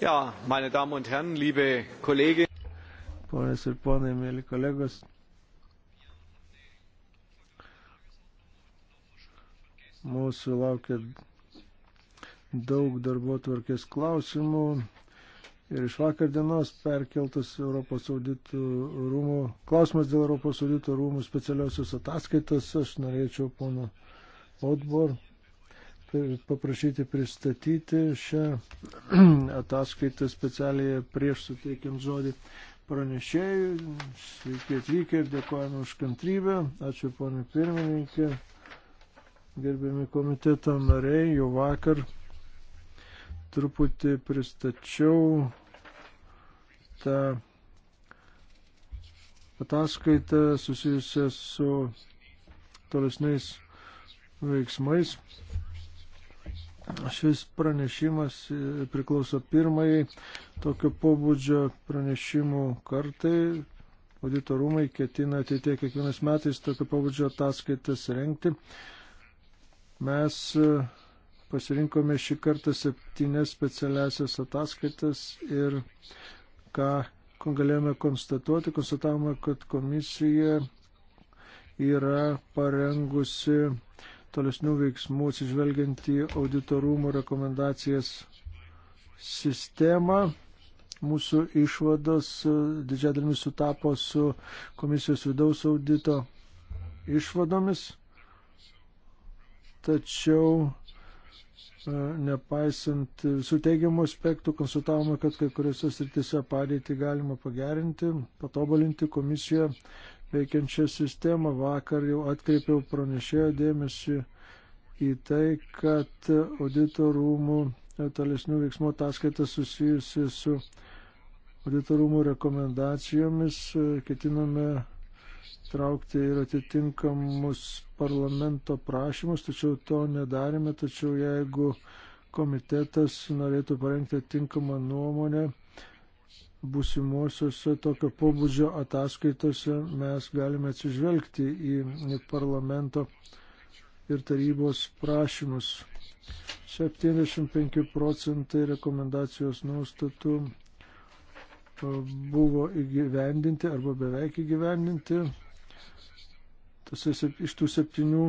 Ja, meine Damen und Herren, liebe Kollegen. Ponas ir ponai, mėly kolegos. Mūsų laukia daug darbo tvarkės klausimų ir iš vakar dienos perkeltas Europos auditų rūmų klausimas dėl Europos auditų rūmų specialiosios ataskaitos. Aš norėčiau pono Otbor paprašyti pristatyti šią ataskaitą specialiai prieš suteikiant žodį pranešėjui. Sveiki atvykę ir dėkojame už kantrybę. Ačiū ponė pirmininkė, gerbiami komiteto nariai, jau vakar truputį pristačiau tą ataskaitą susijusią su tolesniais veiksmais Šis pranešimas e, priklauso pirmai tokio pobūdžio pranešimų kartai. Auditorumai ketina ateitie kiekvienais metais tokio pobūdžio ataskaitas renkti. Mes e, pasirinkome šį kartą septynes specialiasias ataskaitas ir ką galėjome konstatuoti, konstatavome, kad komisija yra parengusi tolesnių veiksmų atsižvelgiant į auditorumų rekomendacijas sistemą. Mūsų išvados e, didžiąją dalimi sutapo su komisijos vidaus audito išvadomis, tačiau e, nepaisant visų teigiamų aspektų, konsultavome, kad kai kuriuose srityse padėtį galima pagerinti, patobulinti komisiją veikiančią sistemą. Vakar jau atkreipiau pranešėjo dėmesį į tai, kad audito rūmų tolesnių veiksmų ataskaita susijusi su audito rūmų rekomendacijomis. Ketiname traukti ir atitinkamus parlamento prašymus, tačiau to nedarėme, tačiau jeigu komitetas norėtų parengti tinkamą nuomonę, būsimuosiuose tokio pobūdžio ataskaitose mes galime atsižvelgti į parlamento ir tarybos prašymus. 75 procentai rekomendacijos nuostatų buvo įgyvendinti arba beveik įgyvendinti. Tose, iš tų septynių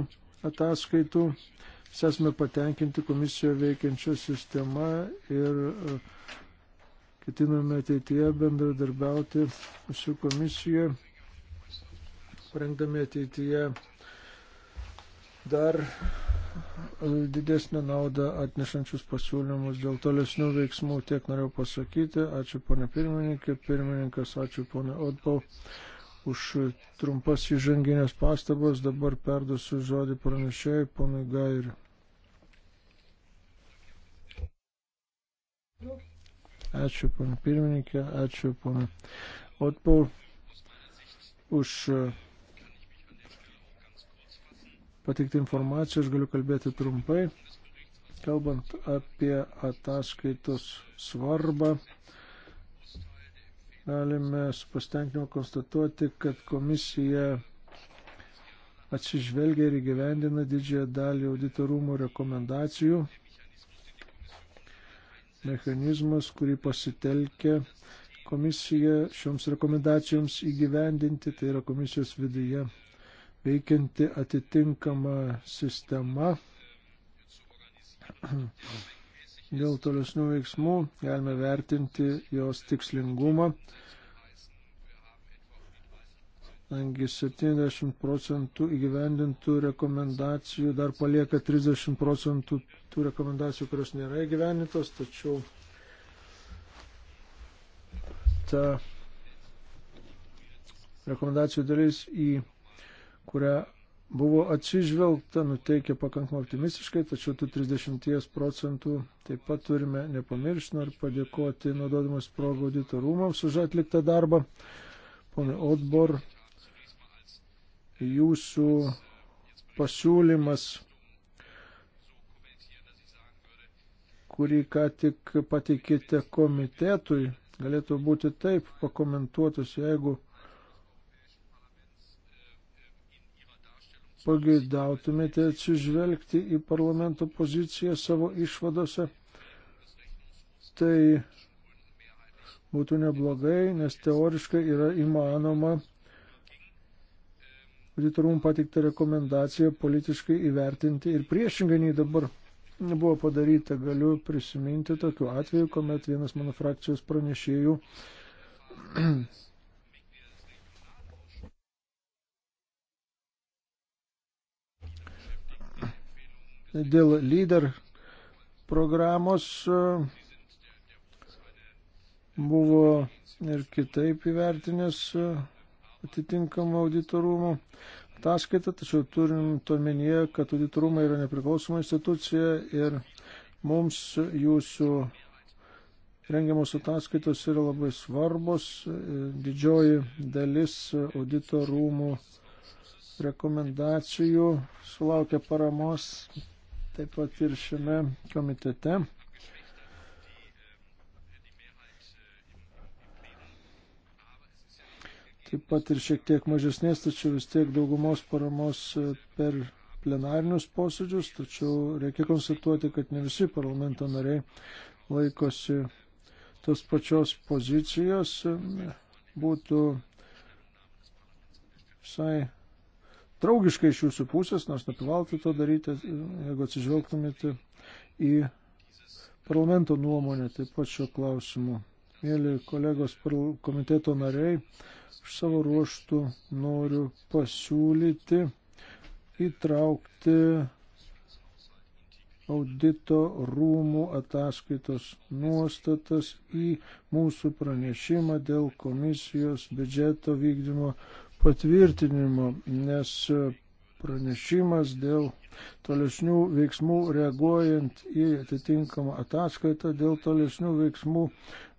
ataskaitų mes esame patenkinti komisijoje veikiančią sistemą ir uh, ketiname ateityje bendradarbiauti su komisija, parengdami ateityje dar e, didesnę naudą atnešančius pasiūlymus dėl tolesnių veiksmų, tiek norėjau pasakyti. Ačiū ponė pirmininkė, pirmininkas, ačiū ponė Otpau už trumpas įžanginės pastabas. Dabar perduosiu žodį pranešėjai ponui Gairiui. Ačiū, pan pirmininkė, ačiū, pan Otpau, už e, pateikti informaciją. Aš galiu kalbėti trumpai. Kalbant apie ataskaitos svarbą, galime su pasitenkinimu konstatuoti, kad komisija atsižvelgia ir įgyvendina didžiąją dalį auditorumų rekomendacijų mechanizmas, kurį pasitelkia komisija šioms rekomendacijoms įgyvendinti, tai yra komisijos viduje veikianti atitinkama sistema. Dėl tolesnių veiksmų galime vertinti jos tikslingumą Angi 70 procentų įgyvendintų rekomendacijų dar palieka 30 procentų tų rekomendacijų, kurios nėra įgyvendintos, tačiau ta rekomendacijų dalis, į kurią buvo atsižvelgta, nuteikia pakankamai optimistiškai, tačiau tų 30 procentų taip pat turime nepamiršti. Noriu padėkoti, naudodamas progą auditorumams už atliktą darbą. Pone Otbor, jūsų pasiūlymas, kurį ką tik patikite komitetui, galėtų būti taip pakomentuotas, jeigu pageidautumėte atsižvelgti į parlamento poziciją savo išvadose, tai būtų neblogai, nes teoriškai yra įmanoma auditorumų pateiktą rekomendaciją politiškai įvertinti ir priešingai nei dabar buvo padaryta. Galiu prisiminti tokiu atveju, kuomet vienas mano frakcijos pranešėjų dėl lyder programos e, buvo ir kitaip įvertinęs e, atitinkamą auditorumų ataskaitą, tačiau turim tomenyje, kad auditorumai yra nepriklausoma institucija ir mums jūsų rengiamos ataskaitos yra labai svarbos. Didžioji dalis auditorumų rekomendacijų sulaukia paramos taip pat ir šiame komitete. taip pat ir šiek tiek mažesnės, tačiau vis tiek daugumos paramos e, per plenarinius posėdžius, tačiau reikia konstatuoti, kad ne visi parlamento nariai laikosi tos pačios pozicijos. E, būtų visai draugiškai iš jūsų pusės, nors neprivalote to daryti, e, jeigu atsižvelgtumėte į parlamento nuomonę taip pat šio klausimu mėly kolegos komiteto nariai, aš savo ruoštų noriu pasiūlyti įtraukti audito rūmų ataskaitos nuostatas į mūsų pranešimą dėl komisijos biudžeto vykdymo patvirtinimo, nes pranešimas dėl tolesnių veiksmų reaguojant į atitinkamą ataskaitą dėl tolesnių veiksmų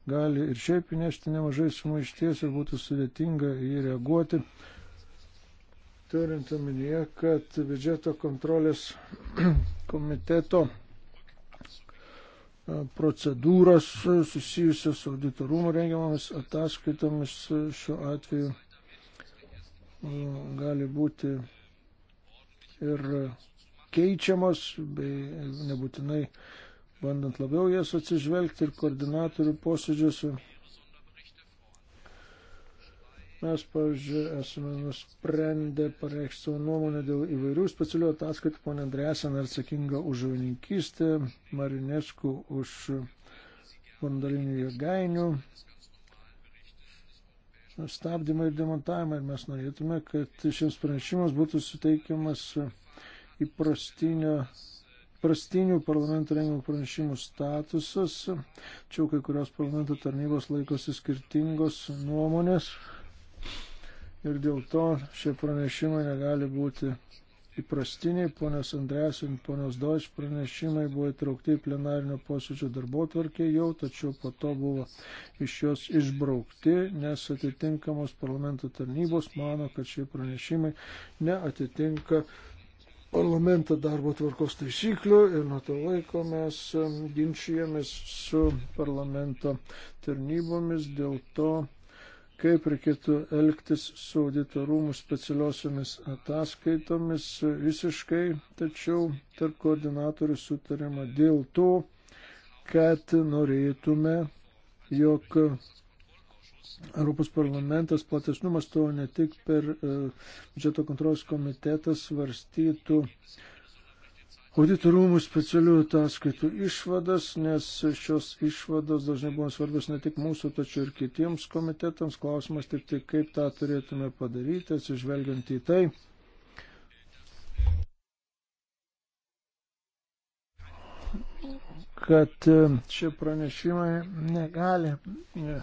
gali ir šiaip įnešti nemažai sumaišties ir būtų sudėtinga jį reaguoti. Turint omenyje, kad biudžeto kontrolės komiteto procedūros susijusios su auditorumo rengiamomis ataskaitomis šiuo atveju gali būti ir keičiamos, bei nebūtinai bandant labiau jas atsižvelgti ir koordinatorių posėdžiuose. Mes, pavyzdžiui, esame nusprendę pareikšti savo nuomonę dėl įvairių specialių ataskaitų, ponė Dresan atsakinga už žuvininkystę, Marinesku už vandalinių jėgainių stabdymą ir demontavimą. Ir mes norėtume, kad šiems pranešimas būtų suteikiamas įprastinio prastinių parlamento rengimų pranešimų statusas. Čia kai kurios parlamento tarnybos laikosi skirtingos nuomonės ir dėl to šie pranešimai negali būti įprastiniai. Ponios Andrės ir ponios Doč pranešimai buvo įtraukti į plenarinio posėdžio darbo tvarkė jau, tačiau po to buvo iš jos išbraukti, nes atitinkamos parlamento tarnybos mano, kad šie pranešimai neatitinka parlamento darbo tvarkos taisyklių ir nuo to laiko mes ginčijomės su parlamento tarnybomis dėl to, kaip reikėtų elgtis su auditorumų specialiosiomis ataskaitomis visiškai, tačiau tarp koordinatorių sutarėma dėl to, kad norėtume, jog Europos parlamentas platesnių mastų, ne tik per e, biudžeto kontrolos komitetą svarstytų auditorumų specialių ataskaitų išvadas, nes šios išvados dažnai buvo svarbios ne tik mūsų, tačiau ir kitiems komitetams. Klausimas tik tai, kaip tą turėtume padaryti, atsižvelgiant į tai. kad e, šie pranešimai negali. Ne,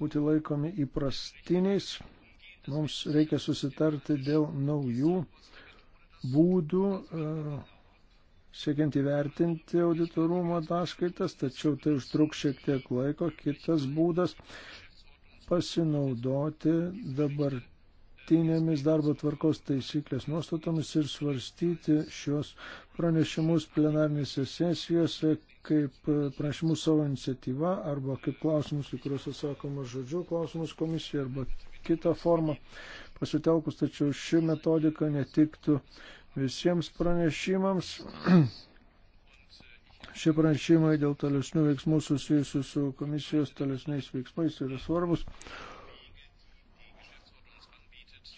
būti laikomi įprastiniais. Mums reikia susitarti dėl naujų būdų e, siekiant įvertinti auditorumo ataskaitas, tačiau tai užtruks šiek tiek laiko. Kitas būdas pasinaudoti dabartinėmis darbo tvarkos taisyklės nuostatomis ir svarstyti šios pranešimus plenarnėse sesijose kaip pranešimus savo iniciatyvą arba kaip klausimus, į kuriuos atsakoma žodžiu, klausimus komisija arba kitą formą pasitelkus, tačiau ši metodika netiktų visiems pranešimams. Šie pranešimai dėl tolesnių veiksmų susijusių su komisijos tolesniais veiksmais yra svarbus.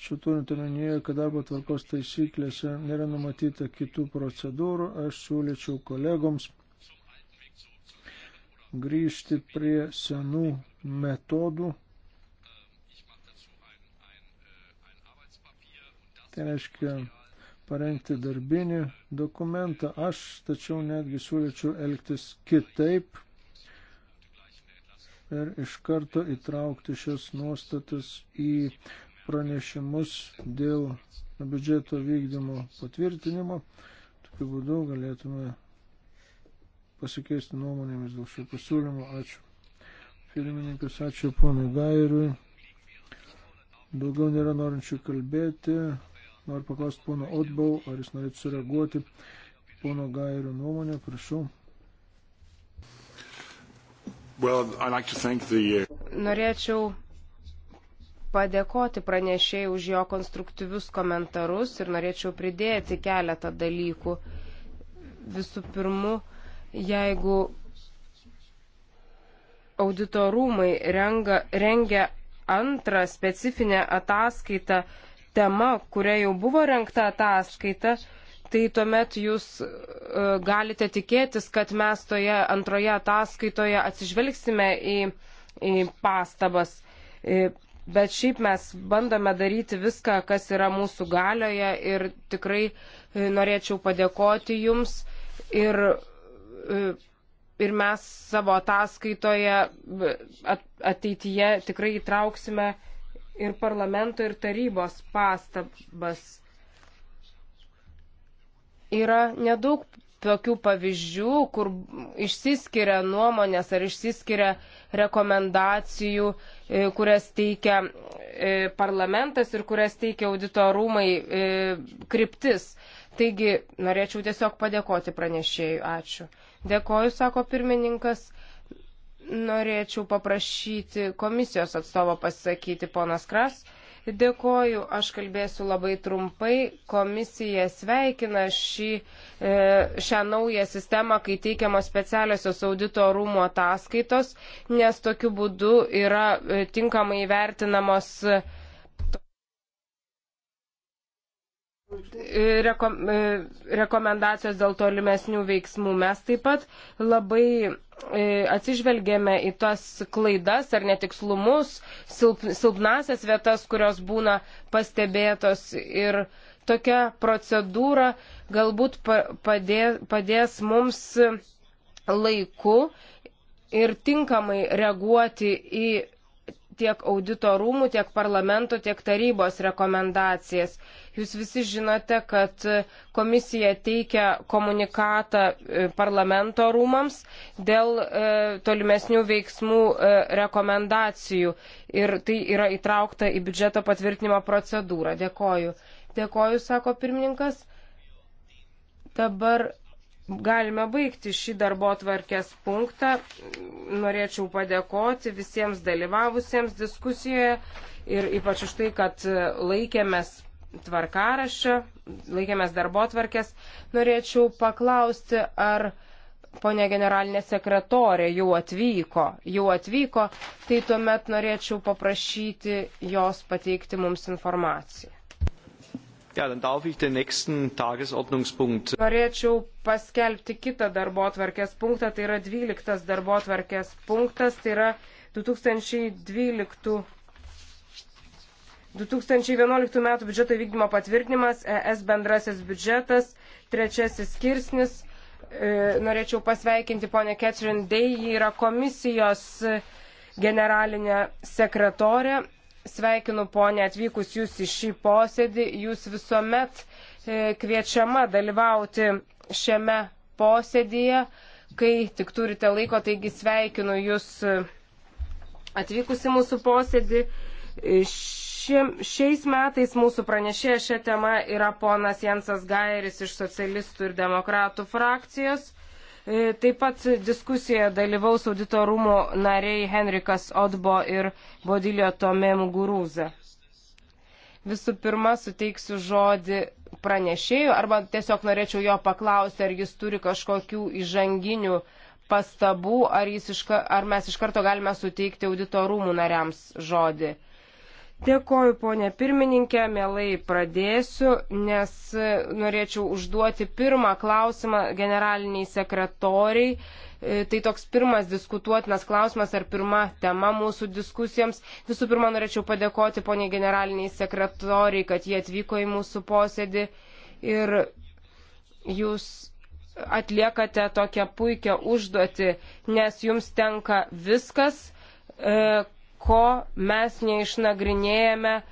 Tačiau turint omenyje, kad darbo tvarkos taisyklėse nėra numatyta kitų procedūrų, aš siūlyčiau kolegoms grįžti prie senų metodų. Tai reiškia parengti darbinį dokumentą. Aš tačiau netgi siūlyčiau elgtis kitaip ir iš karto įtraukti šias nuostatas į pranešimus dėl biudžeto vykdymo patvirtinimo. Tokiu būdu galėtume pasikeisti nuomonėmis dėl šių pasiūlymų. Ačiū. Pirmininkas, ačiū ponui Gairiui. Daugiau nėra norinčių kalbėti. Noriu paklausti pono Otbau, ar jis norėtų sureaguoti. Pono Gairio nuomonė, prašau. Well, like the... Uh, Norėčiau padėkoti pranešėjai už jo konstruktyvius komentarus ir norėčiau pridėti keletą dalykų. Visų pirma, jeigu auditorumai renga, rengia antrą specifinę ataskaitą tema, kuria jau buvo renkta ataskaita, tai tuomet jūs e, galite tikėtis, kad mes toje antroje ataskaitoje atsižvelgsime į, į pastabas e, bet šiaip mes bandome daryti viską, kas yra mūsų galioje ir tikrai e, norėčiau padėkoti Jums ir, e, ir mes savo ataskaitoje e, ateityje tikrai įtrauksime ir parlamento, ir tarybos pastabas. Yra nedaug tokių pavyzdžių, kur išsiskiria nuomonės ar išsiskiria rekomendacijų, e, kurias teikia e, parlamentas ir kurias teikia auditorumai e, kryptis. Taigi norėčiau tiesiog padėkoti pranešėjui. Ačiū. Dėkoju, sako pirmininkas. Norėčiau paprašyti komisijos atstovo pasisakyti, ponas Kras. Dėkoju, aš kalbėsiu labai trumpai. Komisija sveikina šį, e, šią naują sistemą, kai teikiamos specialiosios audito rūmo ataskaitos, nes tokiu būdu yra e, tinkamai vertinamos e, rekomendacijos dėl tolimesnių veiksmų. Mes taip pat labai E, atsižvelgėme į tas klaidas ar netikslumus, silp, silpnasias vietas, kurios būna pastebėtos ir tokia procedūra galbūt padės, padės mums laiku ir tinkamai reaguoti į tiek audito rūmų, tiek parlamento, tiek tarybos rekomendacijas. Jūs visi žinote, kad komisija teikia komunikatą e, parlamento rūmams dėl e, tolimesnių veiksmų e, rekomendacijų ir tai yra įtraukta į biudžeto patvirtinimo procedūrą. Dėkoju. Dėkoju, sako pirmininkas. Dabar galime baigti šį darbo tvarkės punktą. Norėčiau padėkoti visiems dalyvavusiems diskusijoje ir ypač už tai, kad laikėmės tvarkaraščio, laikėmės darbo tvarkės. Norėčiau paklausti, ar ponė generalinė sekretorė jau atvyko, jau atvyko, tai tuomet norėčiau paprašyti jos pateikti mums informaciją. Ja, norėčiau paskelbti kitą darbo tvarkės punktą, tai yra 12 darbo tvarkės punktas, tai yra 2012 2011 m. biudžeto įvykdymo patvirtinimas, ES bendrasis biudžetas, trečiasis skirsnis. E, norėčiau pasveikinti ponę Catherine Day, ji yra komisijos generalinė sekretorė. Sveikinu ponę atvykus jūs į šį posėdį. Jūs visuomet e, kviečiama dalyvauti šiame posėdyje, kai tik turite laiko, taigi sveikinu jūs e, atvykus į mūsų posėdį. Iš Ši, šiais metais mūsų pranešėja šią temą yra ponas Jensas Gairis iš socialistų ir demokratų frakcijos. E, taip pat diskusijoje dalyvaus auditorumo nariai Henrikas Odbo ir Bodilio Tome Mugurūza. Visų pirma, suteiksiu žodį pranešėjų arba tiesiog norėčiau jo paklausti, ar jis turi kažkokių įžanginių pastabų, ar, iška, ar mes iš karto galime suteikti auditorumų nariams žodį. Dėkoju, ponė pirmininkė, mielai pradėsiu, nes norėčiau užduoti pirmą klausimą generaliniai sekretoriai. E, tai toks pirmas diskutuotinas klausimas ar pirma tema mūsų diskusijoms. Visų pirma, norėčiau padėkoti ponė generaliniai sekretoriai, kad jie atvyko į mūsų posėdį ir jūs atliekate tokią puikią užduotį, nes jums tenka viskas e, ko mes neišnagrinėjame e,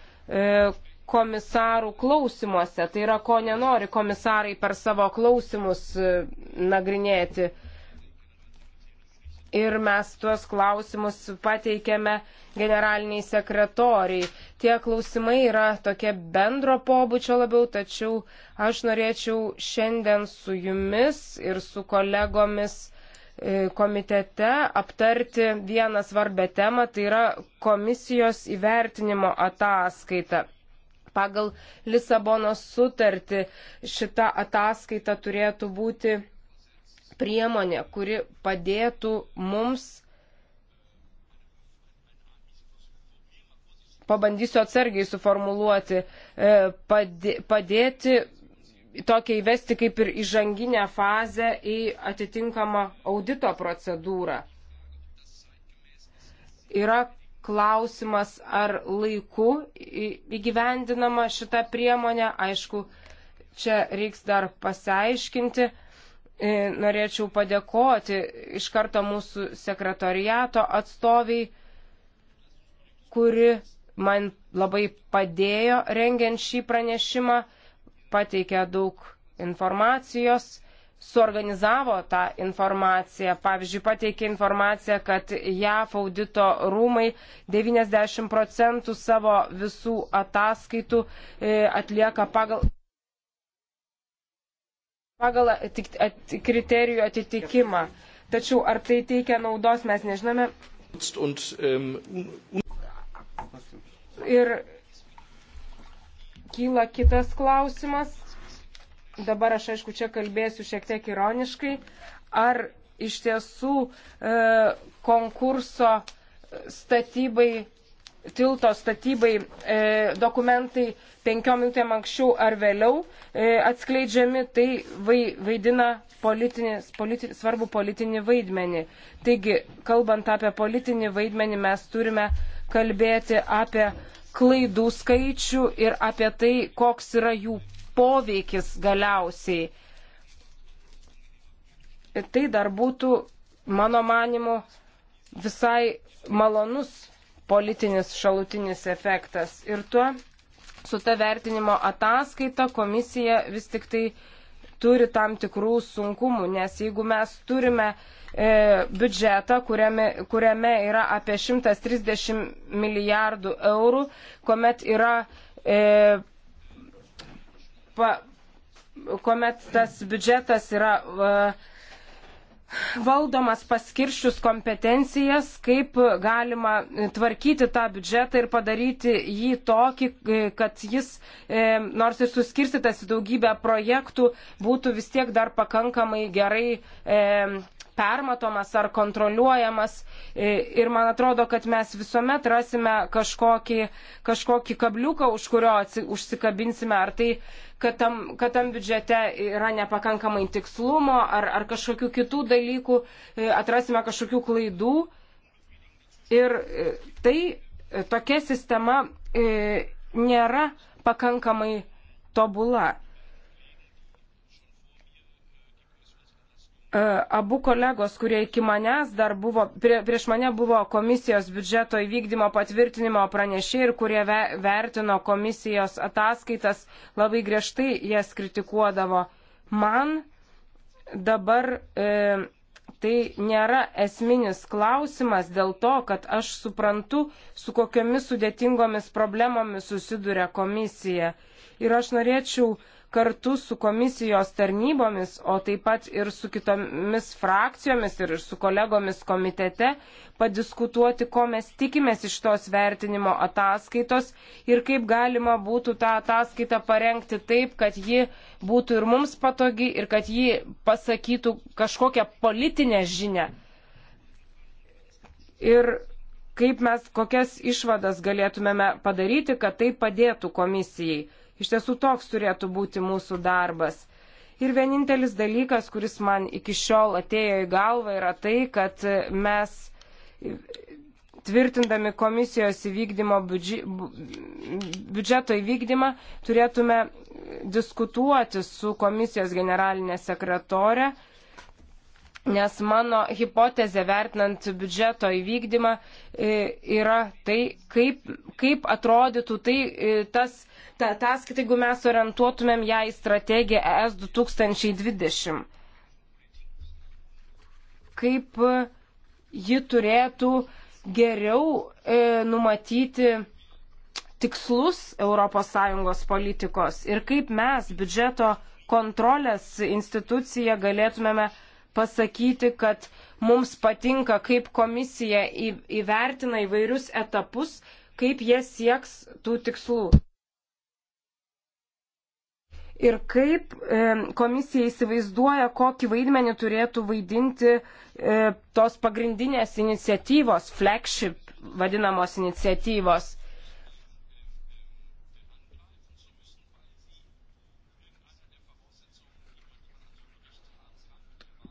komisarų klausimuose. Tai yra, ko nenori komisarai per savo klausimus e, nagrinėti. Ir mes tuos klausimus pateikėme generaliniai sekretoriai. Tie klausimai yra tokie bendro pobūčio labiau, tačiau aš norėčiau šiandien su jumis ir su kolegomis E, komitete aptarti vieną svarbę temą, tai yra komisijos įvertinimo ataskaita. Pagal Lisabonos sutartį šita ataskaita turėtų būti priemonė, kuri padėtų mums pabandysiu atsargiai suformuluoti, e, padėti tokią įvesti kaip ir įžanginę fazę į atitinkamą audito procedūrą. Yra klausimas, ar laiku įgyvendinama šita priemonė. Aišku, čia reiks dar pasiaiškinti. E, norėčiau padėkoti iš karto mūsų sekretoriato atstoviai, kuri man labai padėjo rengiant šį pranešimą pateikė daug informacijos, suorganizavo tą informaciją. Pavyzdžiui, pateikė informaciją, kad JAF audito rūmai 90 procentų savo visų ataskaitų e, atlieka pagal. Pagal kriterijų atitikimą. Tačiau ar tai teikia naudos, mes nežinome. Und, um, un... Ir kyla kitas klausimas. Dabar aš aišku čia kalbėsiu šiek tiek ironiškai. Ar iš tiesų e, konkurso statybai, tilto statybai e, dokumentai penkiom minutėm anksčiau ar vėliau e, atskleidžiami, tai vai, vaidina politinis, politi, svarbu politinį vaidmenį. Taigi, kalbant apie politinį vaidmenį, mes turime kalbėti apie klaidų skaičių ir apie tai, koks yra jų poveikis galiausiai. Tai dar būtų, mano manimu, visai malonus politinis šalutinis efektas. Ir tuo su ta vertinimo ataskaita komisija vis tik tai turi tam tikrų sunkumų, nes jeigu mes turime uh, E, biudžetą, kuriame, kuriame yra apie 130 milijardų eurų, kuomet yra e, pa, kuomet tas biudžetas yra e, valdomas paskirščius kompetencijas, kaip galima tvarkyti tą biudžetą ir padaryti jį tokį, e, kad jis, e, nors ir suskirstytas į daugybę projektų, būtų vis tiek dar pakankamai gerai permatomas ar kontroliuojamas. E, ir man atrodo, kad mes visuomet rasime kažkokį, kažkokį kabliuką, už kurio užsikabinsime. Ar tai, kad tam, kad tam biudžete yra nepakankamai tikslumo, ar, ar kažkokių kitų dalykų, e, atrasime kažkokių klaidų. Ir e, tai tokia sistema nėra pakankamai tobula. E, abu kolegos, kurie iki manęs dar buvo, prie, prieš mane buvo komisijos biudžeto įvykdymo patvirtinimo pranešėjai ir kurie ve, vertino komisijos ataskaitas, labai griežtai jas kritikuodavo. Man dabar e, tai nėra esminis klausimas dėl to, kad aš suprantu, su kokiomis sudėtingomis problemomis susiduria komisija. Ir aš norėčiau kartu su komisijos tarnybomis, o taip pat ir su kitomis frakcijomis ir su kolegomis komitete padiskutuoti, ko mes tikimės iš tos vertinimo ataskaitos ir kaip galima būtų tą ataskaitą parengti taip, kad ji būtų ir mums patogi ir kad ji pasakytų kažkokią politinę žinę. Ir kaip mes kokias išvadas galėtumėme padaryti, kad tai padėtų komisijai. Iš tiesų toks turėtų būti mūsų darbas. Ir vienintelis dalykas, kuris man iki šiol atėjo į galvą, yra tai, kad mes tvirtindami komisijos įvykdymo biudži... biudžeto įvykdymą turėtume diskutuoti su komisijos generalinė sekretorė nes mano hipotezė vertinant biudžeto įvykdymą e, yra tai, kaip, kaip atrodytų tai, e, tas, ta ataskaita, jeigu mes orientuotumėm ją į strategiją ES 2020. Kaip e, ji turėtų geriau e, numatyti tikslus ES politikos ir kaip mes biudžeto kontrolės instituciją galėtumėme e, pasakyti, kad mums patinka, kaip komisija įvertina įvairius etapus, kaip jie sieks tų tikslų. Ir kaip e, komisija įsivaizduoja, kokį vaidmenį turėtų vaidinti e, tos pagrindinės iniciatyvos, flagship vadinamos iniciatyvos.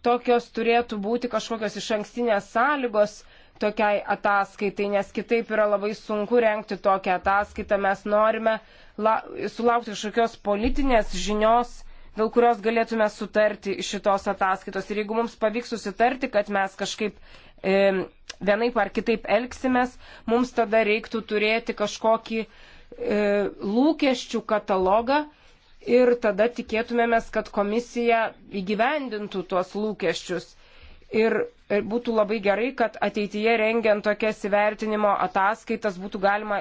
tokios turėtų būti kažkokios iš ankstinės sąlygos tokiai ataskaitai, nes kitaip yra labai sunku renkti tokią ataskaitą. Mes norime la, sulaukti kažkokios politinės žinios, dėl kurios galėtume sutarti šitos ataskaitos. Ir jeigu mums pavyks susitarti, kad mes kažkaip e, vienaip ar kitaip elgsimės, mums tada reiktų turėti kažkokį e, lūkesčių katalogą, ir tada tikėtumėmės, kad komisija įgyvendintų tuos lūkesčius. Ir būtų labai gerai, kad ateityje rengiant tokias įvertinimo ataskaitas būtų galima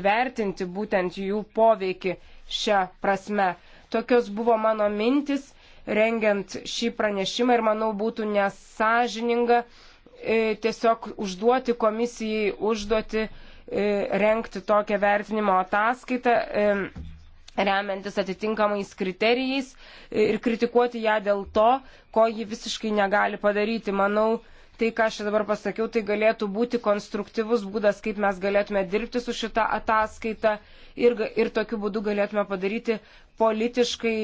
įvertinti būtent jų poveikį šią prasme. Tokios buvo mano mintis rengiant šį pranešimą ir manau būtų nesažininga e, tiesiog užduoti komisijai užduoti, e, renkti tokią vertinimo ataskaitą e, remiantis atitinkamais kriterijais ir kritikuoti ją dėl to, ko ji visiškai negali padaryti. Manau, tai, ką aš dabar pasakiau, tai galėtų būti konstruktyvus būdas, kaip mes galėtume dirbti su šita ataskaita ir, ir tokiu būdu galėtume padaryti politiškai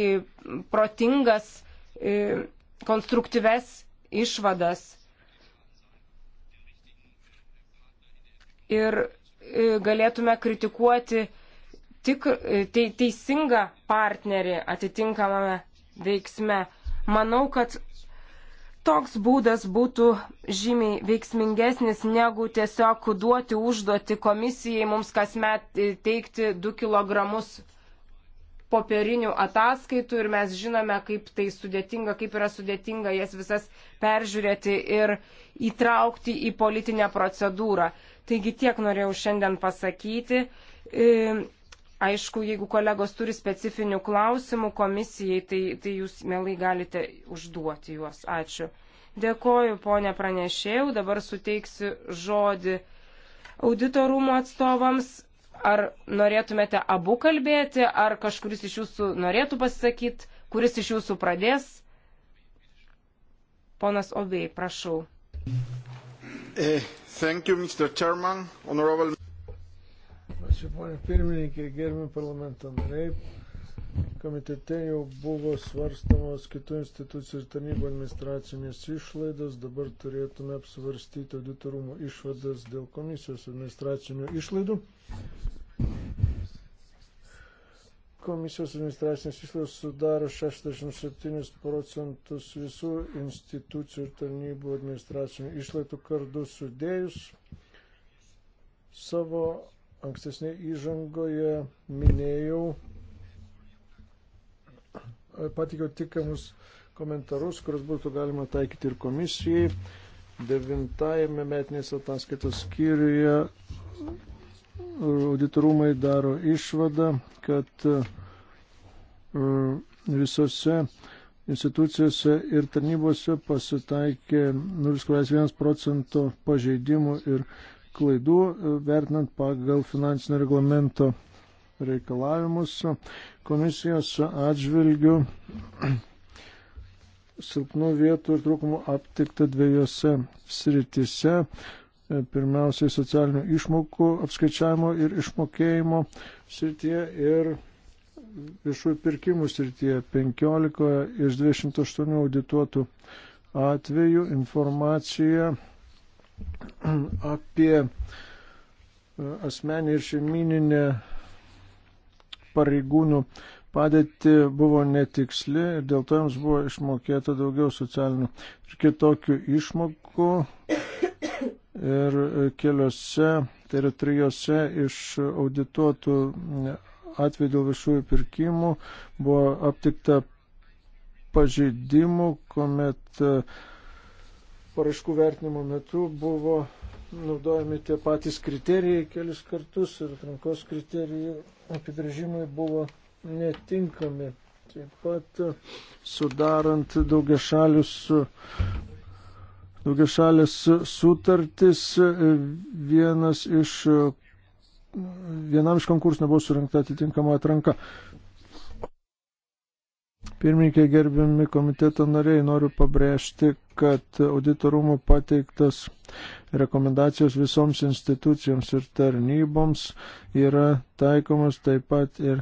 protingas, e, konstruktyves išvadas. Ir e, galėtume kritikuoti tik e, te, teisingą partnerį atitinkamame veiksme. Manau, kad toks būdas būtų žymiai veiksmingesnis negu tiesiog duoti užduoti komisijai mums kasmet e, teikti 2 kg popierinių ataskaitų ir mes žinome, kaip tai sudėtinga, kaip yra sudėtinga jas visas peržiūrėti ir įtraukti į politinę procedūrą. Taigi tiek norėjau šiandien pasakyti. E, Aišku, jeigu kolegos turi specifinių klausimų komisijai, tai, tai jūs mielai galite užduoti juos. Ačiū. Dėkoju, ponė pranešėjau. Dabar suteiksiu žodį auditorumo atstovams. Ar norėtumėte abu kalbėti, ar kažkuris iš jūsų norėtų pasisakyti, kuris iš jūsų pradės? Ponas Obei, prašau. Eh, thank you, Mr. Chairman, honorable... Ačiū, ponė pirmininkė, gerbimi parlamento nariai. Komitete jau buvo svarstamos kitų institucijų ir tarnybų administracinės išlaidos, dabar turėtume apsvarstyti auditorumų išvadas dėl komisijos administracinių išlaidų komisijos administracinės išlaidos sudaro 67 procentus visų institucijų ir tarnybų administracinių išlaidų kardu sudėjus. Savo ankstesnė įžangoje minėjau, patikiau tikamus komentarus, kuriuos būtų galima taikyti ir komisijai. Devintajame metinės ataskaitos skyriuje auditorumai daro išvadą, kad e, visose institucijose ir tarnybose pasitaikė 0,1 procento pažeidimų ir klaidų, e, vertinant pagal finansinio reglamento reikalavimus komisijos atžvilgių silpnų vietų ir trūkumų aptikta dviejose sritise. E, pirmiausiai socialinių išmokų apskaičiavimo ir išmokėjimo srityje ir viešųjų pirkimų srityje 15 iš 208 audituotų atvejų informacija apie asmenį ir šeimininę pareigūnų padėtį buvo netiksli ir dėl to jums buvo išmokėta daugiau socialinių ir kitokių išmokų. Ir keliose, tai yra trijose iš audituotų atvejų dėl viešųjų pirkimų buvo aptikta pažeidimų, kuomet uh, paraiškų vertinimo metu buvo naudojami tie patys kriterijai kelis kartus ir atrankos kriterijai apibrėžimai buvo netinkami. Taip pat e, sudarant daugiašalius e, daugiašalės sutartis e, vienas iš vienam iš konkursų nebuvo surinkta atitinkama atranka. Pirmininkė gerbiami komiteto nariai, noriu pabrėžti, kad auditorumų pateiktas rekomendacijos visoms institucijoms ir tarnyboms yra taikomas taip pat ir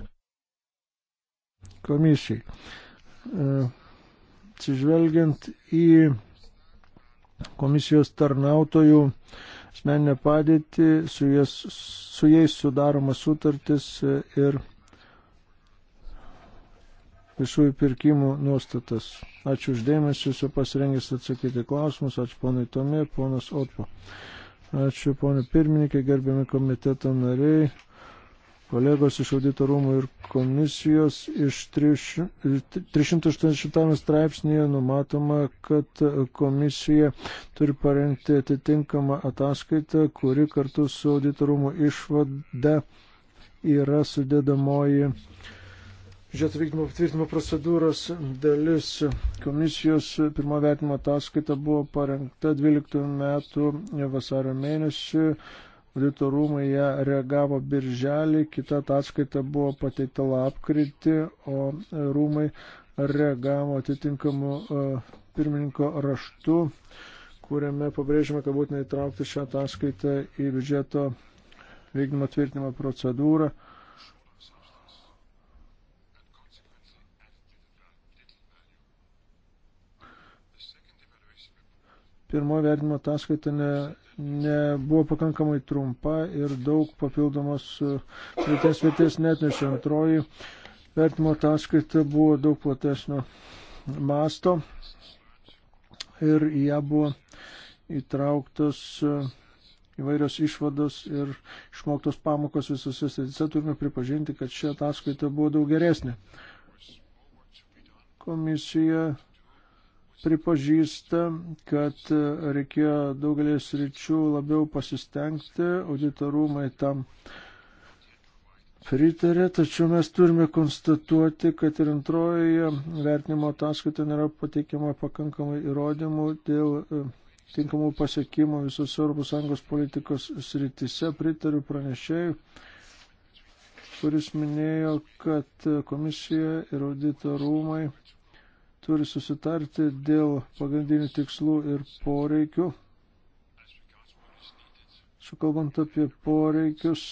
komisijai. E, atsižvelgiant į komisijos tarnautojų asmeninę padėtį, su, jas, su jais sudaroma sutartis ir viešųjų pirkimų nuostatas. Ačiū uždėmesi, esu pasirengęs atsakyti klausimus. Ačiū ponai Tomė, ponas Otpo. Ačiū ponai pirmininkai, gerbiami komiteto nariai, kolegos iš audito rūmų ir komisijos. Iš 380 straipsnėje numatoma, kad komisija turi parengti atitinkamą ataskaitą, kuri kartu su audito rūmų išvada yra sudėdamoji biudžeto vykdymo patvirtinimo procedūros dalis komisijos pirmo vertinimo ataskaita buvo parengta 12 metų vasario mėnesį. Audito rūmai ją reagavo birželį, kita ataskaita buvo pateikta lapkritį, o rūmai reagavo atitinkamu e, pirmininko raštu, kuriame pabrėžima, kad būtina įtraukti šią ataskaitą į biudžeto vykdymo tvirtinimo procedūrą. Pirmoji vertinimo ataskaita nebuvo ne pakankamai trumpa ir daug papildomos pridėtinės e, vertės netnešė. Antroji vertinimo ataskaita buvo daug platesnio masto ir į ją buvo įtrauktos e, įvairios išvados ir išmoktos pamokos visose srityse. Turime pripažinti, kad ši ataskaita buvo daug geresnė. Komisija pripažįsta, kad reikėjo daugelės ryčių labiau pasistengti, auditorumai tam pritarė, tačiau mes turime konstatuoti, kad ir antrojoje vertinimo ataskaitoje nėra pateikiama pakankamai įrodymų dėl e, tinkamų pasiekimų visos ES politikos sritise. Pritariu pranešėjui, kuris minėjo, kad komisija ir audito rūmai turi susitarti dėl pagrindinių tikslų ir poreikių. Sukalbant apie poreikius,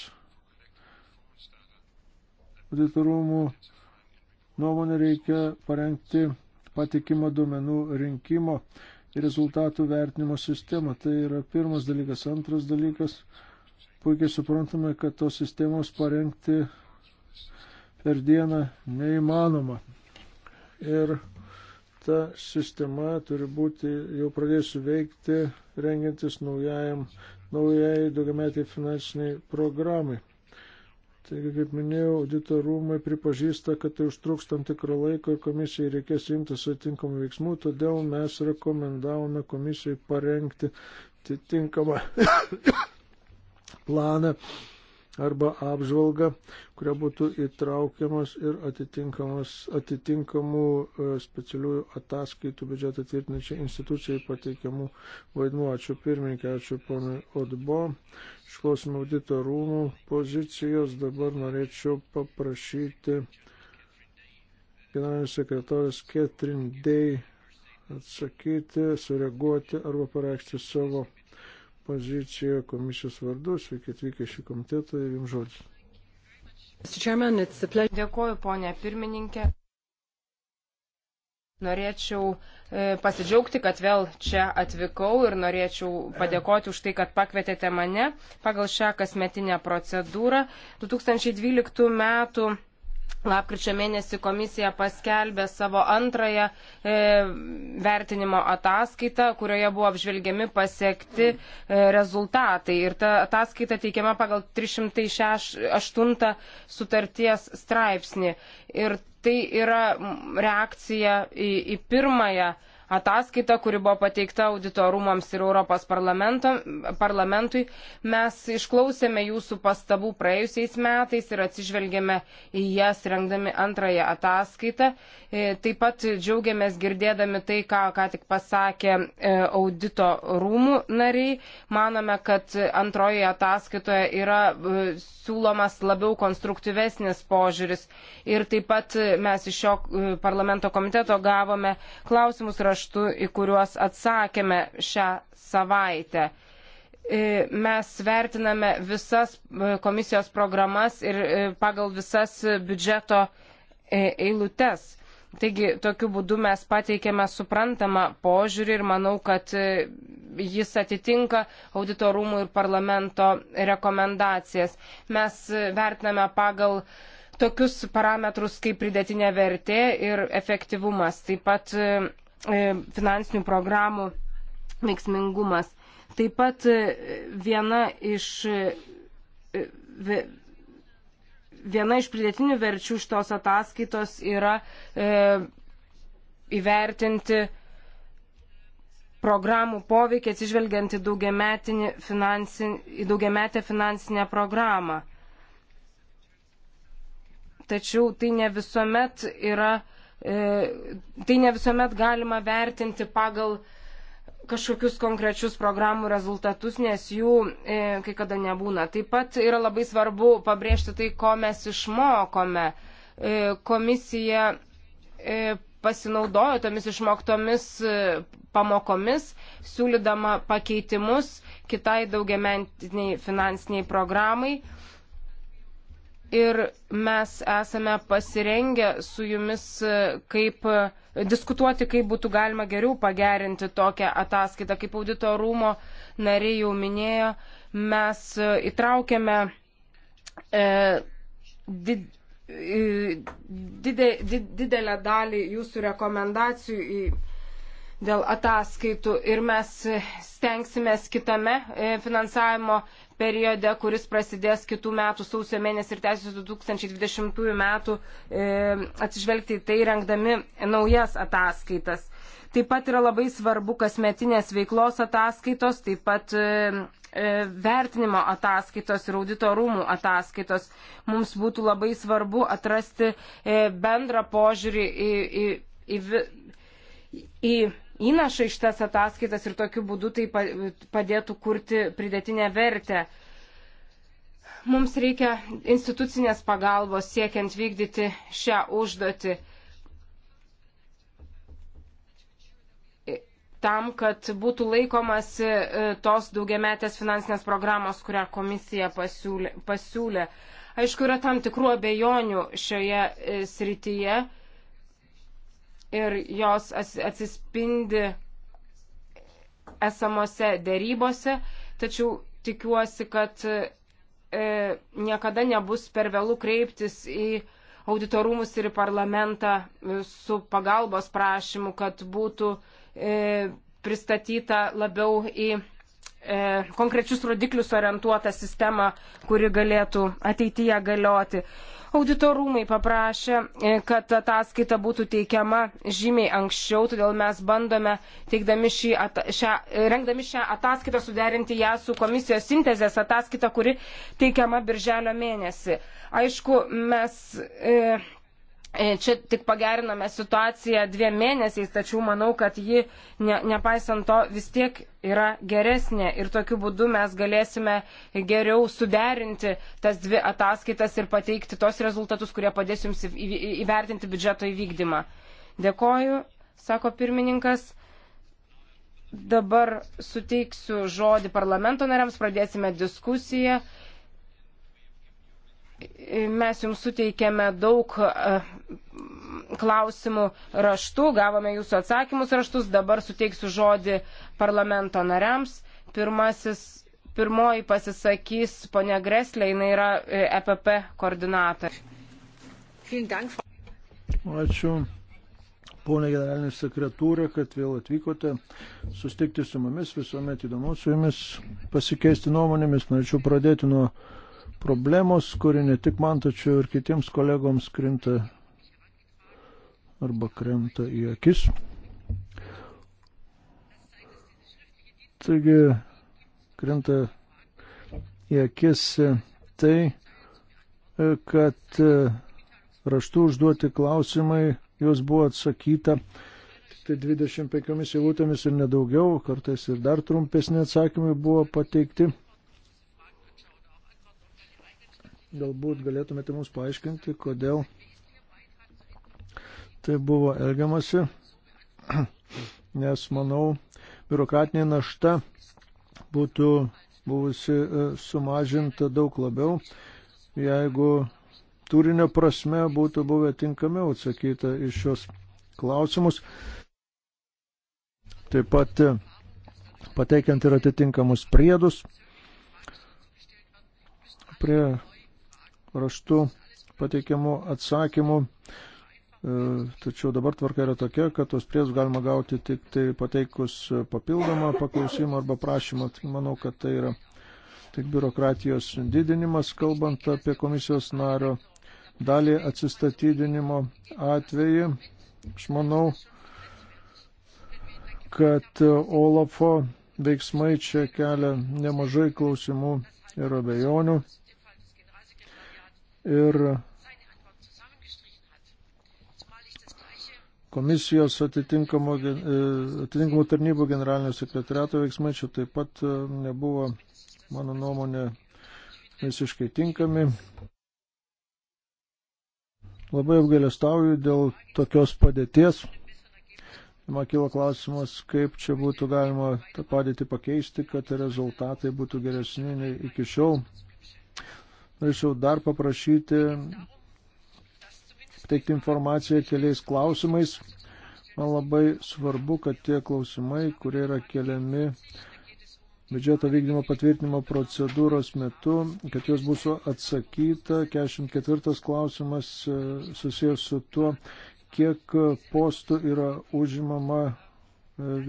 auditorumų nuomonė reikia parengti patikimo duomenų rinkimo ir rezultatų vertinimo sistemą. Tai yra pirmas dalykas. Antras dalykas, puikiai suprantame, kad tos sistemos parengti per dieną neįmanoma. Ir ta sistema turi būti jau pradėjusi veikti, rengiantis naujajam, naujai daugiametiai finansiniai programai. Taigi, kaip minėjau, audito rūmai pripažįsta, kad tai užtruks tam tikrą laiką ir komisijai reikės imtis atitinkamų veiksmų, todėl mes rekomendavome komisijai parengti atitinkamą planą arba apžvalgą, kuria būtų įtraukiamas ir atitinkamų e, specialiųjų ataskaitų biudžetą tvirtinančiai institucijai pateikiamų vaidmuo. Ačiū pirmininkė, ačiū ponui Odbo. Išklausim audito rūmų pozicijos. Dabar norėčiau paprašyti generalinės sekretorės Ketrin Day atsakyti, sureaguoti arba pareikšti savo poziciją komisijos vardu. Sveiki atvykę šį komitetą ir jums žodžiu. Dėkuoju, ponė pirmininkė. Norėčiau e, pasidžiaugti, kad vėl čia atvykau ir norėčiau padėkoti už tai, kad pakvietėte mane pagal šią kasmetinę procedūrą. 2012 metų Lapkričio mėnesį komisija paskelbė savo antrąją e, vertinimo ataskaitą, kurioje buvo apžvelgiami pasiekti e, rezultatai. Ir ta ataskaita teikiama pagal 308 sutarties straipsnį. Ir tai yra reakcija į, į pirmąją e, ataskaitą, kuri buvo pateikta auditorumams ir Europos parlamentui. Mes išklausėme jūsų pastabų praėjusiais metais ir atsižvelgėme į jas rengdami antrąją ataskaitą. E, taip pat džiaugiamės girdėdami tai, ką ką tik pasakė e, audito rūmų nariai. Manome, kad antrojoje ataskaitoje yra e, siūlomas labiau konstruktyvesnis požiūris. Ir taip pat mes iš šio parlamento komiteto gavome klausimus raštus raštu, į kuriuos atsakėme šią savaitę. E, mes vertiname visas e, komisijos programas ir e, pagal visas biudžeto eilutes. Taigi, tokiu būdu mes pateikėme suprantamą požiūrį ir manau, kad jis atitinka auditorumų ir parlamento rekomendacijas. Mes vertiname pagal tokius parametrus kaip pridėtinė vertė ir efektyvumas. Taip pat E, finansinių programų veiksmingumas. Taip pat e, viena iš, e, viena iš pridėtinių verčių šitos ataskaitos yra įvertinti programų poveikį atsižvelgiant į, finansin, į daugiametę finansinę programą. Tačiau tai ne visuomet yra E, tai ne visuomet galima vertinti pagal kažkokius konkrečius programų rezultatus, nes jų e, kai kada nebūna. Taip pat yra labai svarbu pabrėžti tai, ko mes išmokome. E, komisija e, pasinaudojo tomis išmoktomis e, pamokomis, siūlydama pakeitimus kitai daugiamentiniai finansiniai programai. E, ir mes esame pasirengę su jumis e, kaip e, diskutuoti, kaip būtų galima geriau pagerinti tokią ataskaitą. Kaip audito rūmo nariai jau minėjo, mes e, įtraukėme e, did, didė, did, didelę dalį jūsų rekomendacijų į dėl ataskaitų ir mes stengsimės kitame finansavimo periode, kuris prasidės kitų metų sausio mėnesį ir tęsis 2020 metų, e, atsižvelgti į tai rengdami naujas ataskaitas. Taip pat yra labai svarbu kasmetinės veiklos ataskaitos, taip pat e, e vertinimo ataskaitos ir audito rūmų ataskaitos. Mums būtų labai svarbu atrasti e, bendrą požiūrį į, į, į, į, į įnašą iš tas ataskaitas ir tokiu būdu tai padėtų kurti pridėtinę vertę. Mums reikia institucinės pagalbos siekiant vykdyti šią užduotį. tam, kad būtų laikomasi e, tos daugiametės finansinės programos, kurią komisija pasiūlė. pasiūlė. Aišku, yra tam tikrų abejonių šioje e, srityje. E, ir jos atsispindi esamose dėrybose, tačiau tikiuosi, kad e, niekada nebus per vėlų kreiptis į auditorumus ir į parlamentą e, su pagalbos prašymu, kad būtų e, pristatyta labiau į E, konkrečius rodiklius orientuotą sistemą, kuri galėtų ateityje galioti. Auditorumai paprašė, e, kad ataskaita būtų teikiama žymiai anksčiau, todėl mes bandome, šį, šią, e, rengdami šią ataskaitą, suderinti ją su komisijos sintezės ataskaita, kuri teikiama birželio mėnesį. Aišku, mes. E, E, čia tik pagerinome situaciją dviem mėnesiais, tačiau manau, kad ji, ne, nepaisant to, vis tiek yra geresnė ir tokiu būdu mes galėsime geriau suderinti tas dvi ataskaitas ir pateikti tos rezultatus, kurie padės jums įvertinti biudžeto įvykdymą. Dėkoju, sako pirmininkas. Dabar suteiksiu žodį parlamento nariams, pradėsime diskusiją. Mes jums suteikėme daug e, klausimų raštų, gavome jūsų atsakymus raštus, dabar suteiksiu žodį parlamento nariams. Pirmasis, pirmoji pasisakys ponia Greslė, jinai yra EPP e koordinatorė. Ačiū ponė generalinė sekretūrė, kad vėl atvykote sustikti su mumis, visuomet įdomu su jumis pasikeisti nuomonėmis. Norėčiau pradėti nuo problemos, kuri ne tik man, tačiau ir kitiems kolegoms krinta arba krenta į akis. Taigi, krenta į akis tai, kad raštų užduoti klausimai, jos buvo atsakyta tai 25 eilutėmis ir nedaugiau, kartais ir dar trumpesni atsakymai buvo pateikti. Galbūt galėtumėte mums paaiškinti, kodėl tai buvo elgiamasi, nes manau, biurokratinė našta būtų buvusi e, sumažinta daug labiau, jeigu turinio prasme būtų buvę tinkamiau atsakyta iš šios klausimus. Taip pat e, pateikiant ir atitinkamus priedus prie raštu pateikiamų atsakymų. E, tačiau dabar tvarka yra tokia, kad tos priedus galima gauti tik tai pateikus papildomą paklausimą arba prašymą. Tai manau, kad tai yra tik biurokratijos didinimas, kalbant apie komisijos nario dalį atsistatydinimo atvejį. Aš manau, kad Olafo veiksmai čia kelia nemažai klausimų ir abejonių ir komisijos atitinkamo, e, atitinkamų tarnybų generalinio sekretariato veiksmai čia taip pat e, nebuvo, mano nuomonė, visiškai tinkami. Labai apgailestauju dėl tokios padėties. Man kilo klausimas, kaip čia būtų galima tą padėtį pakeisti, kad rezultatai būtų geresni nei iki šiol. Norėčiau dar paprašyti teikti informaciją keliais klausimais. Man labai svarbu, kad tie klausimai, kurie yra keliami biudžeto vykdymo patvirtinimo procedūros metu, kad jos bus atsakyta. 44 klausimas e, susijęs su tuo, kiek postų yra užimama e,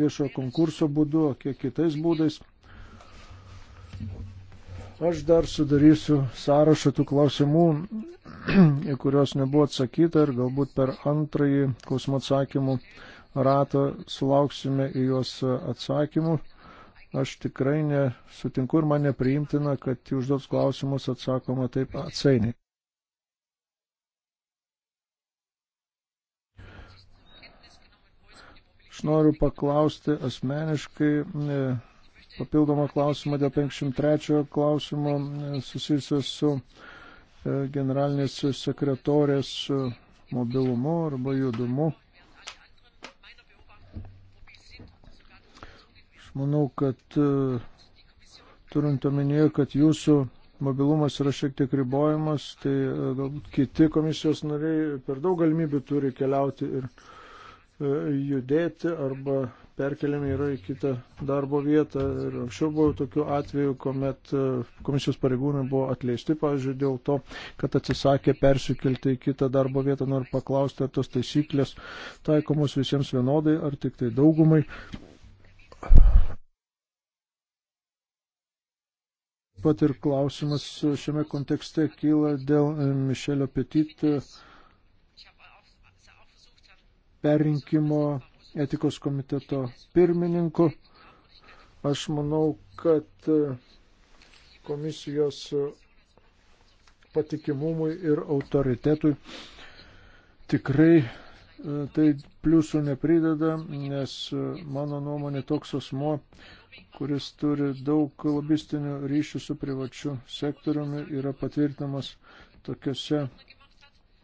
viešo konkurso būdu, kiek kitais būdais. Aš dar sudarysiu sąrašą tų klausimų, į kuriuos nebuvo atsakyta ir galbūt per antrąjį klausimų atsakymų ratą sulauksime į juos atsakymų. Aš tikrai nesutinku ir man nepriimtina, kad į užduotus klausimus atsakoma taip atsainiai. Aš noriu paklausti asmeniškai. Ne, papildomą klausimą dėl 53 klausimo e, susijusio su e, generalinės sekretorės e, mobilumu arba judumu. Aš manau, kad turint omenyje, kad jūsų mobilumas yra šiek tiek ribojamas, tai galbūt kiti komisijos nariai per daug galimybių turi keliauti ir E, judėti arba perkeliami yra į kitą darbo vietą. Ir anksčiau buvo tokių atvejų, kuomet e, komisijos pareigūnai buvo atleisti, pavyzdžiui, dėl to, kad atsisakė persikelti į kitą darbo vietą. Noriu paklausti, ar tos taisyklės taikomos visiems vienodai, ar tik tai daugumai. Pat ir klausimas šiame kontekste kyla dėl e, Mišelio Petit perrinkimo etikos komiteto pirmininku. Aš manau, kad e, komisijos patikimumui ir autoritetui tikrai e, tai pliusų neprideda, nes e, mano nuomonė toks asmo, kuris turi daug lobistinių ryšių su privačiu sektoriumi, yra patvirtinamas tokiuose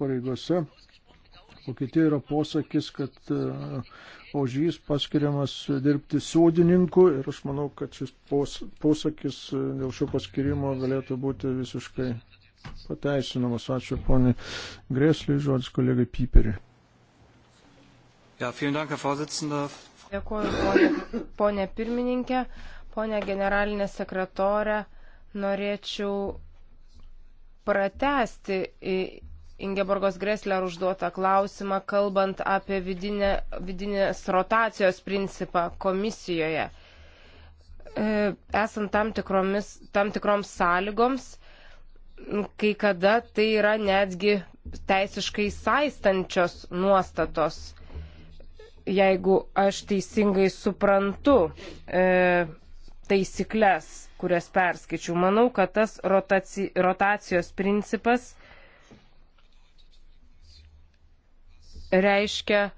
pareigose, Vokietijoje yra posakis, kad e, ožys paskiriamas dirbti sodininku ir aš manau, kad šis pos, posakis e, dėl šio paskirimo galėtų būti visiškai pateisinamas. Ačiū poniai Grėsliai, žodis kolegai Piperiui. Ja, Dank, Dėkuoju, ponė, ponė pirmininkė, ponė generalinė sekretorė. Norėčiau pratesti Ingeborgos Gresler užduotą klausimą, kalbant apie vidinę, vidinės rotacijos principą komisijoje. E, esant tam, tikromis, tam tikroms sąlygoms, kai kada tai yra netgi teisiškai saistančios nuostatos, jeigu aš teisingai suprantu e, taisyklės, kurias perskaičiau. Manau, kad tas rotaci, rotacijos principas reiškia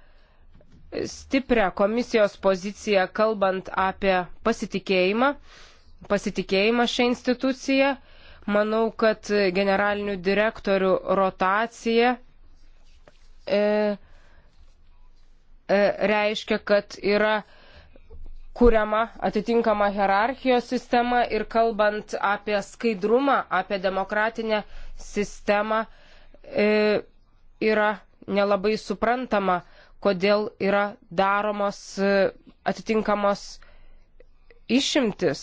stiprią komisijos poziciją, kalbant apie pasitikėjimą, pasitikėjimą šią instituciją. Manau, kad generalinių direktorių rotacija e, e, reiškia, kad yra kuriama atitinkama hierarchijos sistema ir kalbant apie skaidrumą, apie demokratinę sistemą, e, yra nelabai suprantama, kodėl yra daromos e, atitinkamos išimtis,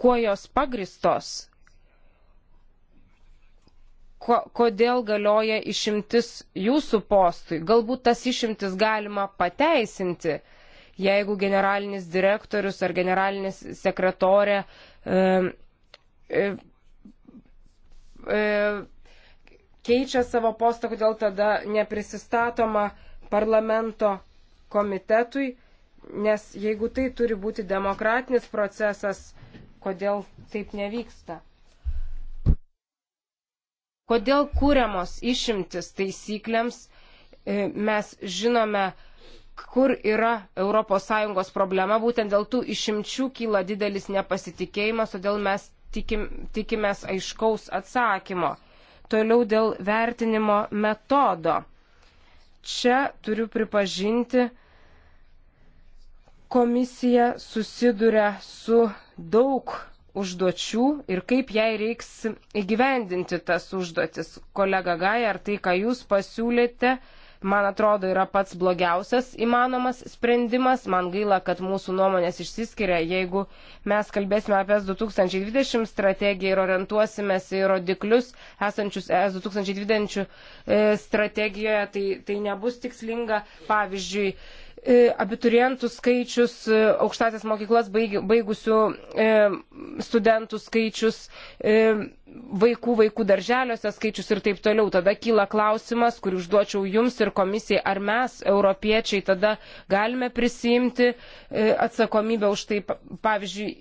kuo jos pagristos, ko, kodėl galioja išimtis jūsų postui. Galbūt tas išimtis galima pateisinti, jeigu generalinis direktorius ar generalinis sekretorė e, e, e, keičia savo postą, kodėl tada neprisistatoma parlamento komitetui, nes jeigu tai turi būti demokratinis procesas, kodėl taip nevyksta? Kodėl kūriamos išimtis taisyklėms, e, mes žinome, kur yra ES problema, būtent dėl tų išimčių kyla didelis nepasitikėjimas, todėl mes tikim, tikimės aiškaus atsakymo. Toliau dėl vertinimo metodo. Čia turiu pripažinti, komisija susiduria su daug užduočių ir kaip jai reiks įgyvendinti tas užduotis. Kolega Gaja, ar tai, ką jūs pasiūlėte, uh, man atrodo, yra pats blogiausias įmanomas sprendimas. Man gaila, kad mūsų nuomonės išsiskiria. Jeigu mes kalbėsime apie S 2020 strategiją ir orientuosimės į rodiklius esančius S 2020 e, strategijoje, tai, tai nebus tikslinga. Pavyzdžiui, E, abiturientų skaičius, e, aukštasias mokyklas baigusių e, studentų skaičius, vaikų vaikų darželiuose skaičius ir taip toliau. Tada kyla klausimas, kurį užduočiau jums ir komisijai, ar mes, europiečiai, tada galime prisimti atsakomybę už tai, pavyzdžiui,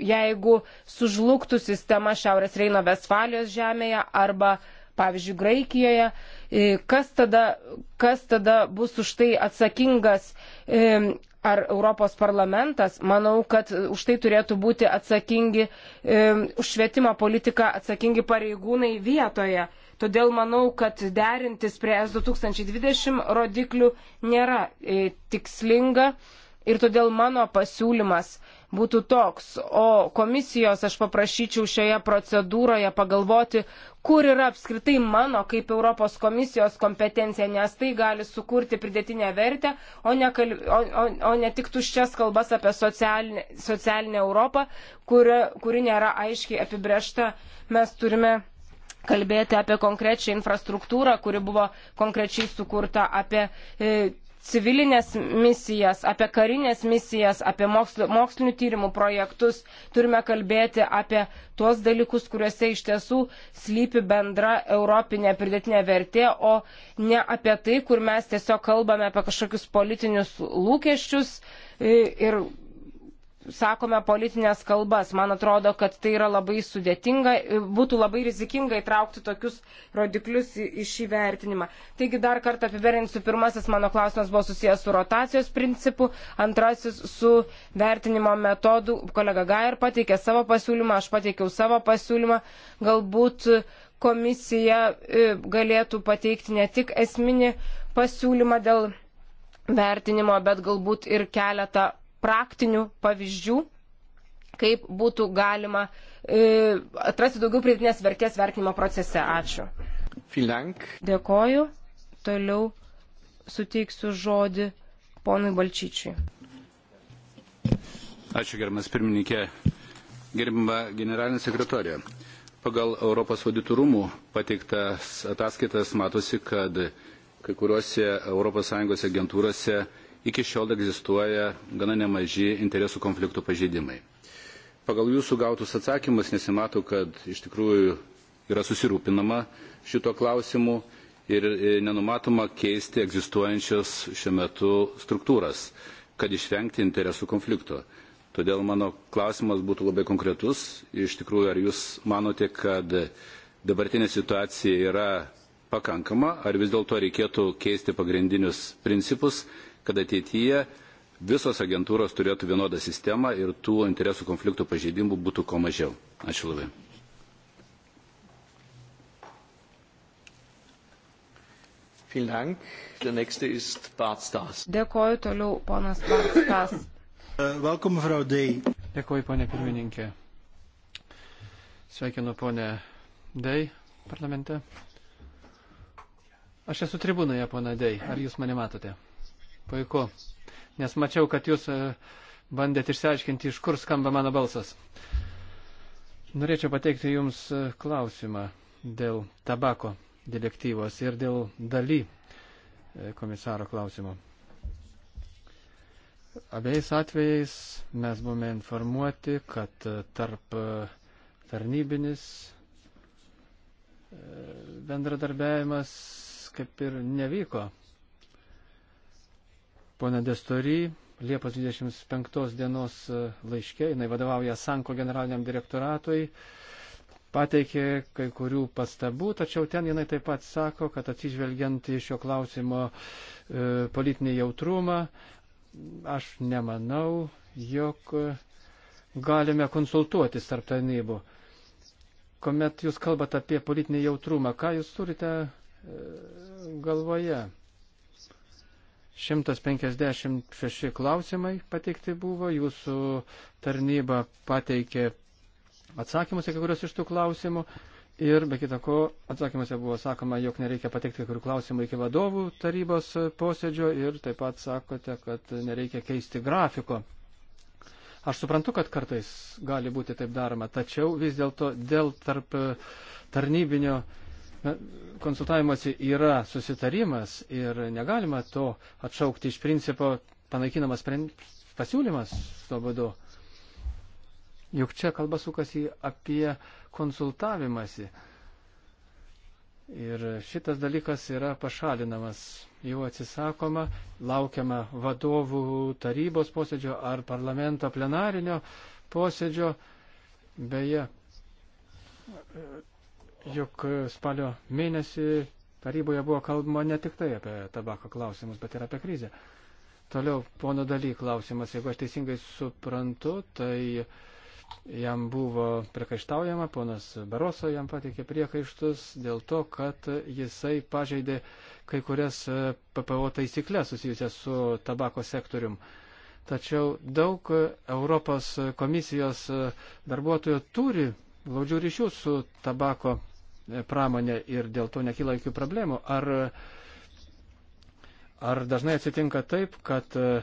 jeigu sužlugtų sistema Šiaurės Reino Vestfalijos žemėje arba, pavyzdžiui, Graikijoje E, kas tada, kas tada bus už tai atsakingas? E, ar Europos parlamentas, manau, kad už tai turėtų būti atsakingi, e, už švietimo politiką atsakingi pareigūnai vietoje. Todėl manau, kad derintis prie S2020 rodiklių nėra tikslinga ir todėl mano pasiūlymas būtų toks. O komisijos aš paprašyčiau šioje procedūroje pagalvoti, kur yra apskritai mano kaip Europos komisijos kompetencija, nes tai gali sukurti pridėtinę vertę, o ne, kal... o, o, o ne tik tuščias kalbas apie socialinę, socialinę Europą, kuri, kuri nėra aiškiai apibriešta. Mes turime kalbėti apie konkrečią infrastruktūrą, kuri buvo konkrečiai sukurta, apie e, civilinės misijas, apie karinės misijas, apie mokslo, mokslinių tyrimų projektus, turime kalbėti apie tuos dalykus, kuriuose iš tiesų slypi bendra europinė pridėtinė vertė, o ne apie tai, kur mes tiesiog kalbame apie kažkokius politinius lūkesčius e, ir sakome politinės kalbas. Man atrodo, kad tai yra labai sudėtinga, būtų labai rizikinga įtraukti tokius rodiklius į, į šį vertinimą. Taigi dar kartą apibendrinsiu, pirmasis mano klausimas buvo susijęs su rotacijos principu, antrasis su vertinimo metodu. Kolega Gair pateikė savo pasiūlymą, aš pateikiau savo pasiūlymą. Galbūt komisija e, galėtų pateikti ne tik esminį pasiūlymą dėl vertinimo, bet galbūt ir keletą praktinių pavyzdžių, kaip būtų galima e, atrasti daugiau pridėtinės vertės vertinimo procese. Ačiū. Filank. Dėkoju. Toliau suteiksiu žodį ponui Balčyčiui. Ačiū, gerbiamas pirmininkė. Gerbima generalinė sekretorija. Pagal Europos auditorumų pateiktas ataskaitas matosi, kad kai kuriuose ES agentūrose iki šiol egzistuoja gana nemaži interesų konfliktų pažeidimai. Pagal jūsų gautus atsakymus nesimato, kad iš tikrųjų yra susirūpinama šito klausimu ir e, nenumatoma keisti egzistuojančios šiuo metu struktūras, kad išvengti interesų konflikto. Todėl mano klausimas būtų labai konkretus. Iš tikrųjų, ar jūs manote, kad dabartinė situacija yra pakankama, ar vis dėlto reikėtų keisti pagrindinius principus kad ateityje visos agentūros turėtų vienodą sistemą ir tų interesų konfliktų pažeidimų būtų kuo mažiau. Ačiū labai. Dėkoju toliau, ponas Barstas. Eh, Welcome, Frau Dei. Dėkoju, ponė pirmininkė. Sveikinu, ponė Dei, parlamente. Aš esu tribūnoje, ponė Dei. Ar jūs mane matote? Puiku. Nes mačiau, kad jūs e, bandėt išsiaiškinti, iš kur skamba mano balsas. Norėčiau pateikti Jums e, klausimą dėl tabako direktyvos ir dėl daly e, komisaro klausimo. Abiejais atvejais mes buvome informuoti, kad tarp tarnybinis bendradarbiavimas kaip ir nevyko. Pone Destory, Liepos 25 dienos e, laiškė, jinai vadovauja Sanko generaliniam direktoratui, pateikė kai kurių pastabų, tačiau ten jinai taip pat sako, kad atsižvelgiant į šio klausimo e, politinį jautrumą, aš nemanau, jog galime konsultuotis tarp tarnybų. Komet jūs kalbate apie politinį jautrumą, ką jūs turite e, galvoje? 156 klausimai pateikti buvo, jūsų tarnyba pateikė atsakymus į kai kurios iš tų klausimų. Ir be kita ko, atsakymuose buvo sakoma, jog nereikia pateikti kurių klausimų iki vadovų tarybos posėdžio ir taip pat sakote, kad nereikia keisti grafiko. Aš suprantu, kad kartais gali būti taip daroma, tačiau vis dėlto dėl tarp tarnybinio konsultavimuose yra susitarimas ir negalima to atšaukti iš principo panaikinamas pasiūlymas tuo būdu. Juk čia kalba sukasi apie konsultavimąsi. Ir šitas dalykas yra pašalinamas, jau atsisakoma, laukiama vadovų tarybos posėdžio ar parlamento plenarinio posėdžio. Beje, juk spalio mėnesį taryboje buvo kalbama ne tik tai apie tabako klausimus, bet ir apie krizę. Toliau, pono daly klausimas, jeigu aš teisingai suprantu, tai jam buvo priekaištaujama, ponas Baroso jam pateikė priekaištus dėl to, kad jisai pažeidė kai kurias PPO taisyklės susijusias su tabako sektorium. Tačiau daug Europos komisijos darbuotojų turi glaudžių ryšių su tabako pramonė ir dėl to nekyla jokių problemų. Ar, ar dažnai atsitinka taip, kad e,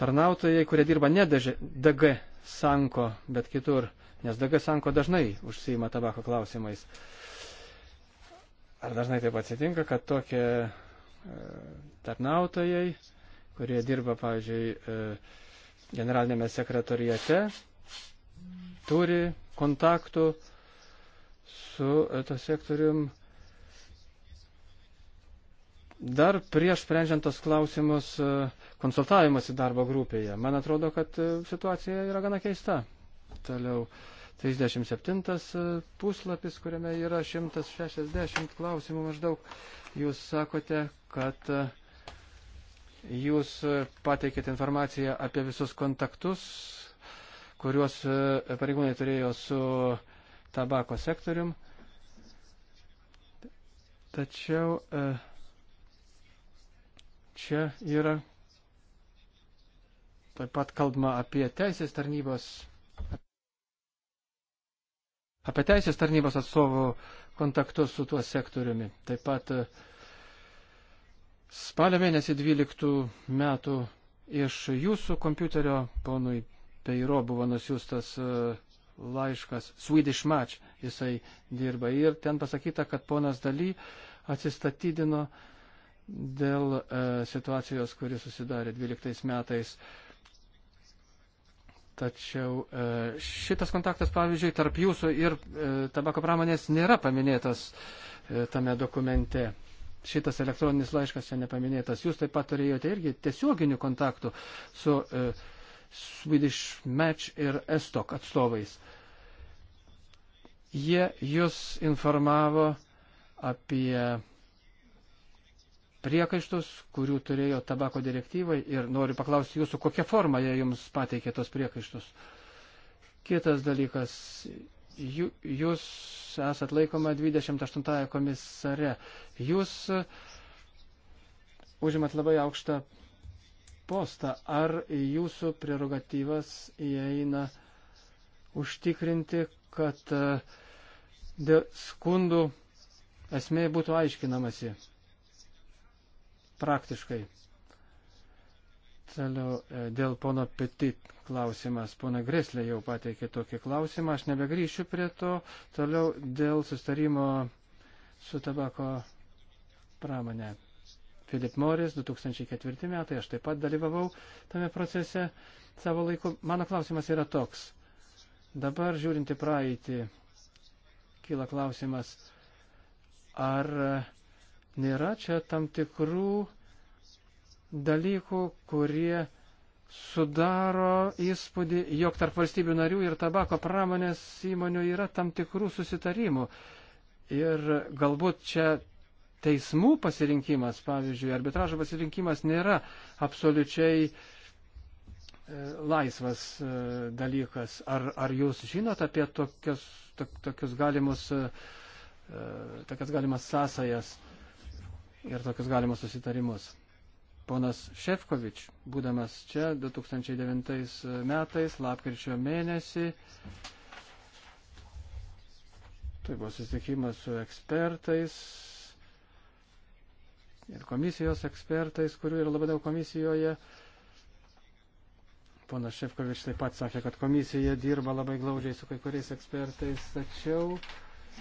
tarnautojai, kurie dirba ne DG Sanko, bet kitur, nes DG Sanko dažnai užsima tabako klausimais. Ar dažnai taip atsitinka, kad tokie e, tarnautojai, kurie dirba, pavyzdžiui, e, generalinėme sekretorijate, turi kontaktų su e, to sektorium dar prieš sprendžiant tos klausimus e, konsultavimas į darbo grupėje. Man atrodo, kad e, situacija yra gana keista. Toliau 37 puslapis, kuriame yra 160 klausimų maždaug. Jūs sakote, kad jūs pateikėte informaciją apie visus kontaktus, kuriuos pareigūnai turėjo su uh, tabako sektorium. Tačiau e, čia yra taip pat kalbama apie teisės tarnybos, apie teisės tarnybos atstovų kontaktus su tuo sektoriumi. Taip pat e, spalio mėnesį 12 metų iš jūsų kompiuterio ponui Peiro buvo nusiųstas uh, laiškas Swedish Match, jisai dirba. Ir ten pasakyta, kad ponas Daly atsistatydino dėl e, situacijos, kuri susidarė 12 metais. Tačiau e, šitas kontaktas, pavyzdžiui, tarp jūsų ir e, tabako pramonės nėra paminėtas e, tame dokumente. Šitas elektroninis laiškas čia nepaminėtas. Jūs taip pat turėjote irgi tiesioginių kontaktų su. E, Swedish Match ir Estok atstovais. Jie jūs informavo apie priekaištus, kurių turėjo tabako direktyvai ir noriu paklausti jūsų, kokią formą jie jums pateikė tos priekaištus. Kitas dalykas, jūs esat laikoma 28 komisare. Jūs uh, užimat labai aukštą postą. Ar jūsų prerogatyvas įeina užtikrinti, kad e, skundų esmė būtų aiškinamasi praktiškai? Toliau e, dėl pono Petit klausimas. Pona Greslė jau pateikė tokį klausimą, aš nebegrįšiu prie to. Toliau dėl sustarimo su tabako pramonė. Philip Morris 2004 metai, aš taip pat dalyvavau tame procese savo laiku. Mano klausimas yra toks. Dabar žiūrinti praeitį, kyla klausimas, ar nėra čia tam tikrų dalykų, kurie sudaro įspūdį, jog tarp valstybių narių ir tabako pramonės įmonių yra tam tikrų susitarimų. Ir galbūt čia teismų pasirinkimas, pavyzdžiui, arbitražo pasirinkimas nėra absoliučiai e, laisvas e, dalykas. Ar, ar jūs žinot apie tokius, to, tokius galimus, e, tokias galimas sąsajas ir tokius galimus susitarimus? Ponas Šefkovič, būdamas čia 2009 metais, lapkričio mėnesį, tai buvo susitikimas su ekspertais, ir komisijos ekspertais, kurių yra labai daug komisijoje. Ponas Šefkovič taip pat sakė, kad komisija dirba labai glaudžiai su kai kuriais ekspertais, tačiau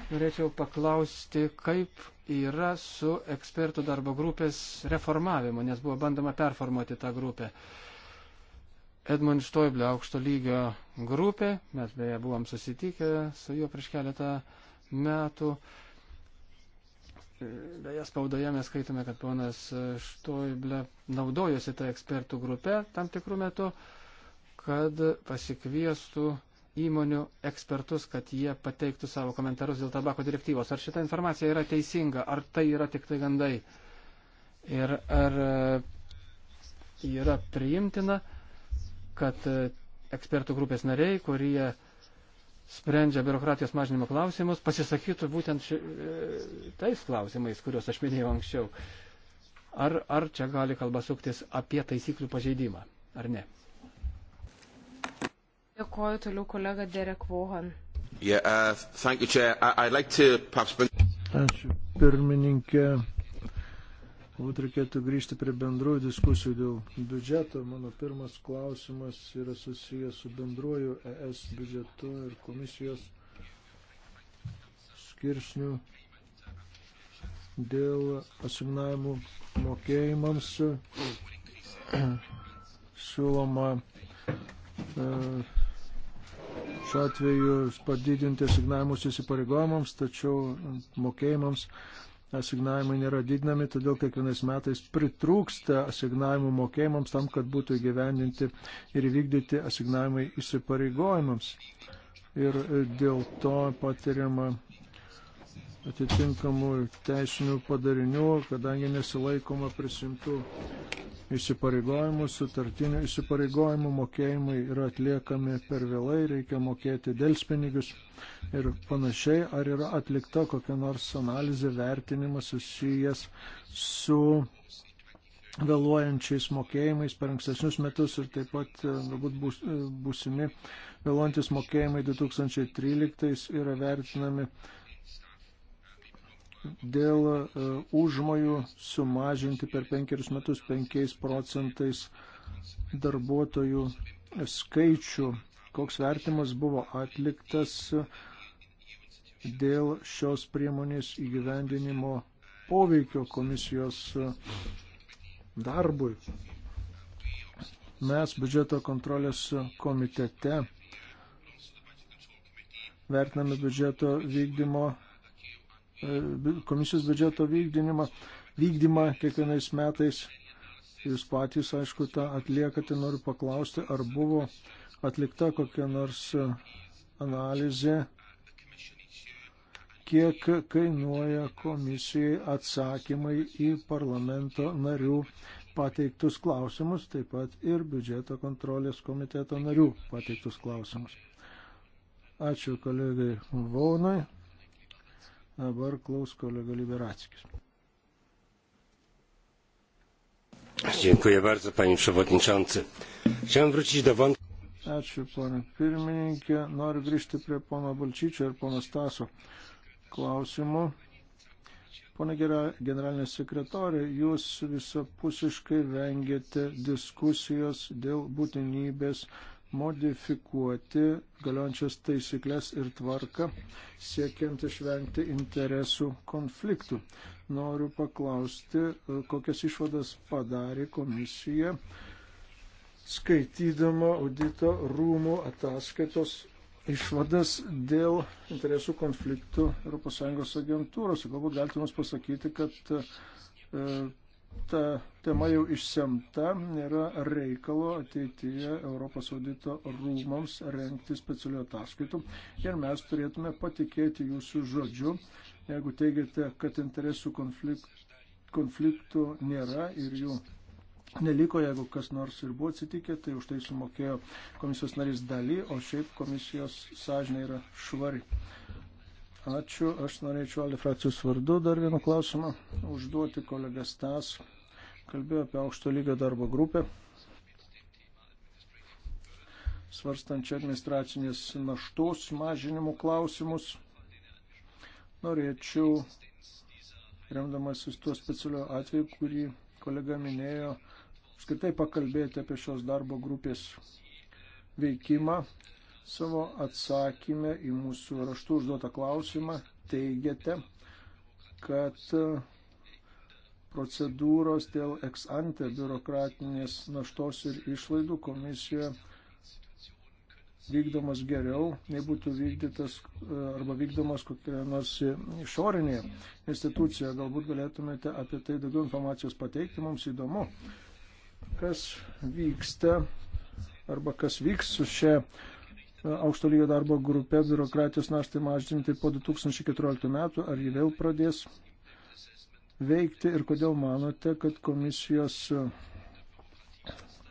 norėčiau paklausti, kaip yra su ekspertų darbo grupės reformavimu, nes buvo bandoma performuoti tą grupę. Edmund Štoiblio aukšto lygio grupė, mes beje buvom susitikę su juo prieš keletą metų. Uh, Beje, spaudoje mes skaitome, kad ponas Štoible naudojosi tą ekspertų grupę tam tikrų metų, kad pasikviestų įmonių ekspertus, kad jie pateiktų savo komentarus dėl tabako direktyvos. Ar šita informacija yra teisinga, ar tai yra tik tai gandai? Ir ar e, yra priimtina, kad e, ekspertų grupės nariai, kurie sprendžia biurokratijos mažinimo klausimus, pasisakytų būtent ši, e, tais klausimais, kuriuos aš minėjau anksčiau. Ar, ar čia gali kalba suktis apie taisyklių pažeidimą, ar ne? Dėkuoju toliau kolega Derek Vohan. Yeah, uh, you, like to... Ačiū pirmininkė. Mums reikėtų grįžti prie bendrų diskusijų dėl biudžeto. Mano pirmas klausimas yra susijęs su bendruoju ES biudžetu ir komisijos skirsnių dėl asignavimų mokėjimams. Siūloma e, šiuo atveju padidinti asignavimus įsipareigojimams, tačiau mokėjimams asignavimai nėra didinami, todėl kiekvienais metais pritrūksta asignavimų mokėjimams tam, kad būtų įgyvendinti ir įvykdyti asignavimai įsipareigojimams. Ir dėl to patiriama atitinkamų teisinių padarinių, kadangi nesilaikoma prisimtų įsipareigojimų, sutartinių įsipareigojimų mokėjimai yra atliekami per vėlai, reikia mokėti dėlspinigius ir panašiai, ar yra atlikta kokia nors analizė, vertinimas susijęs su vėluojančiais mokėjimais per ankstesnius metus ir taip pat e, galbūt būs, e, būsimi vėluojantis mokėjimai 2013 yra vertinami dėl e, užmojų sumažinti per penkerius metus penkiais procentais darbuotojų skaičių. Koks vertimas buvo atliktas dėl šios priemonės įgyvendinimo poveikio komisijos e, darbui. Mes biudžeto kontrolės komitete vertiname biudžeto vykdymo E, komisijos biudžeto vykdymą, vykdymą kiekvienais metais. Jūs patys, aišku, tą atliekate, noriu paklausti, ar buvo atlikta kokia nors e, analizė, kiek kainuoja komisijai atsakymai į parlamento narių pateiktus klausimus, taip pat ir biudžeto kontrolės komiteto narių pateiktus klausimus. Ačiū kolegai Vaunai. Dabar klaus kolega Liberackis. Dziękuję bardzo, panie przewodniczący. Chciałem wrócić do wątku. Ačiū, ponė pirmininkė. Noriu grįžti prie pono Balčyčio ir pono Staso klausimų. Pone generalinė sekretorė, jūs visapusiškai vengėte diskusijos dėl būtinybės modifikuoti galiojančias taisyklės ir tvarką, siekiant išvengti interesų konfliktų. Noriu paklausti, kokias išvadas padarė komisija, skaitydama audito rūmų ataskaitos išvadas dėl interesų konfliktų ES agentūrose. Galbūt galite mums pasakyti, kad e, ta tema jau išsemta, nėra reikalo ateityje Europos audito rūmams renkti specialių ataskaitų ir mes turėtume patikėti jūsų žodžiu, jeigu teigiate, kad interesų konflikt, konfliktų nėra ir jų neliko, jeigu kas nors ir buvo atsitikę, tai už tai sumokėjo komisijos narys daly, o šiaip komisijos sąžinė yra švari. Ačiū. Aš norėčiau Ali frakcijos vardu dar vieną klausimą užduoti kolega Stas. Kalbėjo apie aukšto lygio darbo grupę, svarstančią administracinės naštos mažinimų klausimus. Norėčiau, remdamasis tuo specialiu atveju, kurį kolega minėjo, apskritai pakalbėti apie šios darbo grupės veikimą Savo atsakymę į mūsų raštų užduotą klausimą teigiate, kad e, procedūros dėl ex-ante biurokratinės naštos ir išlaidų komisijoje vykdomas geriau, nei būtų vykdytas e, arba vykdomas kokioje nors išorinėje institucijoje. Galbūt galėtumėte apie tai daugiau informacijos pateikti, mums įdomu, kas vyksta arba kas vyks su šia aukšto lygio darbo grupė biurokratijos naštai mažinti po 2014 metų, ar jį vėl pradės veikti ir kodėl manote, kad komisijos e,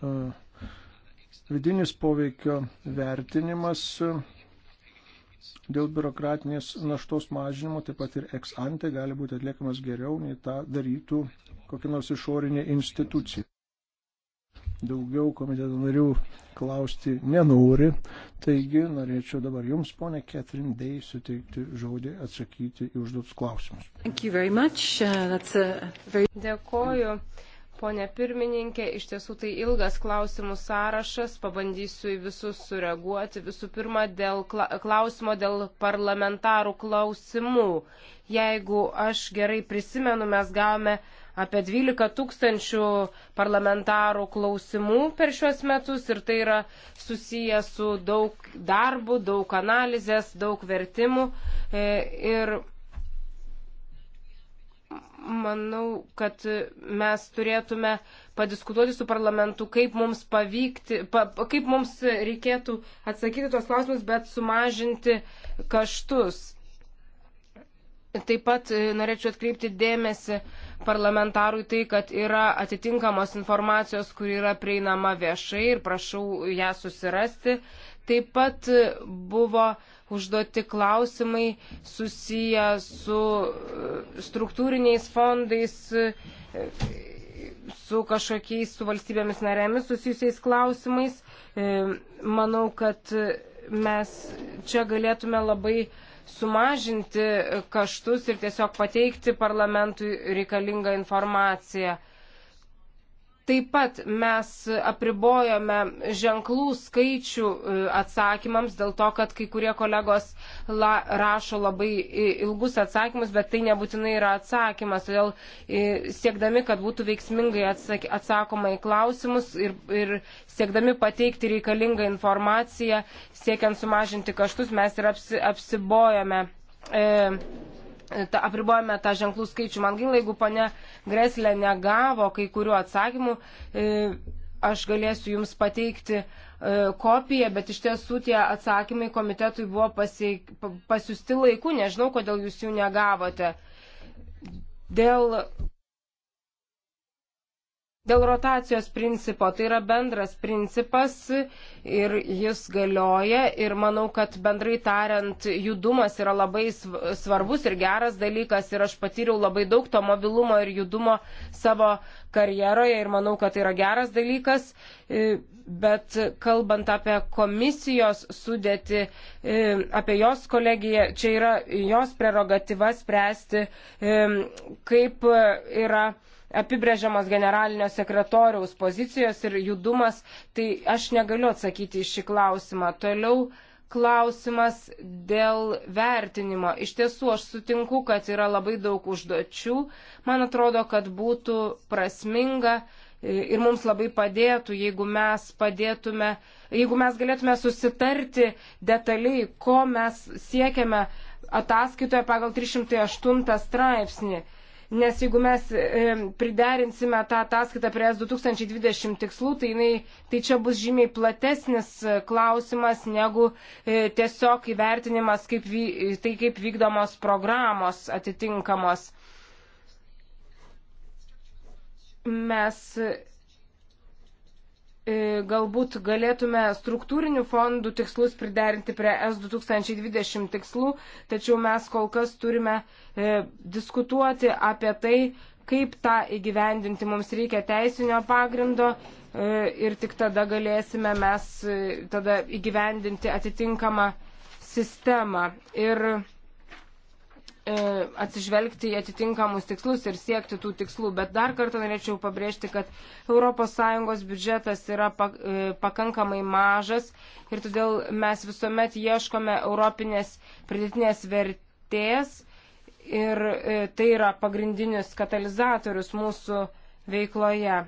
e, vidinis poveikio vertinimas e, dėl biurokratinės naštos mažinimo, taip pat ir ex ante, gali būti atliekamas geriau, nei tą darytų kokia nors išorinė institucija daugiau komiteto narių klausti nenori. Taigi norėčiau dabar Jums, ponė Catherine Day, suteikti žodį atsakyti į užduotus klausimus. Uh, very... Dėkoju. Pone pirmininkė, iš tiesų tai ilgas klausimų sąrašas, pabandysiu į visus sureaguoti. Visų pirma, dėl klausimo dėl parlamentarų klausimų. Jeigu aš gerai prisimenu, mes gavome apie 12 tūkstančių parlamentarų klausimų per šiuos metus ir tai yra susiję su daug darbų, daug analizės, daug vertimų. E, ir manau, kad mes turėtume padiskutuoti su parlamentu, kaip mums pavykti, pa, kaip mums reikėtų atsakyti tuos klausimus, bet sumažinti kaštus. Taip pat e, norėčiau atkreipti dėmesį parlamentarui tai, kad yra atitinkamos informacijos, kur yra prieinama viešai ir prašau ją susirasti. Taip pat e, buvo užduoti klausimai susiję su e, struktūriniais fondais, su kažkokiais su valstybėmis narėmis susijusiais klausimais. Manau, kad mes čia galėtume labai uh, sumažinti kaštus ir tiesiog pateikti parlamentui reikalingą informaciją. Taip pat mes apribojome ženklų skaičių e, atsakymams dėl to, kad kai kurie kolegos la, rašo labai ilgus atsakymus, bet tai nebūtinai yra atsakymas. Todėl e, siekdami, kad būtų veiksmingai atsak, atsakoma į klausimus ir, ir siekdami pateikti reikalingą informaciją, siekiant sumažinti kaštus, mes ir apsi, apsibojome. E, ta, apribojame tą ženklų skaičių. Man gaila, jeigu ponia Greslė negavo kai kurių atsakymų, e, aš galėsiu jums pateikti e, kopiją, bet iš tiesų tie atsakymai komitetui buvo pasie, pasiusti laiku, nežinau, kodėl jūs jų negavote. Dėl Dėl rotacijos principo tai yra bendras principas ir jis galioja ir manau, kad bendrai tariant, judumas yra labai svarbus ir geras dalykas ir aš patyriau labai daug to mobilumo ir judumo savo karjeroje ir manau, kad tai yra geras dalykas, e, bet kalbant apie komisijos sudėti, e, apie jos kolegiją, čia yra jos prerogatyva spręsti, e, kaip yra apibrėžiamos generalinio sekretoriaus pozicijos ir judumas, tai aš negaliu atsakyti į šį klausimą. Toliau klausimas dėl vertinimo. Iš tiesų, aš sutinku, kad yra labai daug užduočių. Man atrodo, kad būtų prasminga ir mums labai padėtų, jeigu mes padėtume, jeigu mes galėtume susitarti detaliai, ko mes siekiame ataskaitoje pagal 308 straipsnį nes jeigu mes e, priderinsime tą ataskaitą prie S2020 tikslų, tai, jinai, tai čia bus žymiai platesnis e, klausimas negu e, tiesiog įvertinimas, kaip, tai kaip vykdomos programos atitinkamos. Mes E, galbūt galėtume struktūrinių fondų tikslus priderinti prie S2020 tikslų, tačiau mes kol kas turime e, diskutuoti apie tai, kaip tą įgyvendinti. Mums reikia teisinio pagrindo e, ir tik tada galėsime mes e, tada įgyvendinti atitinkamą sistemą. Ir E, atsižvelgti į atitinkamus tikslus ir siekti tų tikslų. Bet dar kartą norėčiau pabrėžti, kad ES biudžetas yra e, pakankamai mažas ir todėl mes visuomet ieškome europinės pridėtinės vertės ir e, tai yra pagrindinis katalizatorius mūsų veikloje.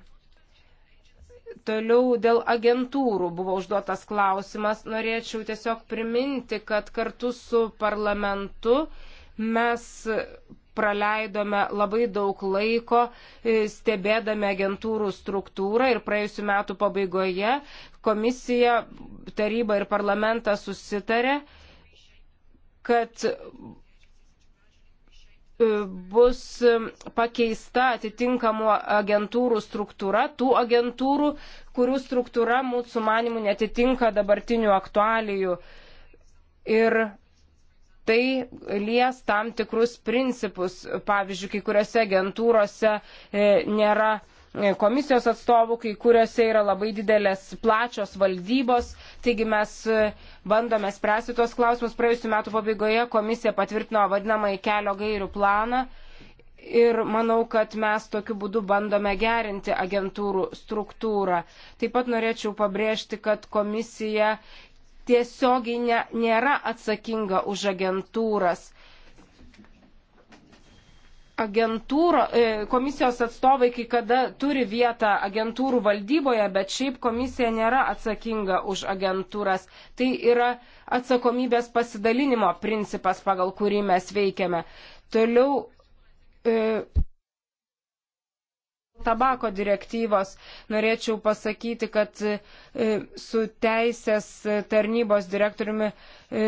Toliau dėl agentūrų buvo užduotas klausimas. Norėčiau tiesiog priminti, kad kartu su parlamentu uh, Mes praleidome labai daug laiko e, stebėdami agentūrų struktūrą ir praėjusiu metu pabaigoje komisija, taryba ir parlamentas susitarė, kad e, bus pakeista atitinkamų agentūrų struktūra, tų agentūrų, kurių struktūra mūsų manimų netitinka dabartinių aktualijų. Ir tai lies tam tikrus principus. Pavyzdžiui, kai kuriuose agentūrose e, nėra e, komisijos atstovų, kai kuriuose yra labai didelės plačios valdybos. Taigi mes e, bandome spręsti tuos klausimus. Praėjusiu metu pabaigoje komisija patvirtino vadinamąjį kelio gairių planą. Ir manau, kad mes tokiu būdu bandome gerinti agentūrų struktūrą. Taip pat norėčiau pabrėžti, kad komisija tiesiogiai ne, nėra atsakinga už agentūras. Agentūro, e, komisijos atstovai kai kada turi vietą agentūrų valdyboje, bet šiaip komisija nėra atsakinga už agentūras. Tai yra atsakomybės pasidalinimo principas, pagal kurį mes veikiame. Toliau. E, Tabako direktyvos norėčiau pasakyti, kad e, su teisės tarnybos direktoriumi e,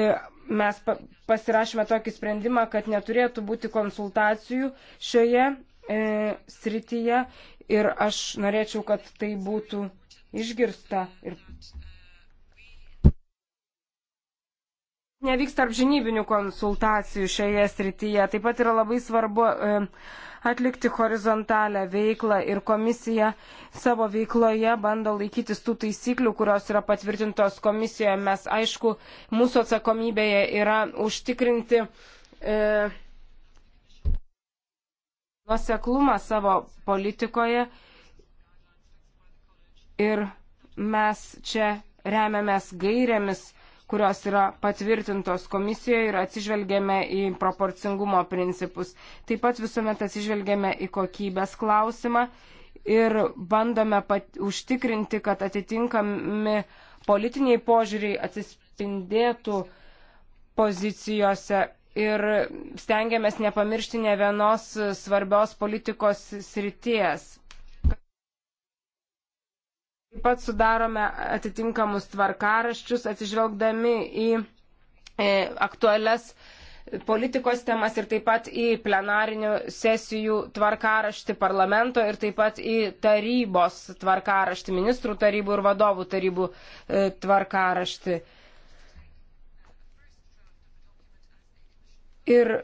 mes pasirašėme tokį sprendimą, kad neturėtų būti konsultacijų šioje e, srityje ir aš norėčiau, kad tai būtų išgirsta ir nevyks tarp žinybinių konsultacijų šioje srityje. Taip pat yra labai svarbu e, atlikti horizontalę veiklą ir komisija savo veikloje bando laikytis tų taisyklių, kurios yra patvirtintos komisijoje. Mes, aišku, mūsų atsakomybėje yra užtikrinti e, nuoseklumą savo politikoje ir mes čia remiamės gairėmis kurios yra patvirtintos komisijoje ir atsižvelgėme į proporcingumo principus. Taip pat visuomet atsižvelgėme į kokybės klausimą ir bandome pat, užtikrinti, kad atitinkami politiniai požiūriai atsispindėtų pozicijose ir stengiamės nepamiršti ne vienos svarbios politikos srities. Taip pat sudarome atitinkamus tvarkaraščius, atsižvelgdami į e, aktualias politikos temas ir taip pat į plenarinių sesijų tvarkaraštį parlamento ir taip pat į tarybos tvarkaraštį, ministrų tarybų ir vadovų tarybų e, tvarkaraštį. Ir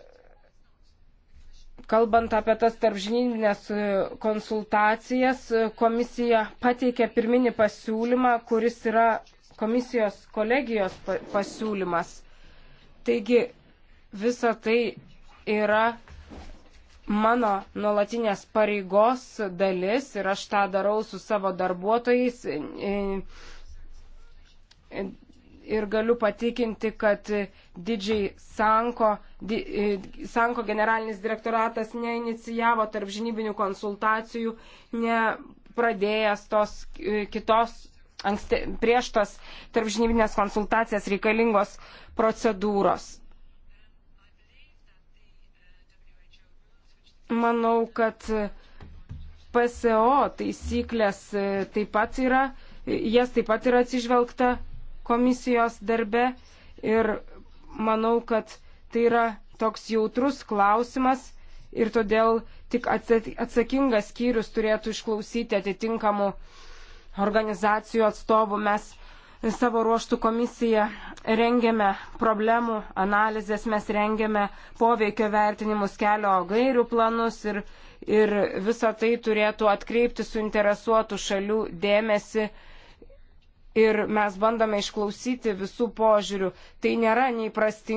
Kalbant apie tas tarpžininės e, konsultacijas, e, komisija pateikė pirminį pasiūlymą, kuris yra komisijos kolegijos pasiūlymas. Taigi visa tai yra mano nuolatinės pareigos dalis ir aš tą darau su savo darbuotojais e, ir galiu patikinti, kad didžiai Sanko, di, e, Sanko generalinis direktoratas neinicijavo tarp žinybinių konsultacijų, nepradėjęs tos e, kitos anksti, prieš tas tarp žinybinės konsultacijas reikalingos procedūros. Manau, kad PSO taisyklės e, taip pat yra, jas taip pat yra atsižvelgta komisijos darbe ir manau, kad tai yra toks jautrus klausimas ir todėl tik atsakingas skyrius turėtų išklausyti atitinkamų organizacijų atstovų. Mes savo ruoštų komisiją rengiame problemų analizės, mes rengiame poveikio vertinimus kelio gairių planus ir, ir visa tai turėtų atkreipti suinteresuotų šalių dėmesį ir mes bandome išklausyti visų požiūrių. Tai nėra neįprasti,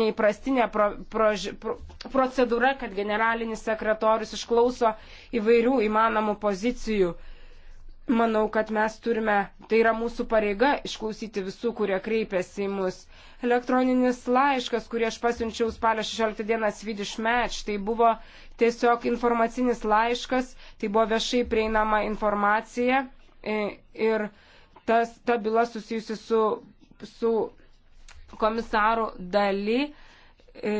neįprastinė pro, prož, pro, procedūra, kad generalinis sekretorius išklauso įvairių įmanomų pozicijų. Manau, kad mes turime, tai yra mūsų pareiga išklausyti visų, kurie kreipiasi į mus. Elektroninis laiškas, kurį aš pasiunčiau spalio 16 dieną Swedish Match, tai buvo tiesiog informacinis laiškas, tai buvo viešai prieinama informacija e, ir, ir tas, ta byla susijusi su, su komisaru daly. E,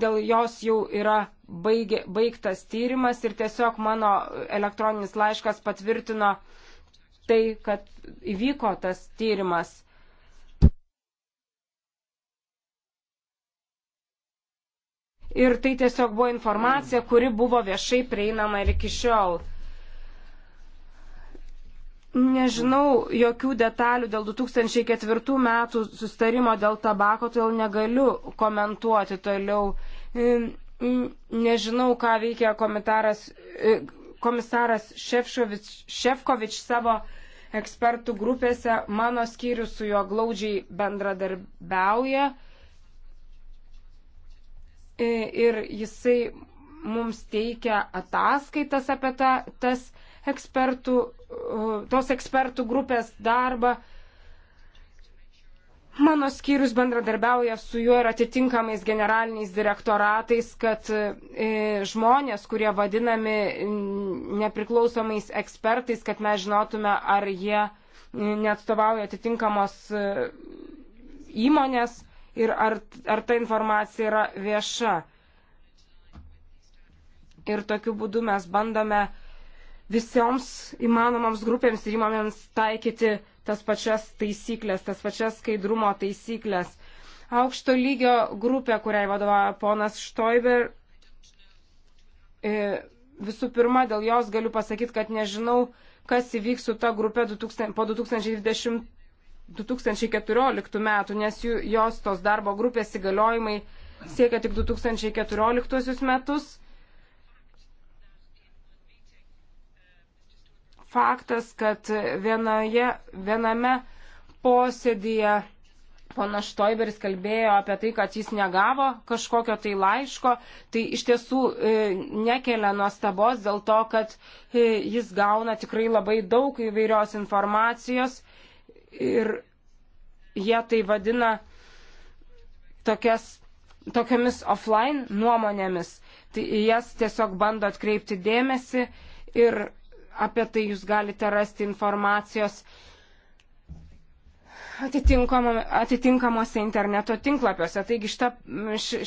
dėl jos jau yra baigė, baigtas tyrimas ir tiesiog mano elektroninis laiškas patvirtino tai, kad įvyko tas tyrimas. Ir tai tiesiog buvo informacija, kuri buvo viešai prieinama ir iki šiol nežinau jokių detalių dėl 2004 metų sustarimo dėl tabako, todėl negaliu komentuoti toliau. E, nežinau, ką veikia komitaras, e, komisaras Šefšovič, Šefkovič savo ekspertų grupėse. Mano skyrius su juo glaudžiai bendradarbiauja. E, ir jisai mums teikia ataskaitas apie ta, tas ekspertų, tos ekspertų grupės darbą. Mano skyrius bendradarbiauja su juo ir atitinkamais generaliniais direktoratais, kad e, žmonės, kurie vadinami nepriklausomais ekspertais, kad mes žinotume, ar jie neatstovauja atitinkamos e, įmonės ir ar, ar ta informacija yra vieša. Ir tokiu būdu mes bandome uh, visoms įmanomoms grupėms ir įmonėms taikyti tas pačias taisyklės, tas pačias skaidrumo taisyklės. Aukšto lygio grupė, kuriai vadovauja ponas Štoiber, e, visų pirma, dėl jos galiu pasakyti, kad nežinau, kas įvyks su ta grupė 2000, po 2020, 2014 metų, nes jų, jos tos darbo grupės įgaliojimai siekia tik 2014 metus faktas, kad vienoje, viename posėdėje Pana Štoiberis kalbėjo apie tai, kad jis negavo kažkokio tai laiško, tai iš tiesų e, nekelia nuostabos dėl to, kad e, jis gauna tikrai labai daug įvairios informacijos ir jie tai vadina tokias, tokiamis offline nuomonėmis. Tai jas tiesiog bando atkreipti dėmesį ir apie tai jūs galite rasti informacijos atitinkamuose interneto tinklapiuose. Taigi šita,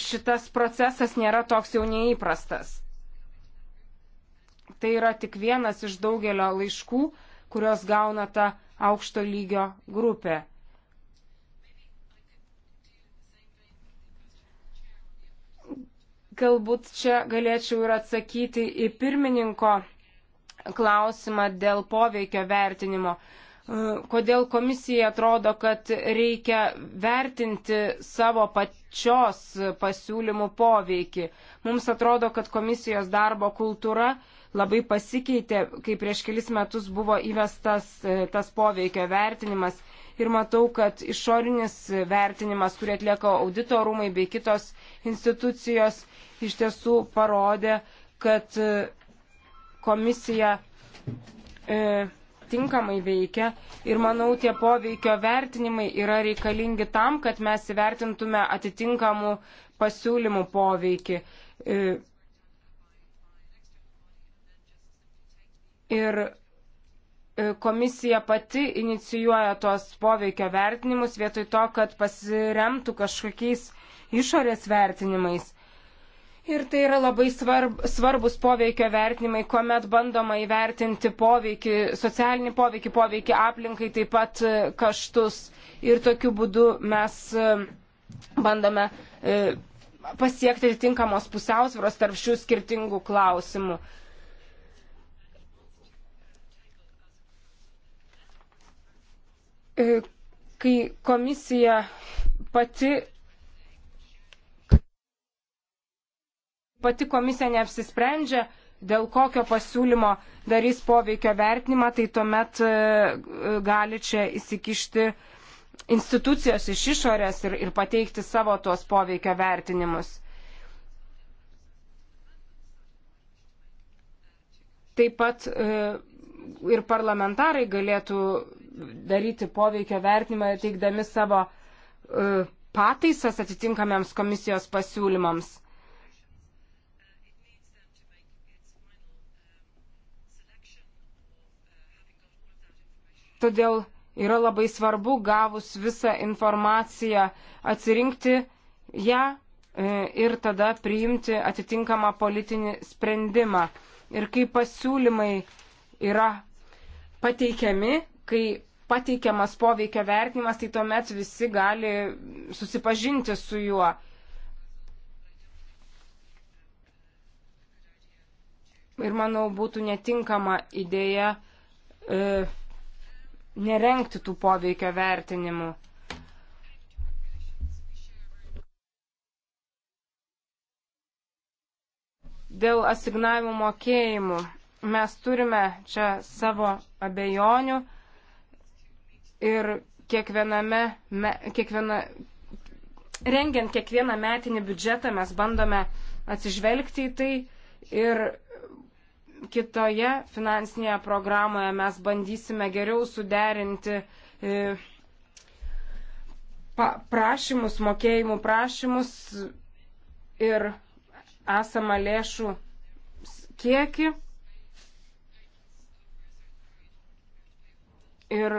šitas procesas nėra toks jau neįprastas. Tai yra tik vienas iš daugelio laiškų, kurios gauna ta aukšto lygio grupė. Galbūt čia galėčiau ir atsakyti į pirmininko klausimą dėl poveikio vertinimo. E, kodėl komisija atrodo, kad reikia vertinti savo pačios pasiūlymų poveikį? Mums atrodo, kad komisijos darbo kultūra labai pasikeitė, kai prieš kelis metus buvo įvestas e, tas poveikio vertinimas. Ir matau, kad išorinis vertinimas, kurį atlieka auditorumai bei kitos institucijos, iš tiesų parodė, kad e, komisija e, tinkamai veikia ir manau tie poveikio vertinimai yra reikalingi tam, kad mes įvertintume atitinkamų pasiūlymų poveikį. E, ir e, komisija pati inicijuoja tuos poveikio vertinimus vietoj to, kad pasiremtų kažkokiais išorės vertinimais. Ir tai yra labai svarb, svarbus poveikio vertinimai, kuomet bandoma įvertinti poveikį, socialinį poveikį, poveikį aplinkai, taip pat e, kaštus. Ir tokiu būdu mes e, bandome e, pasiekti tinkamos pusiausvėros tarp šių skirtingų klausimų. Kai komisija pati pati komisija neapsisprendžia, dėl kokio pasiūlymo darys poveikio vertinimą, tai tuomet e, e, gali čia įsikišti institucijos iš išorės ir, ir pateikti savo tuos poveikio vertinimus. Taip pat e, ir parlamentarai galėtų daryti poveikio vertinimą, teikdami savo pataisas atitinkamiams komisijos pasiūlymams. Todėl yra labai svarbu gavus visą informaciją atsirinkti ją e, ir tada priimti atitinkamą politinį sprendimą. Ir kai pasiūlymai yra pateikiami, kai pateikiamas poveikio vertinimas, tai tuomet visi gali susipažinti su juo. Ir manau, būtų netinkama idėja. E, nerenkti tų poveikio vertinimų. Dėl asignavimų mokėjimų mes turime čia savo abejonių ir kiekviename, me, kiekviena, rengiant kiekvieną metinį biudžetą mes bandome atsižvelgti į tai ir kitoje finansinėje programoje mes bandysime geriau suderinti e, prašymus, mokėjimų prašymus ir esamą lėšų kiekį. Ir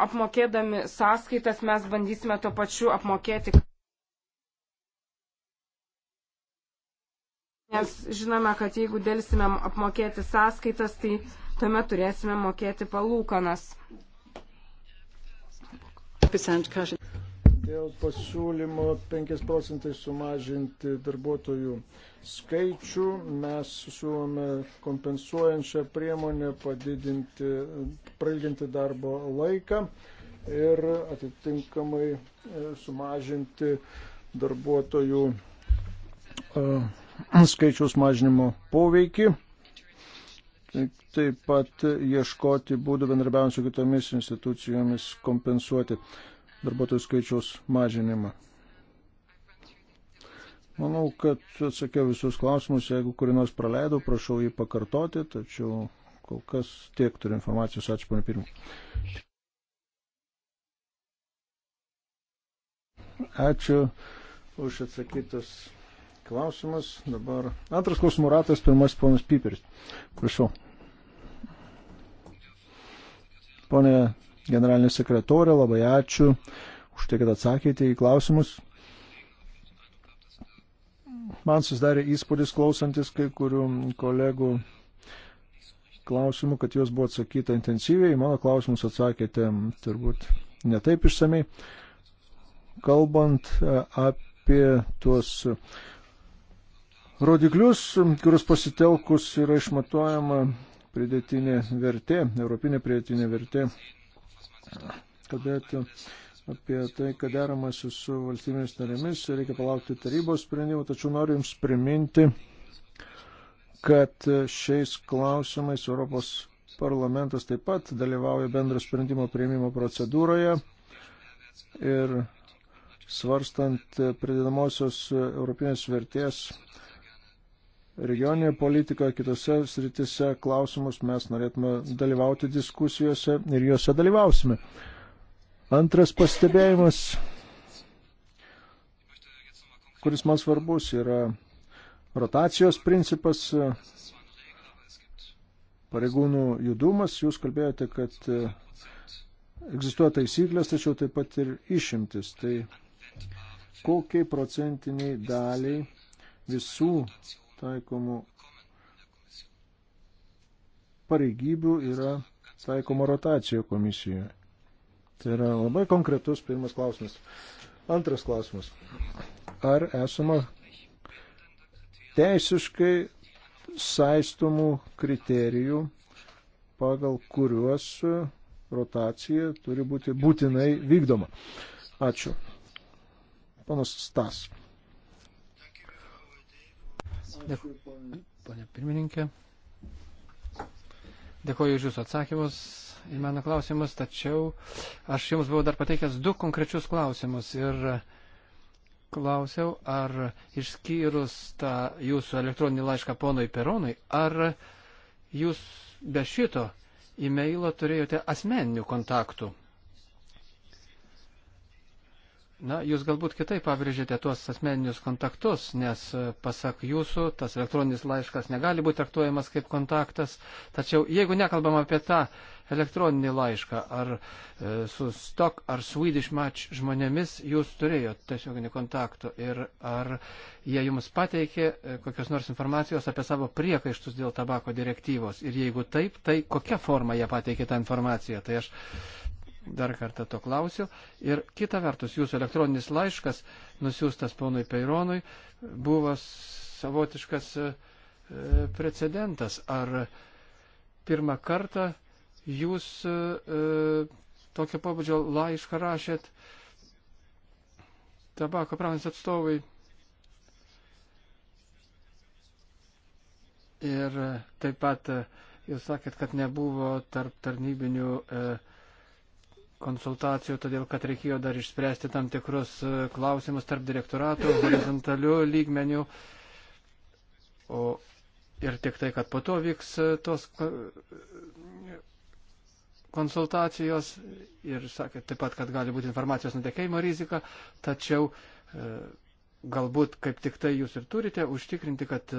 apmokėdami sąskaitas mes bandysime to pačiu apmokėti. nes žinome, kad jeigu dėlsime apmokėti sąskaitas, tai tuomet turėsime mokėti palūkanas. Dėl pasiūlymo 5 procentai sumažinti darbuotojų skaičių mes siūlome kompensuojančią priemonę padidinti, prailginti darbo laiką ir atitinkamai e, sumažinti darbuotojų uh, skaičiaus mažinimo poveikį, taip pat ieškoti būdų bendrabiavant su kitomis institucijomis kompensuoti darbuotojų skaičiaus mažinimą. Manau, kad atsakiau visus klausimus, jeigu kurį nors praleidau, prašau jį pakartoti, tačiau kol kas tiek turiu informacijos, ačiū pana pirmininkai. Ačiū už atsakytus klausimas. Dabar antras klausimų ratas, pirmas ponas Piperis. Prašau. Pone generalinė sekretorė, labai ačiū už tai, kad atsakėte į klausimus. Man susidarė įspūdis klausantis kai kurių kolegų klausimų, kad juos buvo atsakyta intensyviai. Į mano klausimus atsakėte turbūt netaip išsamei. Kalbant e, apie tuos rodiklius, kurius pasitelkus yra išmatuojama pridėtinė vertė, europinė pridėtinė vertė. Kalbėti apie tai, kad deramasi su valstybėmis narėmis, reikia palaukti tarybos sprendimų, tačiau noriu Jums priminti, kad šiais klausimais Europos parlamentas taip pat dalyvauja bendro sprendimo prieimimo procedūroje ir svarstant pridedamosios europinės vertės regioninėje politikoje, kitose sritise klausimus mes norėtume dalyvauti diskusijose ir juose dalyvausime. Antras pastebėjimas, kuris man svarbus, yra rotacijos principas, pareigūnų judumas. Jūs kalbėjote, kad egzistuoja taisyklės, tačiau taip pat ir išimtis. Tai kokiai procentiniai daliai visų taikomų pareigybių yra taikoma rotacija komisijoje. Tai yra labai konkretus pirmas klausimas. Antras klausimas. Ar esama teisiškai saistomų kriterijų, pagal kuriuos rotacija turi būti būtinai vykdoma? Ačiū. Panas Stas. Dėkuoju, ponė pirmininkė. Dėkuoju už Jūsų atsakymus į mano klausimus, tačiau aš Jums buvau dar pateikęs du konkrečius klausimus ir klausiau, ar išskyrus tą Jūsų elektroninį laišką ponui Peronui, ar Jūs be šito e-mailo turėjote asmeninių kontaktų Na, jūs galbūt kitaip pabrėžėte tuos asmeninius kontaktus, nes e, pasak jūsų, tas elektroninis laiškas negali būti traktuojamas kaip kontaktas. Tačiau jeigu nekalbam apie tą elektroninį laišką ar e, su Stock ar Swedish Match žmonėmis, jūs turėjot tiesioginį kontaktų ir ar jie jums pateikė e, kokios nors informacijos apie savo priekaištus dėl tabako direktyvos. Ir jeigu taip, tai kokia forma jie pateikė tą informaciją. Tai aš dar kartą to klausiu. Ir kita vertus, jūsų elektroninis laiškas, nusiųstas ponui Peironui, buvo savotiškas e, precedentas. Ar pirmą kartą jūs e, e, tokio pabudžio laišką rašėt tabako pramonės atstovai? Ir taip pat jūs sakėt, kad nebuvo tarp tarnybinių e, konsultacijų, todėl kad reikėjo dar išspręsti tam tikrus e, klausimus tarp direktoratų, horizontalių lygmenių. O ir tik tai, kad po to vyks e, tos e, konsultacijos ir sakė taip pat, kad gali būti informacijos nutekėjimo rizika, tačiau galbūt kaip tik tai jūs ir turite užtikrinti, kad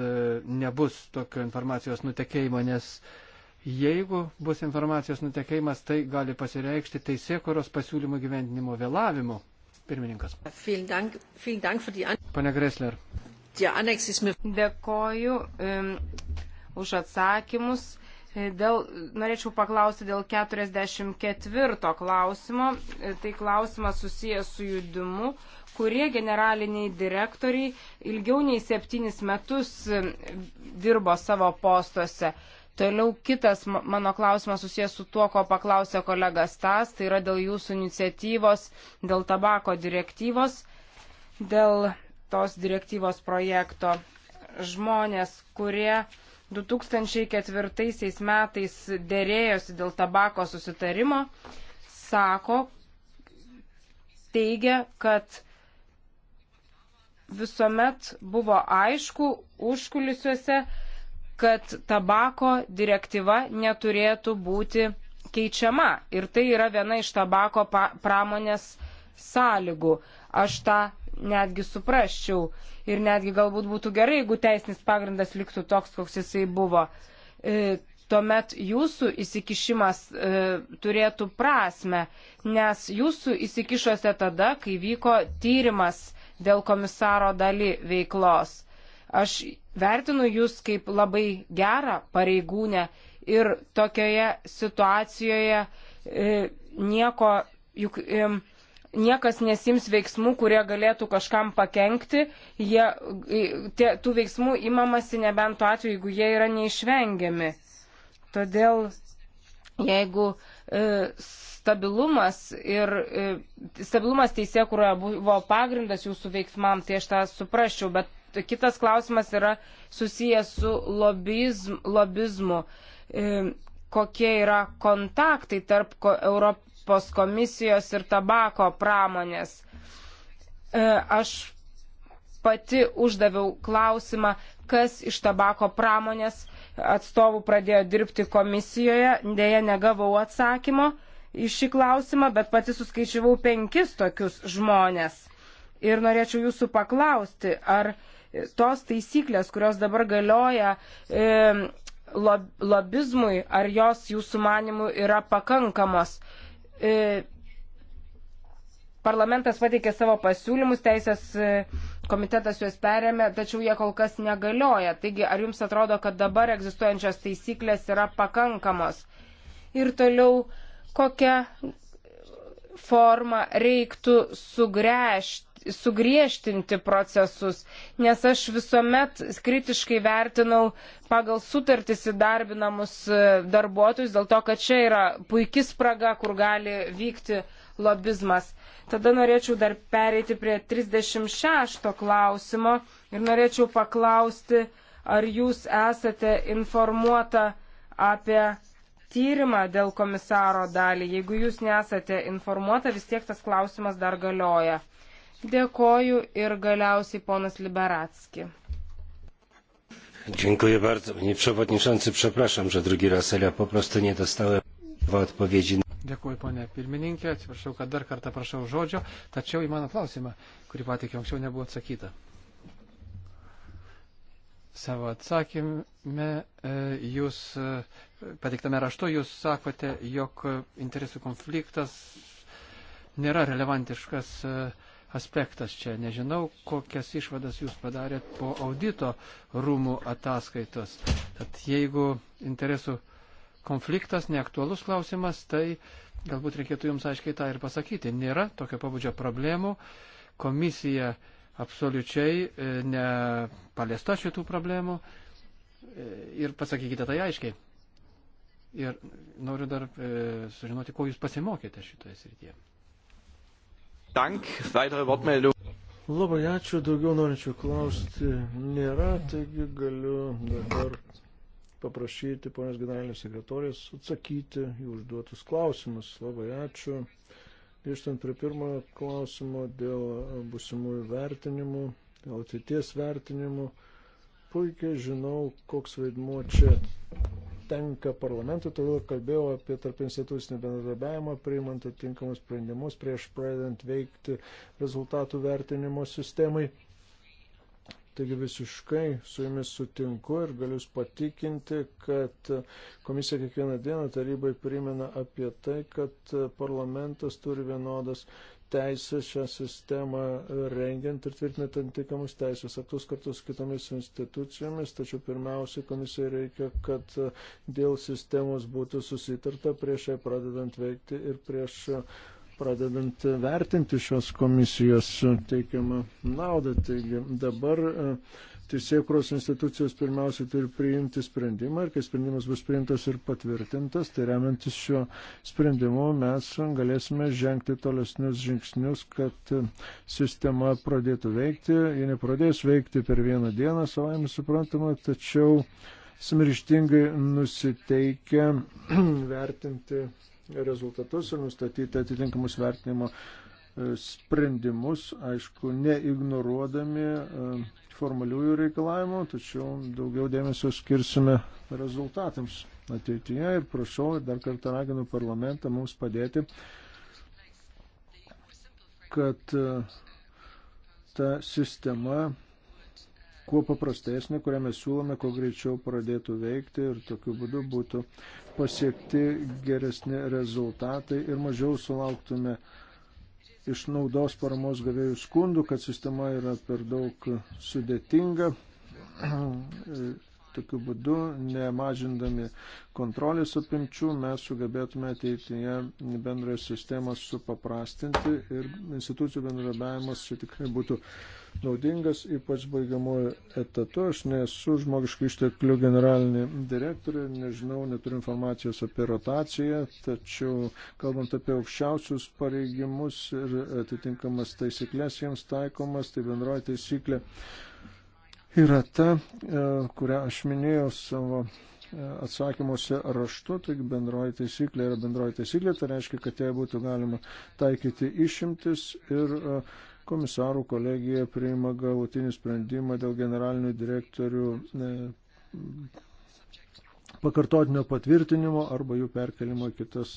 nebus tokio informacijos nutekėjimo, nes uh, Jeigu bus informacijos nutekėjimas, tai gali pasireikšti teisėkuros pasiūlymų gyvendinimo vėlavimu. Pirmininkas. Pane Gresler. Dėkoju um, už atsakymus. E, dėl, norėčiau paklausti dėl 44 klausimo. E, tai klausimas susijęs su judimu, kurie generaliniai direktoriai ilgiau nei septynis metus dirbo savo postuose. Toliau kitas mano klausimas susijęs su tuo, ko paklausė kolega Stas, tai yra dėl jūsų iniciatyvos, dėl tabako direktyvos, dėl tos direktyvos projekto. Žmonės, kurie 2004 metais dėrėjosi dėl tabako susitarimo, sako, teigia, kad visuomet buvo aišku užkulisiuose, kad tabako direktyva neturėtų būti keičiama. Ir tai yra viena iš tabako pramonės sąlygų. Aš tą netgi suprasčiau ir netgi galbūt būtų gerai, jeigu teisinis pagrindas liktų toks, koks jisai buvo. E, tuomet jūsų įsikišimas e, turėtų prasme, nes jūsų įsikišote tada, kai vyko tyrimas dėl komisaro daly veiklos. Aš vertinu jūs kaip labai gerą pareigūnę ir tokioje situacijoje e, nieko, juk e, niekas nesims veiksmų, kurie galėtų kažkam pakengti, jie, e, tie, tų veiksmų imamasi nebent tuo atveju, jeigu jie yra neišvengiami. Todėl jeigu e, stabilumas ir e, stabilumas teisė, kurioje buvo pagrindas jūsų veiksmam, tai aš tą suprasčiau, bet kitas klausimas yra susijęs su lobizm, lobizmu. E, kokie yra kontaktai tarp Europos komisijos ir tabako pramonės? E, aš pati uždaviau klausimą, kas iš tabako pramonės atstovų pradėjo dirbti komisijoje. Deja, negavau atsakymo į šį klausimą, bet pati suskaičiavau penkis tokius žmonės. Ir norėčiau jūsų paklausti, ar tos taisyklės, kurios dabar galioja e, lob, lobizmui, ar jos jūsų manimų yra pakankamos. E, parlamentas pateikė savo pasiūlymus, teisės e, komitetas juos perėmė, tačiau jie kol kas negalioja. Taigi, ar jums atrodo, kad dabar egzistuojančios taisyklės yra pakankamos? Ir toliau, kokia forma reiktų sugręžti sugriežtinti procesus, nes aš visuomet kritiškai vertinau pagal sutartis įdarbinamus e, darbuotojus, dėl to, kad čia yra puikis spraga, kur gali vykti lobizmas. Tada norėčiau dar pereiti prie 36 klausimo ir norėčiau paklausti, ar jūs esate informuota apie tyrimą dėl komisaro dalį. Jeigu jūs nesate informuota, vis tiek tas klausimas dar galioja. Dėkoju ir galiausiai ponas Liberatski. Dziękuję bardzo. Panie Przewodniczący, przepraszam, że drugi raz, ale ja po prostu nie dostałem odpowiedzi. Dėkuoju, ponė pirmininkė, atsiprašau, kad dar kartą prašau žodžio, tačiau į mano klausimą, kurį patikėjau anksčiau, nebuvo atsakyta. Savo atsakymę e, jūs, e, patiktame raštu, jūs sakote, jog interesų konfliktas nėra relevantiškas uh, aspektas čia. Nežinau, kokias išvadas jūs padarėt po audito rūmų ataskaitos. Tad jeigu interesų konfliktas neaktualus klausimas, tai galbūt reikėtų jums aiškiai tą ir pasakyti. Nėra tokio pabudžio problemų. Komisija absoliučiai e, nepaliesta šitų problemų. E, ir pasakykite tai aiškiai. Ir noriu dar e, sužinoti, ko jūs pasimokėte šitoje srityje. Dank. Weitere Wortmeldung. Labai ačiū, daugiau norinčių klausti nėra, taigi galiu dabar paprašyti ponės generalinės sekretorės atsakyti į užduotus klausimus. Labai ačiū. Grįžtant prie pirmojo klausimo dėl busimųjų vertinimų, dėl ateities vertinimų, puikiai žinau, koks vaidmuo čia tenka parlamentui, todėl kalbėjau apie tarp institucinį bendradarbiavimą, priimant atitinkamus sprendimus prieš pradedant veikti rezultatų vertinimo sistemai. Taigi visiškai su jumis sutinku ir galiu patikinti, kad komisija kiekvieną dieną tarybai primena apie tai, kad parlamentas turi vienodas teisę šią sistemą rengiant ir tvirtinant antikamus teisės aktus kartu su kitomis institucijomis, tačiau pirmiausiai komisijai reikia, kad dėl sistemos būtų susitarta prieš ją pradedant veikti ir prieš pradedant vertinti šios komisijos teikiamą naudą. Taigi dabar uh, teisėkros institucijos pirmiausia turi priimti sprendimą ir kai sprendimas bus priimtas ir patvirtintas, tai remiantis šiuo sprendimu mes galėsime žengti tolesnius žingsnius, kad sistema pradėtų veikti. Ji nepradės veikti per vieną dieną, savaime suprantama, tačiau smirštingai nusiteikę vertinti rezultatus ir nustatyti atitinkamus vertinimo e, sprendimus, aišku, neignoruodami e, formaliųjų reikalavimų, tačiau daugiau dėmesio skirsime rezultatams ateityje ir prašau ir dar kartą raginu parlamentą mums padėti, kad e, ta sistema kuo paprastesnė, kurią mes siūlome, kuo greičiau pradėtų veikti ir tokiu būdu būtų pasiekti geresni rezultatai ir mažiau sulauktume uh, iš naudos paramos gavėjų skundų, kad sistema yra per daug sudėtinga e, Tokiu būdu, nemažindami kontrolės apimčių, mes sugebėtume ateityje bendrąją sistemą supaprastinti ir institucijų bendradavimas čia tikrai būtų naudingas, ypač baigiamojo etatu. Aš nesu žmogiškų išteklių generalinė direktorė, nežinau, neturiu informacijos apie rotaciją, tačiau kalbant apie aukščiausius pareigimus ir atitinkamas taisyklės jiems taikomas, tai bendroji taisyklė yra ta, e, kurią aš minėjau savo e, atsakymuose raštu, taigi bendroji taisyklė yra bendroji taisyklė, tai reiškia, kad jai būtų galima taikyti išimtis ir e, komisarų kolegija priima galutinį sprendimą dėl generalinių direktorių pakartotinio patvirtinimo arba jų perkelimo į kitas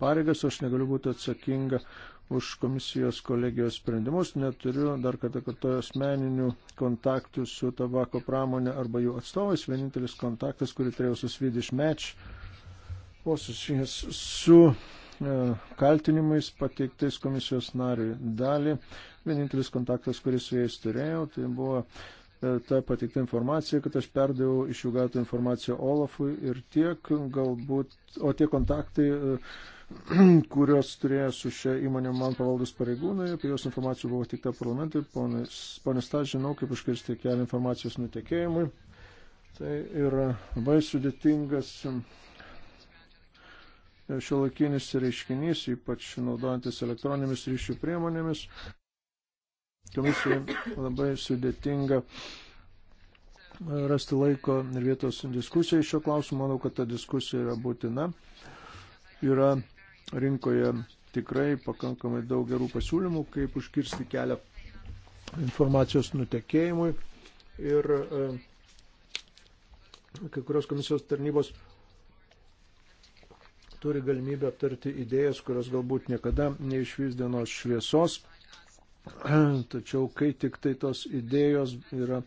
pareigas. Aš negaliu būti atsakinga už komisijos kolegijos sprendimus. Neturiu dar kartą kartoju asmeninių kontaktų su tabako pramonė arba jų atstovais. Vienintelis kontaktas, kurį turėjau su Swedish Match, buvo susijęs su e, kaltinimais pateiktais komisijos nariui dalį. Vienintelis kontaktas, kurį su jais turėjau, tai buvo e, ta pateikta informacija, kad aš perdaviau iš jų gautą informaciją Olafui ir tiek, galbūt, o tie kontaktai uh, kurios turėjo su šia įmonė man pavaldus pareigūnai, apie jos informaciją buvo tik ta parlamentui, ponės tą žinau, kaip užkirsti kelią informacijos nutekėjimui. Tai yra labai sudėtingas e, šio laikinis reiškinys, ypač naudojantis elektroninėmis ryšių priemonėmis. Komisijai labai sudėtinga e, rasti laiko ir vietos diskusijai šio klausimu. Manau, kad ta diskusija yra būtina. Yra rinkoje tikrai pakankamai daug gerų pasiūlymų, kaip užkirsti kelią informacijos nutekėjimui. Ir e, kai kurios komisijos tarnybos turi galimybę aptarti idėjas, kurios galbūt niekada neišvys dienos šviesos. Tačiau, kai tik tai tos idėjos yra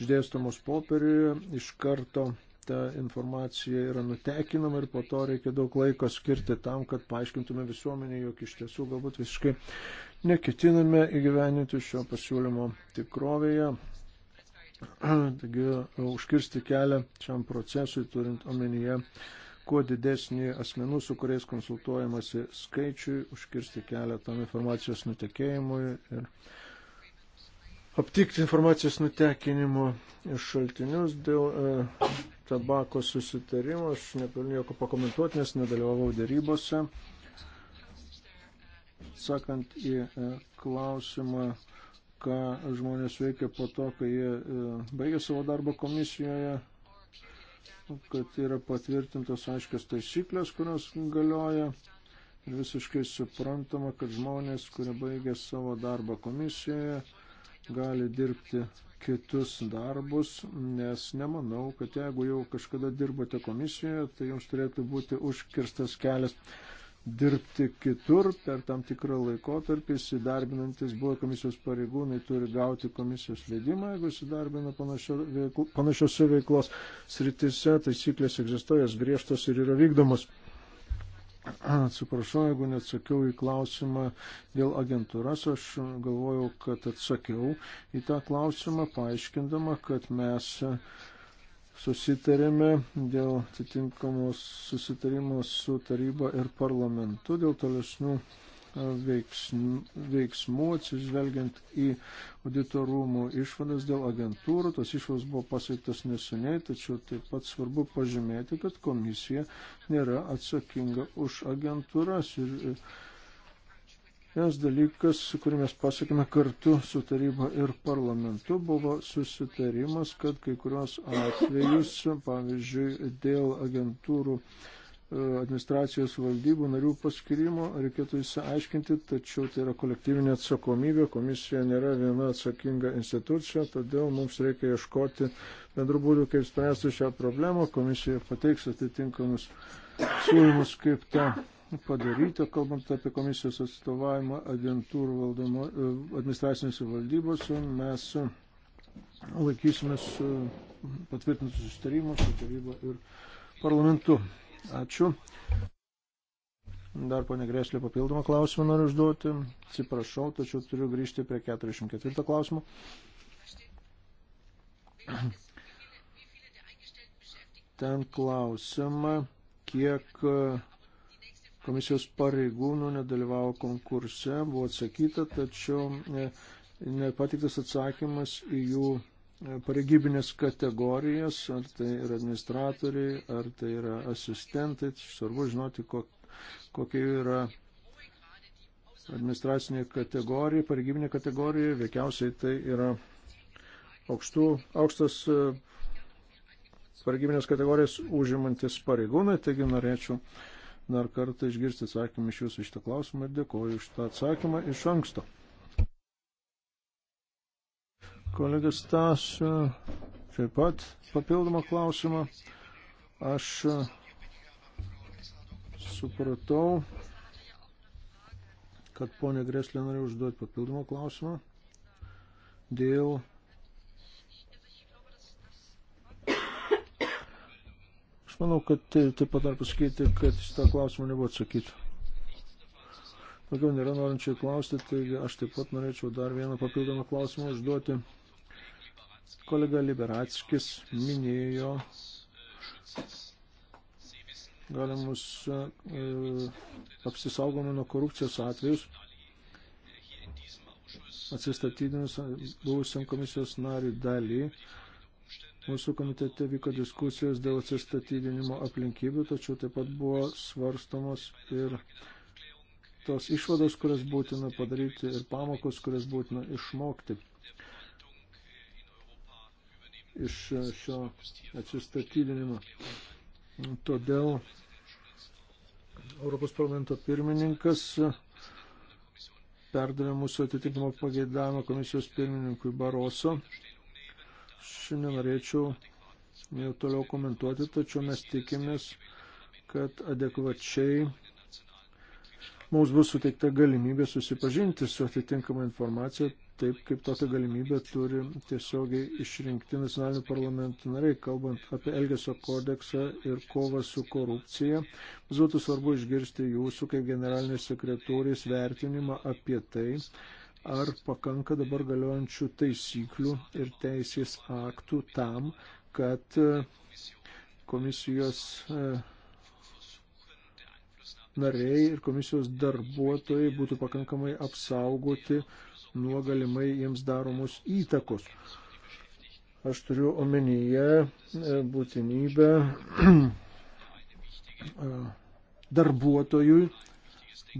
išdėstomos popieriuje, iš karto ta informacija yra nutekinama ir po to reikia daug laiko skirti tam, kad paaiškintume visuomenį, jog iš tiesų galbūt visiškai neketiname įgyveninti šio pasiūlymo tikrovėje. Taigi, e, užkirsti kelią šiam procesui, turint omenyje, kuo didesnį asmenų, su kuriais konsultuojamasi skaičiui, užkirsti kelią tam informacijos nutekėjimui ir aptikti informacijos nutekinimo šaltinius dėl e, tabako susitarimo. Aš negaliu nieko pakomentuoti, nes nedalyvavau dėrybose. Sakant į e, klausimą, ką žmonės veikia po to, kai jie e, baigia savo darbą komisijoje, kad yra patvirtintos aiškios taisyklės, kurios galioja. Ir visiškai suprantama, kad žmonės, kurie baigia savo darbą komisijoje, gali dirbti kitus darbus, nes nemanau, kad jeigu jau kažkada dirbote komisijoje, tai jums turėtų būti užkirstas kelias dirbti kitur per tam tikrą laikotarpį, įsidarbinantis buvo komisijos pareigūnai, turi gauti komisijos leidimą, jeigu įsidarbina panašio veiklo, panašiose veiklos sritise, taisyklės egzistuoja, griežtos ir yra vykdomos. Atsiprašau, jeigu neatsakiau į klausimą dėl agentūras, aš galvojau, kad atsakiau į tą klausimą, paaiškindama, kad mes susitarėme dėl atitinkamos susitarimo su taryba ir parlamentu, dėl tolesnių veiksmų, veiksmų atsižvelgiant į auditorumų išvadas dėl agentūrų. Tos išvados buvo pasiektas neseniai, tačiau taip pat svarbu pažymėti, kad komisija nėra atsakinga už agentūras. Ir e, vienas dalykas, kurį mes pasiekime kartu su taryba ir parlamentu, buvo susitarimas, kad kai kurios atvejus, pavyzdžiui, dėl agentūrų E, administracijos valdybų narių paskirimo reikėtų įsiaiškinti, tačiau tai yra kolektyvinė atsakomybė, komisija nėra viena atsakinga institucija, todėl mums reikia ieškoti bendrų būdų, kaip spręsti šią problemą, komisija pateiks atitinkamus siūlymus, kaip tą padaryti, kalbant apie komisijos atstovavimą agentūrų valdomo, e, administracinėse valdybose, mes laikysimės e, patvirtintus sustarimus su taryba ir parlamentu. Ačiū. Dar ponė Greslė papildomą klausimą noriu užduoti. Atsiprašau, tačiau turiu grįžti prie 44 klausimų. Ten klausimą, kiek komisijos pareigūnų nedalyvavo konkurse, buvo atsakyta, tačiau nepatiktas atsakymas į jų pareigybinės kategorijas, ar tai yra administratoriai, ar tai yra asistentai. Svarbu žinoti, kok, kokia yra administracinė kategorija, pareigybinė kategorija. Veikiausiai tai yra aukštų, aukštas e, pareigybinės kategorijas užimantis pareigūnai. Taigi norėčiau dar kartą išgirsti atsakymą iš jūsų iš tą klausimą ir dėkoju už tą atsakymą iš anksto. Kolega Stas, taip pat papildomą klausimą. Aš e, supratau, kad ponė Greslė norėjo užduoti papildomą klausimą dėl Aš manau, kad tai taip pat dar pasakyti, kad šitą klausimą nebuvo atsakyti. Daugiau nėra norinčiai klausti, taigi aš taip pat norėčiau dar vieną papildomą klausimą užduoti. Kolega Liberatskis minėjo galimus e, apsisaugomą nuo korupcijos atvejus atsistatydinus e, buvusiam komisijos nariui dalį. Mūsų komitete vyko diskusijos dėl atsistatydinimo aplinkybių, tačiau taip pat buvo svarstomos ir tos išvados, kurias būtina padaryti ir pamokos, kurias būtina išmokti iš šio atsistatydinimo. Todėl Europos parlamento pirmininkas perdavė mūsų atitinkamo pageidavimą komisijos pirmininkui Baroso. Šiandien norėčiau jau toliau komentuoti, tačiau mes tikimės, kad adekvačiai mums bus suteikta galimybė susipažinti su atitinkama informacija, taip kaip tokią galimybę turi tiesiogiai išrinkti nacionalinių parlamentų nariai, kalbant apie Elgesio kodeksą ir kovą su korupcija. Mums būtų svarbu išgirsti jūsų kaip generalinės sekretorės vertinimą apie tai, ar pakanka dabar galiojančių taisyklių ir teisės aktų tam, kad e, komisijos e, nariai ir komisijos darbuotojai būtų pakankamai apsaugoti nuo galimai jiems daromos įtakos. Aš turiu omenyje e, būtinybę e, darbuotojui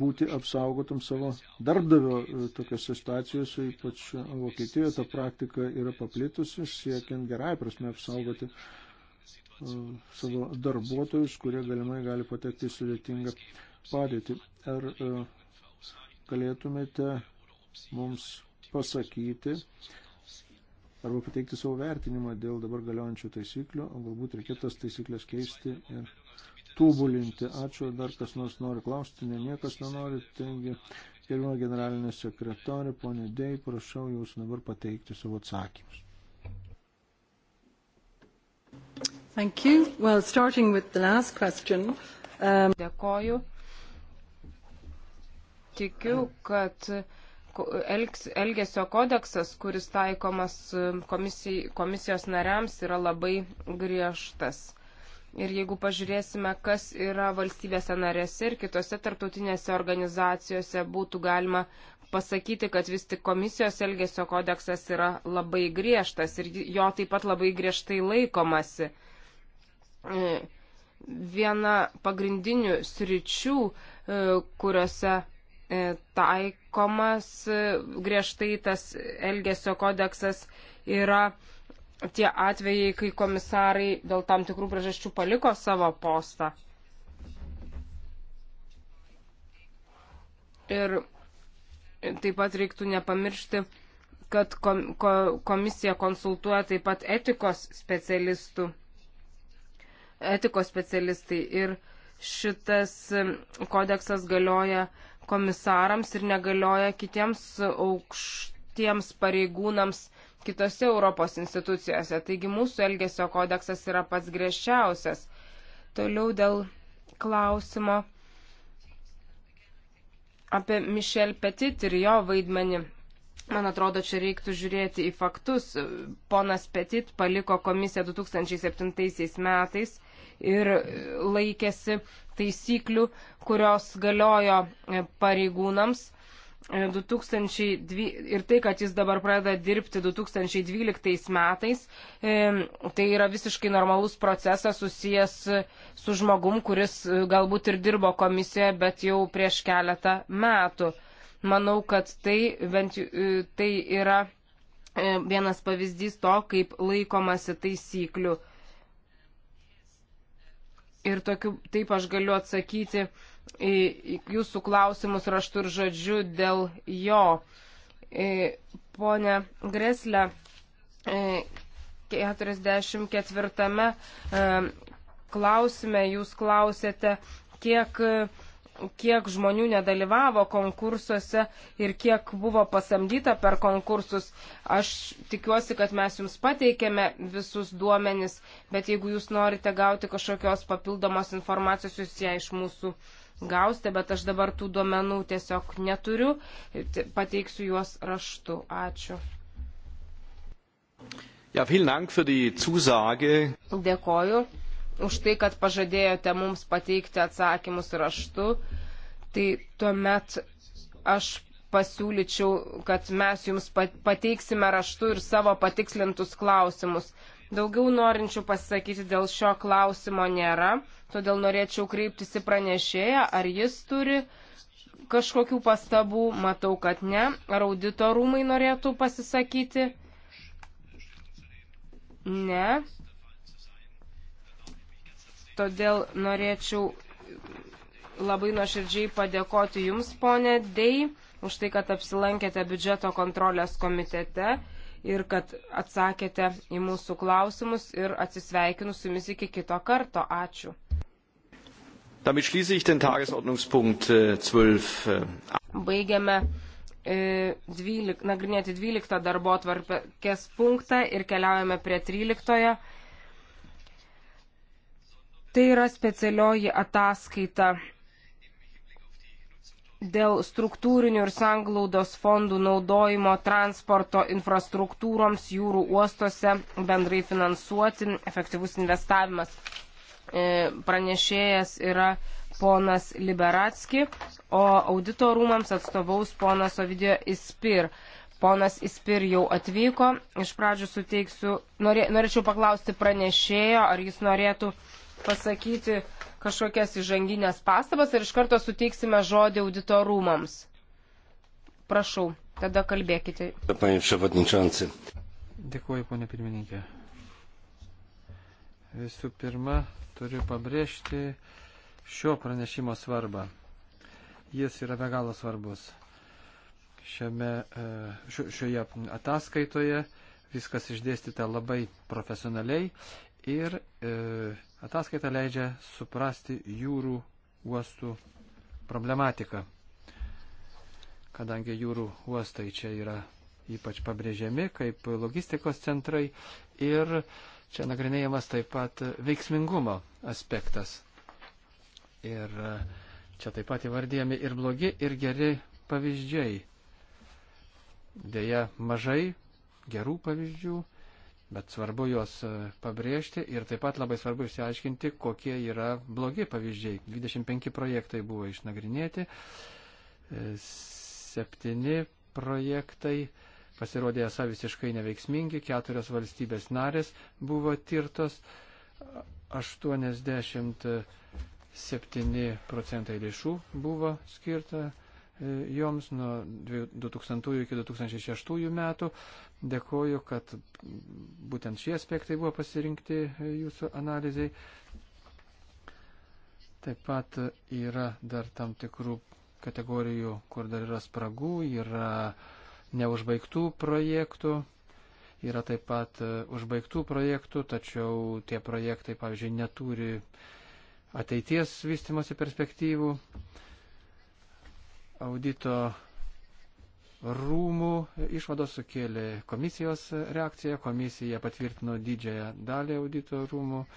būti apsaugotam savo darbdavio e, tokiose situacijose, ypač Vokietijoje ta praktika yra paplitusi, siekiant gerai prasme apsaugoti savo darbuotojus, kurie galimai gali patekti į sudėtingą padėtį. Ar galėtumėte mums pasakyti arba pateikti savo vertinimą dėl dabar galiojančių taisyklių, o galbūt reikėtų tas taisyklės keisti ir tūbulinti. Ačiū, dar kas nors nori klausti, ne niekas nenori, taigi Gerimo generalinė sekretorė, ponė Dėj, prašau jūs dabar pateikti savo atsakymus. Thank you. Well, starting with the last question. Um... Dėkoju. Tikiu, kad uh, elgesio kodeksas, kuris taikomas um, komisijos nariams, yra labai griežtas. Ir jeigu pažiūrėsime, kas yra valstybėse narėse ir kitose tarptautinėse organizacijose, būtų galima pasakyti, kad vis tik komisijos elgesio kodeksas yra labai griežtas ir jo taip pat labai griežtai laikomasi. E, viena pagrindinių sričių, e, kuriuose E, taikomas e, griežtai tas Elgesio kodeksas yra tie atvejai, kai komisarai dėl tam tikrų priežasčių paliko savo postą. Ir taip pat reiktų nepamiršti, kad komisija konsultuoja taip pat etikos specialistų. Etikos specialistai ir šitas kodeksas galioja komisarams ir negalioja kitiems aukštiems pareigūnams kitose Europos institucijose. Taigi mūsų elgesio kodeksas yra pats griežčiausias. Toliau dėl klausimo apie Mišel Petit ir jo vaidmenį. Man atrodo, čia reiktų žiūrėti į faktus. Ponas Petit paliko komisiją 2007 metais ir laikėsi taisyklių, kurios galiojo e, pareigūnams. 2002, e, ir tai, kad jis dabar pradeda dirbti 2012 metais, e, tai yra visiškai normalus procesas susijęs su žmogum, kuris galbūt ir dirbo komisijoje, bet jau prieš keletą metų. Manau, kad tai, bent, tai yra vienas pavyzdys to, kaip laikomasi taisyklių. Ir tokiu, taip aš galiu atsakyti į jūsų klausimus raštu ir žodžiu dėl jo. E, pone Greslė, 44 e, e, klausime jūs klausėte, kiek kiek žmonių nedalyvavo konkursuose ir kiek buvo pasamdyta per konkursus. Aš tikiuosi, kad mes jums pateikėme visus duomenis, bet jeigu jūs norite gauti kažkokios papildomos informacijos, jūs ją iš mūsų gausite, bet aš dabar tų duomenų tiesiog neturiu, pateiksiu juos raštu. Ačiū. Ja, Dank für die Zusage. Dėkoju už tai, kad pažadėjote mums pateikti atsakymus raštu, tai tuomet aš pasiūlyčiau, kad mes jums pateiksime raštu ir savo patikslintus klausimus. Daugiau norinčių pasakyti dėl šio klausimo nėra, todėl norėčiau kreiptis į pranešėją, ar jis turi kažkokių pastabų, matau, kad ne. Ar auditorumai norėtų pasisakyti? Ne. Todėl norėčiau labai nuoširdžiai padėkoti Jums, ponė Dei, už tai, kad apsilankėte biudžeto kontrolės komitete ir kad atsakėte į mūsų klausimus ir atsisveikinu su Jumis iki kito karto. Ačiū. Damit schließe ich den Tagesordnungspunkt 12. Äh, äh, Baigiame 12, äh, nagrinėti 12 darbo tvarkės punktą ir keliaujame prie 13. Tai yra specialioji ataskaita dėl struktūrinių ir sanglaudos fondų naudojimo transporto infrastruktūroms jūrų uostuose bendrai finansuoti, efektyvus investavimas. E, pranešėjas yra ponas Liberatski, o audito rūmams atstovaus ponas Ovidio Ispir. Ponas Ispir jau atvyko. Iš pradžių suteiksiu, norė, norėčiau paklausti pranešėjo, ar jis norėtų uh, pasakyti kažkokias įžanginės pastabas ir iš karto suteiksime žodį auditorumams. Prašau, tada kalbėkite. Panie Ševadničiansi. Dėkuoju, ponė pirmininkė. Visų pirma, turiu pabrėžti šio pranešimo svarbą. Jis yra be galo svarbus. Šiame, e, šioje ataskaitoje viskas išdėstyta labai profesionaliai ir e, Ataskaita leidžia suprasti jūrų uostų problematiką, kadangi jūrų uostai čia yra ypač pabrėžiami kaip logistikos centrai ir čia nagrinėjamas taip pat veiksmingumo aspektas. Ir čia taip pat įvardyjami ir blogi, ir geri pavyzdžiai. Deja, mažai gerų pavyzdžių Bet svarbu juos e, pabrėžti ir taip pat labai svarbu išsiaiškinti, kokie yra blogi pavyzdžiai. 25 projektai buvo išnagrinėti, 7 e, projektai pasirodė esą visiškai neveiksmingi, 4 valstybės narės buvo tirtos, 87 procentai lėšų buvo skirta joms nuo 2000 iki 2006 metų. Dėkoju, kad būtent šie aspektai buvo pasirinkti jūsų analizai. Taip pat yra dar tam tikrų kategorijų, kur dar yra spragų, yra neužbaigtų projektų. Yra taip pat e, užbaigtų projektų, tačiau tie projektai, pavyzdžiui, neturi ateities vystimosi perspektyvų audito rūmų išvados sukėlė komisijos reakciją. Komisija patvirtino didžiąją dalį audito rūmų e,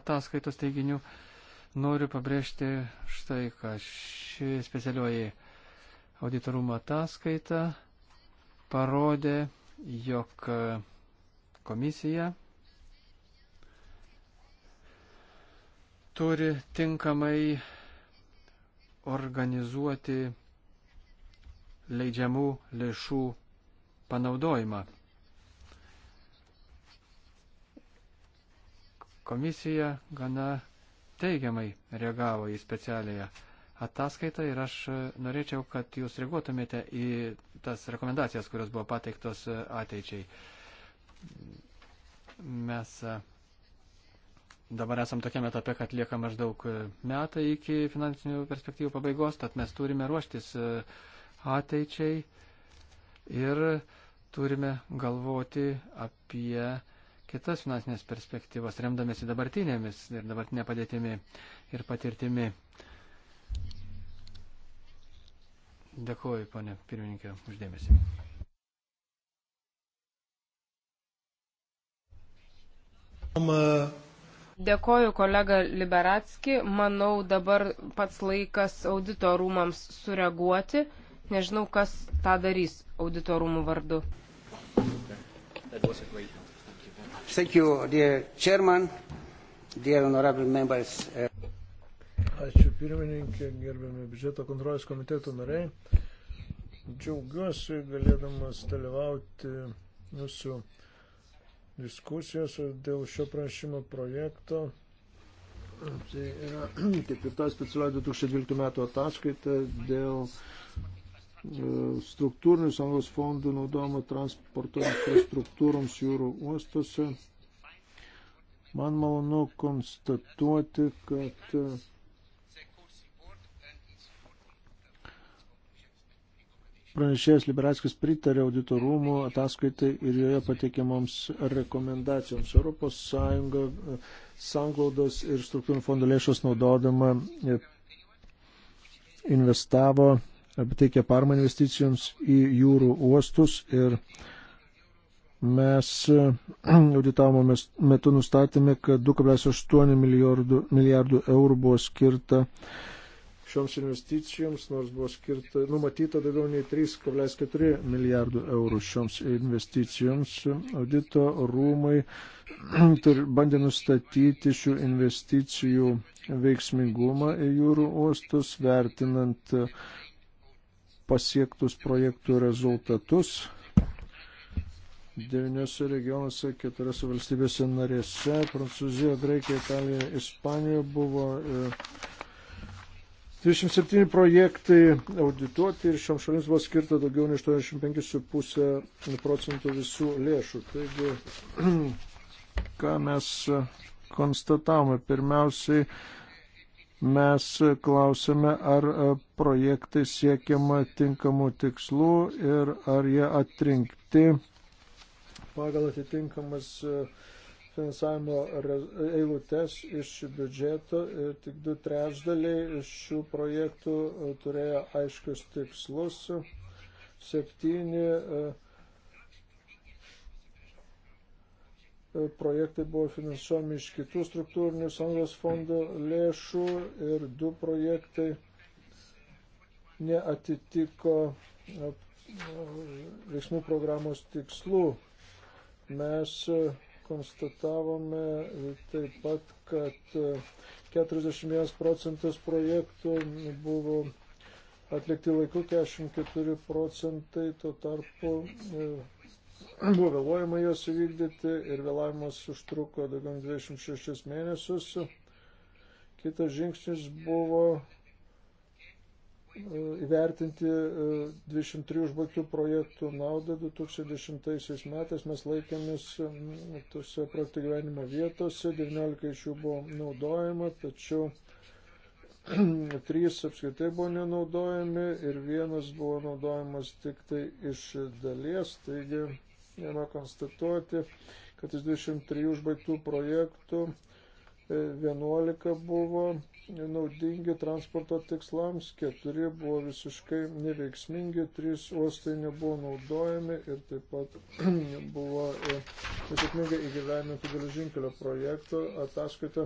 ataskaitos teiginių. Noriu pabrėžti štai, ką ši specialioji auditorumo ataskaita parodė, jog komisija turi tinkamai organizuoti leidžiamų lėšų panaudojimą. Komisija gana teigiamai reagavo į specialiąją ataskaitą ir aš norėčiau, kad jūs reaguotumėte į tas rekomendacijas, kurios buvo pateiktos ateičiai. Mes dabar esam tokiame etape, kad lieka maždaug e, metai iki finansinių perspektyvų pabaigos, tad mes turime ruoštis e, ateičiai ir turime galvoti apie kitas finansinės perspektyvas, remdamėsi dabartinėmis ir dabartinė padėtimi ir patirtimi. Dėkuoju, ponė pirmininkė, uždėmesi. Am, uh Dėkoju kolega Liberatski. Manau, dabar pats laikas auditorumams sureaguoti. Nežinau, kas tą darys auditorumų vardu. Thank you, dear chairman, dear honorable members. Ačiū pirmininkė, gerbėme biudžeto kontrolės komiteto nariai. Džiaugiuosi galėdamas dalyvauti jūsų uh, diskusijos dėl šio prašymo projekto. Tai yra ketvirta specialioji 2012 metų ataskaita dėl e, struktūrinių sąjungos fondų naudojimo transporto infrastruktūroms jūrų uostuose. Man malonu konstatuoti, kad pranešėjas Liberatskis pritarė auditorumų ataskaitai ir joje pateikiamoms rekomendacijoms. ES sanglaudos ir struktūrų fondų lėšos naudodama e, investavo, pateikė e, parmą investicijoms į jūrų uostus ir mes e, auditavimo metu nustatėme, kad 2,8 milijardų, milijardų eurų buvo skirta šioms investicijoms, nors buvo skirta, numatyta daugiau nei 3,4 milijardų eurų šioms investicijoms. Audito rūmai bandė nustatyti šių investicijų veiksmingumą į jūrų uostus, vertinant pasiektus projektų rezultatus. Devyniose regionuose, keturiose valstybėse narėse - Prancūzija, Graikija, Italija, Ispanija buvo e, 27 projektai audituoti ir šiom šalims buvo skirta daugiau nei 85,5 procentų visų lėšų. Taigi, ką mes konstatavome, pirmiausiai mes klausėme, ar projektai siekiama tinkamų tikslų ir ar jie atrinkti pagal atitinkamas uh, finansavimo eilutes iš biudžeto ir tik du trečdaliai iš šių projektų e, turėjo aiškius tikslus. Septyni e, e, projektai buvo finansuomi iš kitų struktūrinių sąjungos fondų lėšų ir du projektai neatitiko veiksmų programos tikslų. Mes konstatavome taip pat, kad 41 procentus projektų buvo atlikti laiku, 44 procentai tuo tarpu e, buvo vėluojama juos įvykdyti ir vėlavimas užtruko daugiau 26 mėnesius. Kitas žingsnis buvo E, įvertinti 23 e, užbaigtų projektų naudą 2010 metais. Mes laikėmės tose projektų gyvenimo vietose, 19 iš jų buvo naudojama, tačiau 3 apskritai buvo nenaudojami ir vienas buvo naudojamas tik tai iš dalies. Taigi, galima konstatuoti, kad iš 23 užbaigtų projektų 11 e, buvo naudingi transporto tikslams, keturi buvo visiškai neveiksmingi, trys uostai nebuvo naudojami ir taip pat buvo e, nesėkmingai įgyveninti geležinkelio projekto ataskaita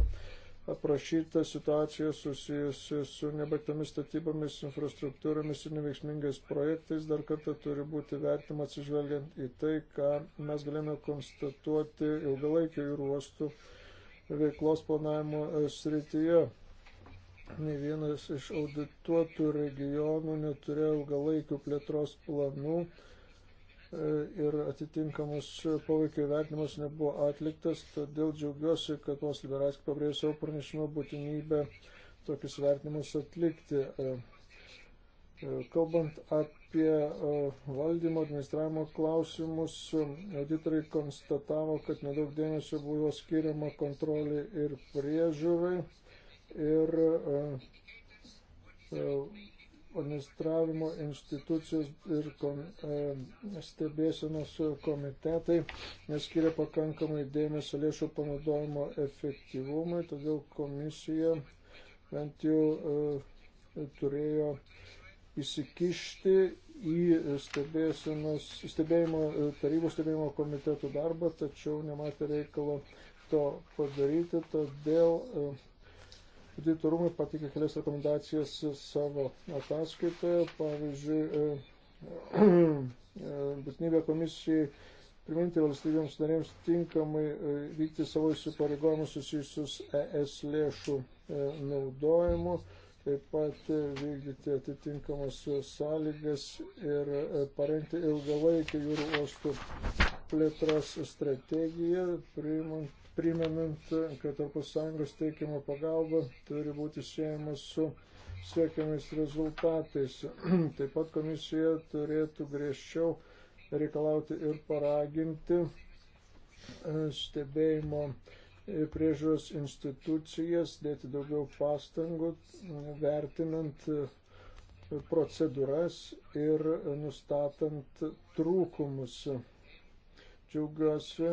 aprašyta situacija susijusi su nebaigtomis statybomis, infrastruktūromis ir neveiksmingais projektais dar kartą turi būti vertima atsižvelgiant į tai, ką mes galime konstatuoti ilgalaikio jūrų uostų veiklos planavimo e, srityje. Ne vienas iš audituotų regionų neturėjo ilgalaikių plėtros planų e, ir atitinkamas poveikio vertinimas nebuvo atliktas, todėl džiaugiuosi, kad tos liberais pabrėžė savo pranešimo būtinybę tokius vertinimus atlikti. E, e, kalbant apie valdymo administravimo klausimus, auditoriai konstatavo, kad nedaug dėmesio buvo skiriama kontroliai ir priežiūrai ir e, e, administravimo institucijos ir kom, e, stebėsenos komitetai neskiria pakankamai dėmesio lėšų panaudojimo efektyvumui, todėl komisija bent jau turėjo įsikišti į stebėjimo, tarybos stebėjimo komitetų darbą, tačiau nematė reikalo to padaryti, todėl Auditorumai patikė kelias rekomendacijas savo ataskaitoje, pavyzdžiui, e, e, būtinybė komisijai priminti valstybėms narėms tinkamai e, vykti savo įsipareigojimus susijusius ES lėšų naudojimu, taip pat vykdyti atitinkamas sąlygas ir parengti ilgalaikį jūrų uostų plėtros strategiją, priimant priminant, kad ES teikiama pagalba turi būti siejama su siekiamais rezultatais. Taip pat komisija turėtų griežčiau reikalauti ir paraginti e, stebėjimo priežiūros institucijas, dėti daugiau pastangų, vertinant procedūras ir nustatant trūkumus. Džiaugiuosi,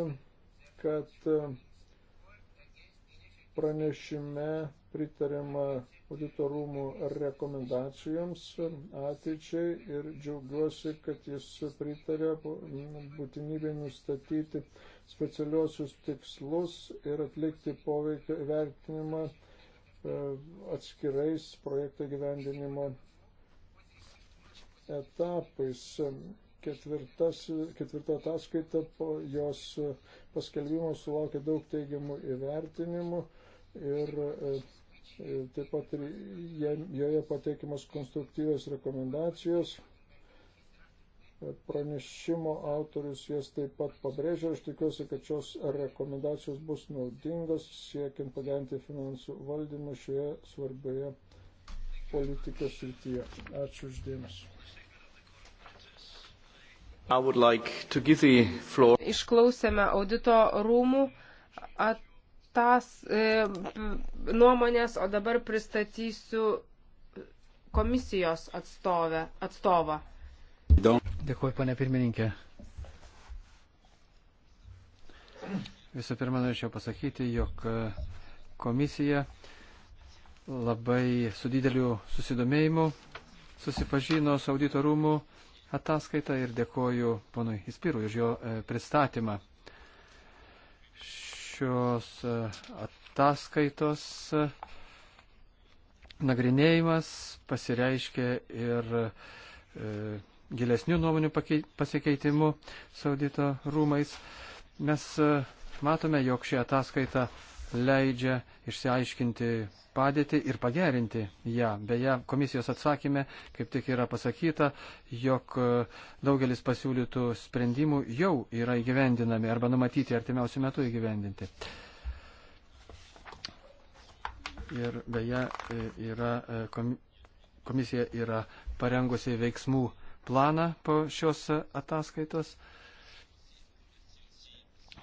kad Pranešime pritarėma auditorumų rekomendacijoms ateičiai ir džiaugiuosi, kad jis pritarė būtinybė nustatyti specialiosius tikslus ir atlikti poveikio vertinimą e, atskirais projekto gyvendinimo etapais. Ketvirtas, ketvirta ataskaita po jos paskelbimo sulaukė daug teigiamų įvertinimų ir e, e, taip pat joje pateikimas konstruktyvios rekomendacijos. E, pranešimo autorius jas taip pat pabrėžia, aš tikiuosi, kad šios rekomendacijos bus naudingos siekiant pagerinti finansų valdymą šioje svarbioje politikos srityje. Ačiū uždėmesi. Like Išklausėme audito rūmų at tas e, nuomonės, o dabar pristatysiu komisijos atstovę, atstovą. Dėkuoju, ponė pirmininkė. Visų pirma, norėčiau pasakyti, jog e, komisija labai su dideliu susidomėjimu susipažino su audito rūmų ataskaita ir dėkoju ponui Ispirui už jo e, pristatymą šios e, ataskaitos e, nagrinėjimas pasireiškia ir e, gilesnių nuomonių pasikeitimu saudito rūmais. Mes e, matome, jog ši ataskaita leidžia išsiaiškinti padėtį ir pagerinti ją. Beje, komisijos atsakymė kaip tik yra pasakyta, jog e, daugelis pasiūlytų sprendimų jau yra įgyvendinami arba numatyti artimiausių metų įgyvendinti. Ir beje, e, yra, e, komisija yra parengusi veiksmų planą po šios ataskaitos.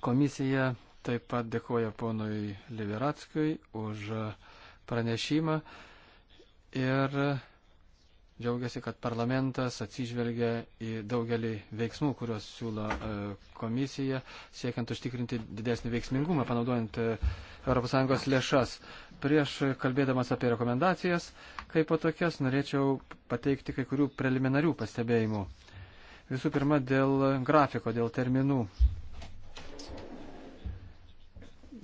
Komisija taip pat dėkoja ponui Liberatskui už uh, pranešimą ir džiaugiasi, kad parlamentas atsižvelgia į daugelį veiksmų, kuriuos siūlo e, komisija, siekiant užtikrinti didesnį veiksmingumą, panaudojant e, ES lėšas. Prieš kalbėdamas apie rekomendacijas, kaip po tokias, norėčiau pateikti kai kurių preliminarių pastebėjimų. Visų pirma, dėl grafiko, dėl terminų.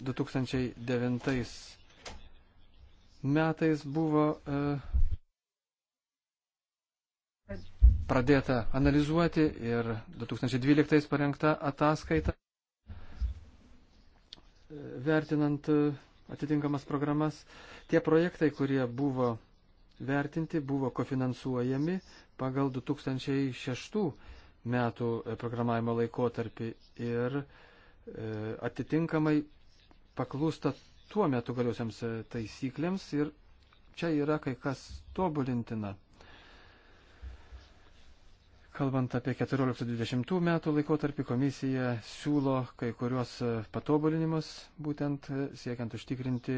2009 metais buvo e, pradėta analizuoti ir 2012 parengta ataskaita, e, vertinant e, atitinkamas programas. Tie projektai, kurie buvo vertinti, buvo kofinansuojami pagal 2006 metų programavimo laikotarpį ir atitinkamai paklūsta tuo metu galiusiams e, taisyklėms ir čia yra kai kas tobulintina. Kalbant apie 14-20 metų laikotarpį, komisija siūlo kai kurios e, patobulinimus, būtent e, siekiant užtikrinti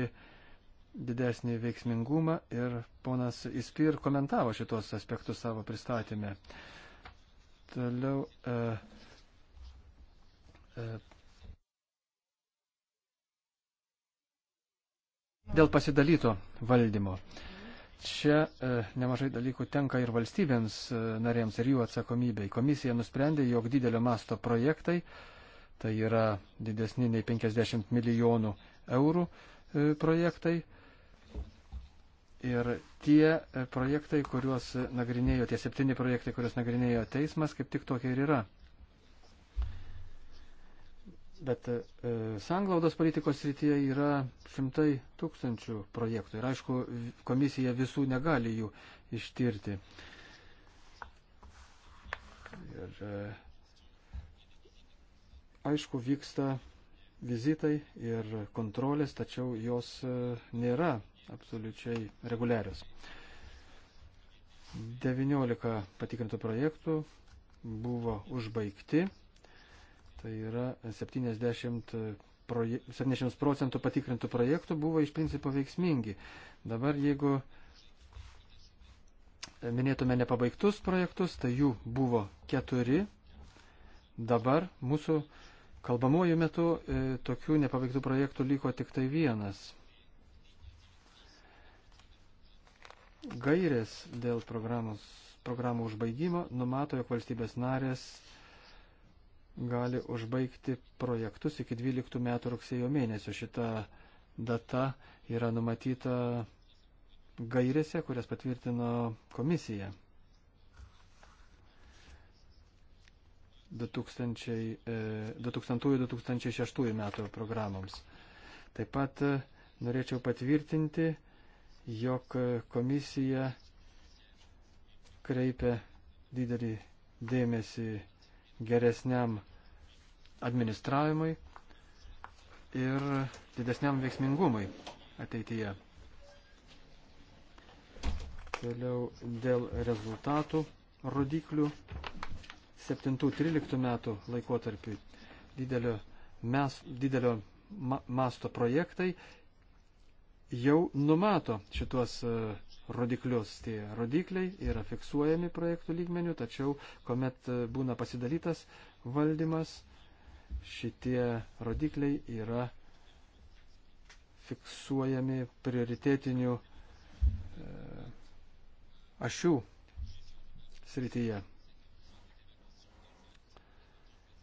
didesnį veiksmingumą ir ponas Ispir komentavo šitos aspektus savo pristatymę. Toliau e, e, Dėl pasidalyto valdymo. Čia e, nemažai dalykų tenka ir valstybėms e, narėms ir jų atsakomybei. Komisija nusprendė, jog didelio masto projektai, tai yra didesni nei 50 milijonų eurų e, projektai, Ir tie e, projektai, kuriuos nagrinėjo, tie septyni projektai, kuriuos nagrinėjo teismas, kaip tik tokie ir yra Bet e, sanglaudos politikos srityje yra šimtai tūkstančių projektų ir aišku, komisija visų negali jų ištirti. Ir e, aišku, vyksta vizitai ir kontrolės, tačiau jos e, nėra absoliučiai reguliarios. 19 patikrintų projektų buvo užbaigti Tai yra 70, proje, 70 procentų patikrintų projektų buvo iš principo veiksmingi. Dabar jeigu minėtume nepabaigtus projektus, tai jų buvo keturi. Dabar mūsų kalbamojų metu e, tokių nepabaigtų projektų liko tik tai vienas. Gairės dėl programos, programų užbaigimo numato, jog valstybės narės gali užbaigti projektus iki 12 metų rugsėjo mėnesio. Šita data yra numatyta gairėse, kurias patvirtino komisija. 2000-2006 e, metų programoms. Taip pat e, norėčiau patvirtinti, jog komisija kreipia didelį dėmesį geresniam administravimui ir didesniam veiksmingumui ateityje. Toliau dėl rezultatų rodiklių 7-13 metų laikotarpiu didelio, mes, didelio ma, masto projektai jau numato šitos uh, rodiklius. Tie rodikliai yra fiksuojami projektų lygmenių, tačiau kuomet e, būna pasidalytas valdymas, šitie rodikliai yra fiksuojami prioritetinių e, ašių srityje,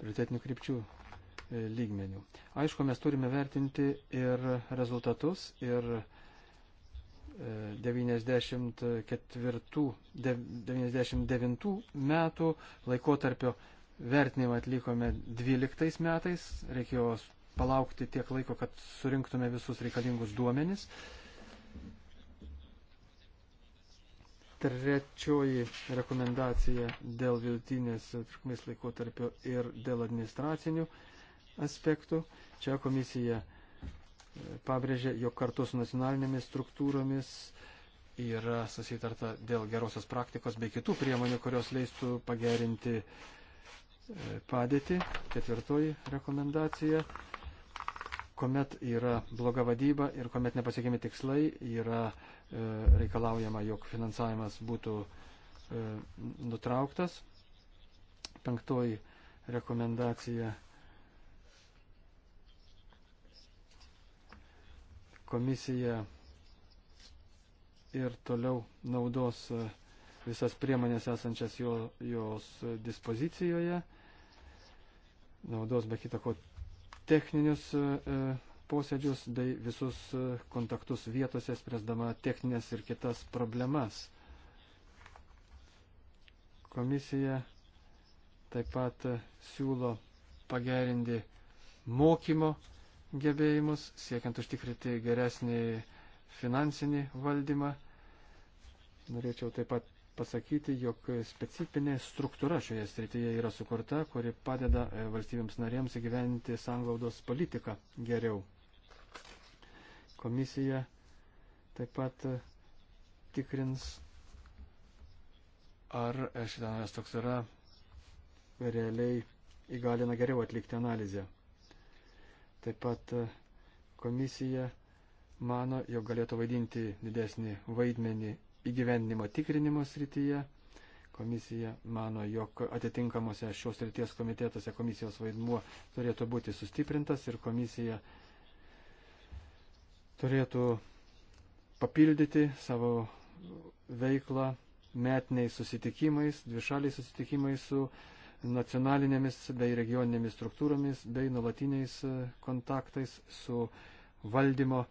prioritetinių krypčių e, lygmenių. Aišku, mes turime vertinti ir rezultatus, ir 94-99 metų laikotarpio vertinimą atlikome 12 metais, reikėjo palaukti tiek laiko, kad surinktume visus reikalingus duomenis. Trečioji rekomendacija dėl vidutinės trukmės laikotarpio ir dėl administracinių aspektų. Čia komisija pabrėžė, jog kartu su nacionalinėmis struktūromis yra susitarta dėl gerosios praktikos bei kitų priemonių, kurios leistų pagerinti e, padėtį. Ketvirtoji rekomendacija. Komet yra bloga vadyba ir kuomet nepasiekimi tikslai, yra e, reikalaujama, jog finansavimas būtų e, nutrauktas. Penktoji rekomendacija komisija ir toliau naudos e, visas priemonės esančias jo, jos dispozicijoje, naudos be kitako techninius e, e, posėdžius bei visus kontaktus vietose, spręsdama techninės ir kitas problemas. Komisija taip pat siūlo pagerinti mokymo gebėjimus, siekiant užtikrinti geresnį finansinį valdymą. Norėčiau taip pat pasakyti, jog specifinė struktūra šioje srityje yra sukurta, kuri padeda e, valstybėms narėms įgyventi sanglaudos politiką geriau. Komisija taip pat e, tikrins, ar e, šitą struktūrą realiai įgalina geriau atlikti analizę. Taip pat e, komisija mano, jog galėtų vaidinti didesnį vaidmenį įgyvendinimo tikrinimo srityje. Komisija mano, jog atitinkamuose šios srities komitetuose komisijos vaidmuo turėtų būti sustiprintas ir komisija turėtų papildyti savo veiklą metiniais susitikimais, dvišaliais susitikimais su uh, nacionalinėmis bei regioninėmis struktūromis bei nulatiniais e, kontaktais su valdymo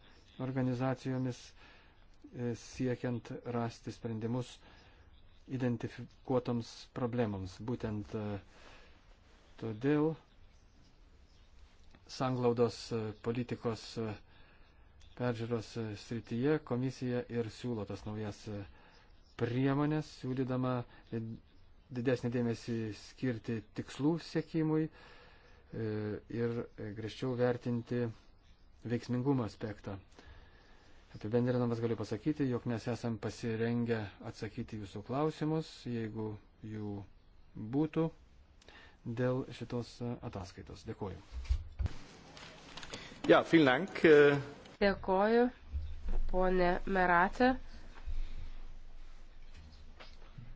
organizacijomis e, siekiant rasti sprendimus identifikuotoms problemams. Būtent e, todėl sanglaudos politikos peržiūros srityje komisija ir siūlo tas naujas priemonės, siūlydama didesnį dėmesį skirti tikslų siekimui e, ir greščiau vertinti veiksmingumo aspektą. Apibendrinamas galiu pasakyti, jog mes esam pasirengę atsakyti jūsų klausimus, jeigu jų būtų dėl šitos ataskaitos. Dėkuoju. Ja, äh, Dėkuoju, ponė Meratė.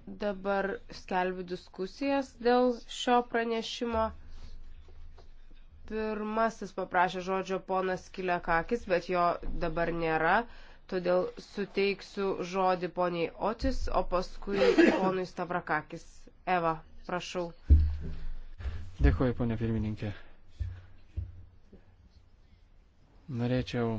Dabar skelbiu diskusijas dėl šio pranešimo. Pirmasis paprašė žodžio ponas Kilekakis, bet jo dabar nėra, todėl suteiksiu žodį poniai Otis, o paskui ponui Stavrakakis. Eva, prašau. Dėkuoju, ponia pirmininkė. Norėčiau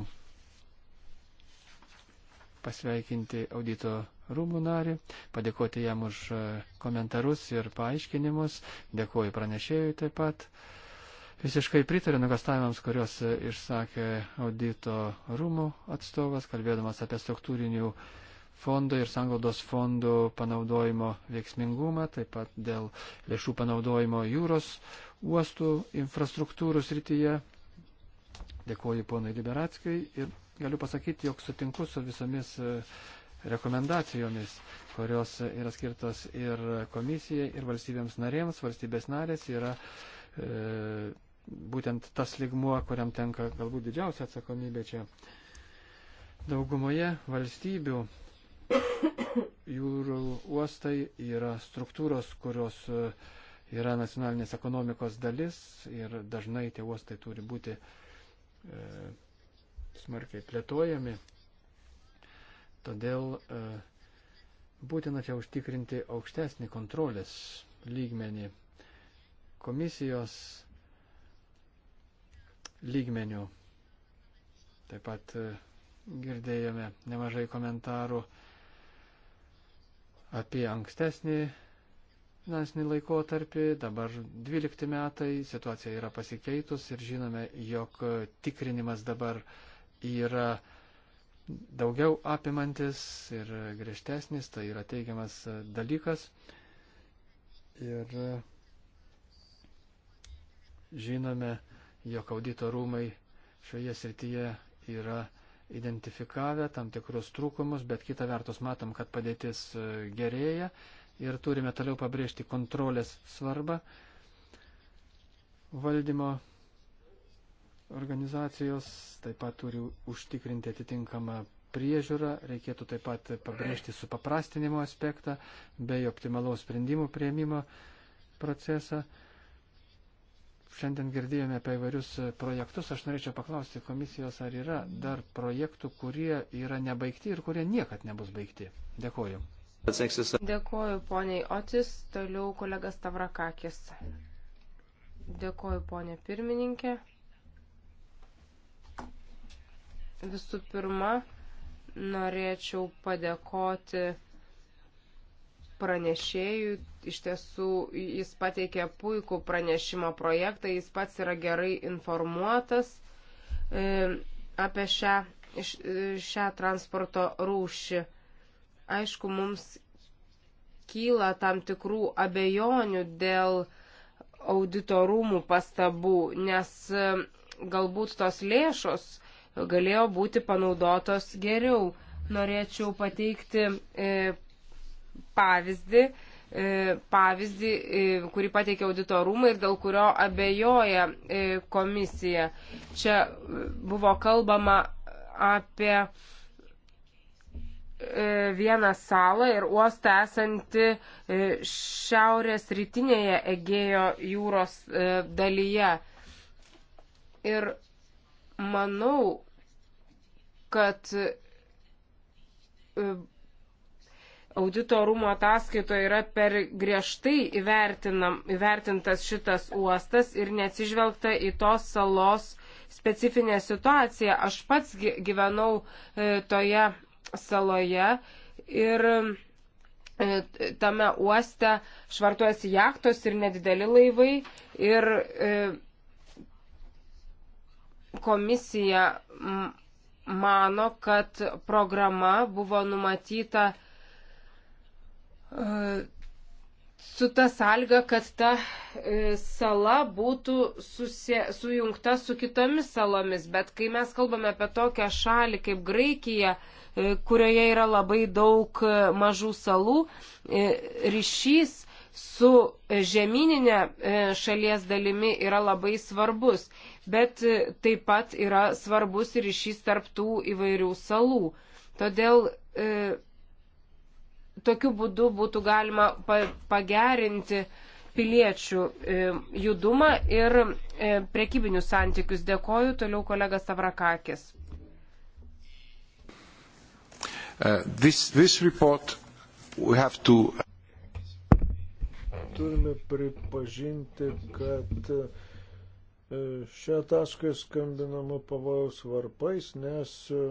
pasveikinti audito rūmų narį, padėkoti jam už e, komentarus ir paaiškinimus, dėkoju pranešėjui taip pat. Visiškai pritariu nugastavimams, kuriuos e, išsakė audito rūmų atstovas, kalbėdamas apie struktūrinių fondų ir sanglaudos fondų panaudojimo veiksmingumą, taip pat dėl lėšų panaudojimo jūros uostų infrastruktūrų srityje. Dėkoju ponui Liberatskijui ir galiu pasakyti, jog sutinku su visomis e, rekomendacijomis, kurios yra skirtos ir komisijai, ir valstybėms narėms. Valstybės narės yra e, būtent tas ligmuo, kuriam tenka galbūt didžiausia atsakomybė čia. Daugumoje valstybių jūrų uostai yra struktūros, kurios e, yra nacionalinės ekonomikos dalis ir dažnai tie uostai turi būti e, smarkiai plėtojami. Todėl e, būtina čia užtikrinti aukštesnį kontrolės lygmenį. Komisijos lygmenių taip pat e, girdėjome nemažai komentarų apie ankstesnį finansinį laikotarpį, dabar 12 metai, situacija yra pasikeitus ir žinome, jog tikrinimas dabar yra daugiau apimantis ir griežtesnis, tai yra teigiamas dalykas. Ir žinome, jog audito rūmai šioje srityje yra identifikavę tam tikrus trūkumus, bet kita vertus matom, kad padėtis gerėja ir turime toliau pabrėžti kontrolės svarbą valdymo organizacijos taip pat turi užtikrinti atitinkamą priežiūrą, reikėtų taip pat pabrėžti supaprastinimo aspektą bei optimalaus sprendimų prieimimo procesą. Šiandien girdėjome apie įvairius projektus. Aš norėčiau paklausti komisijos, ar yra dar projektų, kurie yra nebaigti ir kurie niekad nebus baigti. Dėkuoju. Dėkuoju poniai Otis, toliau kolegas Tavrakakis. Dėkuoju ponė pirmininkė. Visų pirma, norėčiau padėkoti pranešėjų. Iš tiesų, jis pateikė puikų pranešimo projektą, jis pats yra gerai informuotas e, apie šią, e, šią transporto rūšį. Aišku, mums kyla tam tikrų abejonių dėl auditorumų pastabų, nes e, galbūt tos lėšos, galėjo būti panaudotos geriau. Norėčiau pateikti e, pavyzdį, e, pavyzdį e, kurį pateikė auditorumai ir dėl kurio abejoja e, komisija. Čia buvo kalbama apie e, vieną salą ir uostą esanti e, šiaurės rytinėje Egejo jūros e, dalyje. Ir manau, kad e, audito rūmo ataskaitoje yra per griežtai įvertinam, įvertintas šitas uostas ir neatsižvelgta į tos salos specifinę situaciją. Aš pats gyvenau e, toje saloje ir e, tame uoste švartuojasi jachtos ir nedideli laivai ir komisija mano, kad programa buvo numatyta e, su ta salga, kad ta e, sala būtų susie, sujungta su kitomis salomis. Bet kai mes kalbame apie tokią šalį kaip Graikija, e, kurioje yra labai daug mažų salų, ryšys su žemyninė e, šalies dalimi yra labai svarbus, bet e, taip pat yra svarbus ir ryšys tarptų įvairių salų. Todėl e, tokiu būdu būtų galima pa, pagerinti piliečių e, judumą ir e, prekybinius santykius. Dėkoju, toliau kolega Savrakakis. Uh, this, this report we have to turime pripažinti, kad e, šią ataskaitą skambinama pavojaus varpais, nes e,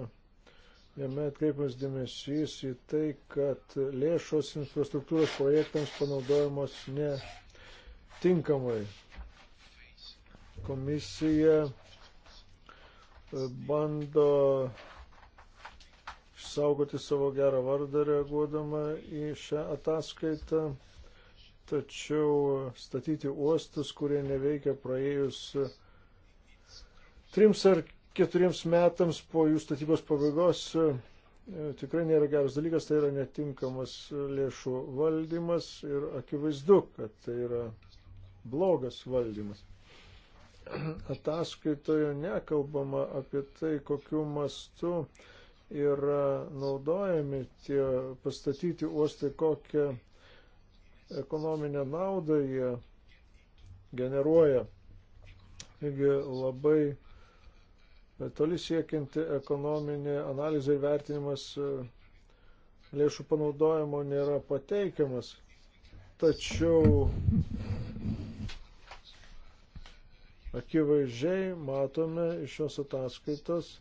jame atkreipimas dėmesys į tai, kad lėšos infrastruktūros projektams panaudojamos netinkamai. Komisija e, bando išsaugoti savo gerą vardą reaguodama į šią ataskaitą tačiau statyti uostus, kurie neveikia praėjus trims ar keturiems metams po jų statybos pabaigos, e, tikrai nėra geras dalykas, tai yra netinkamas lėšų valdymas ir akivaizdu, kad tai yra blogas valdymas. Ataskaitoje nekalbama apie tai, kokiu mastu yra naudojami tie pastatyti uostai, kokią ekonominę naudą jie generuoja. Taigi labai e, toli siekianti ekonominė analizė ir vertinimas e, lėšų panaudojimo nėra pateikiamas. Tačiau akivaizdžiai matome iš šios ataskaitos,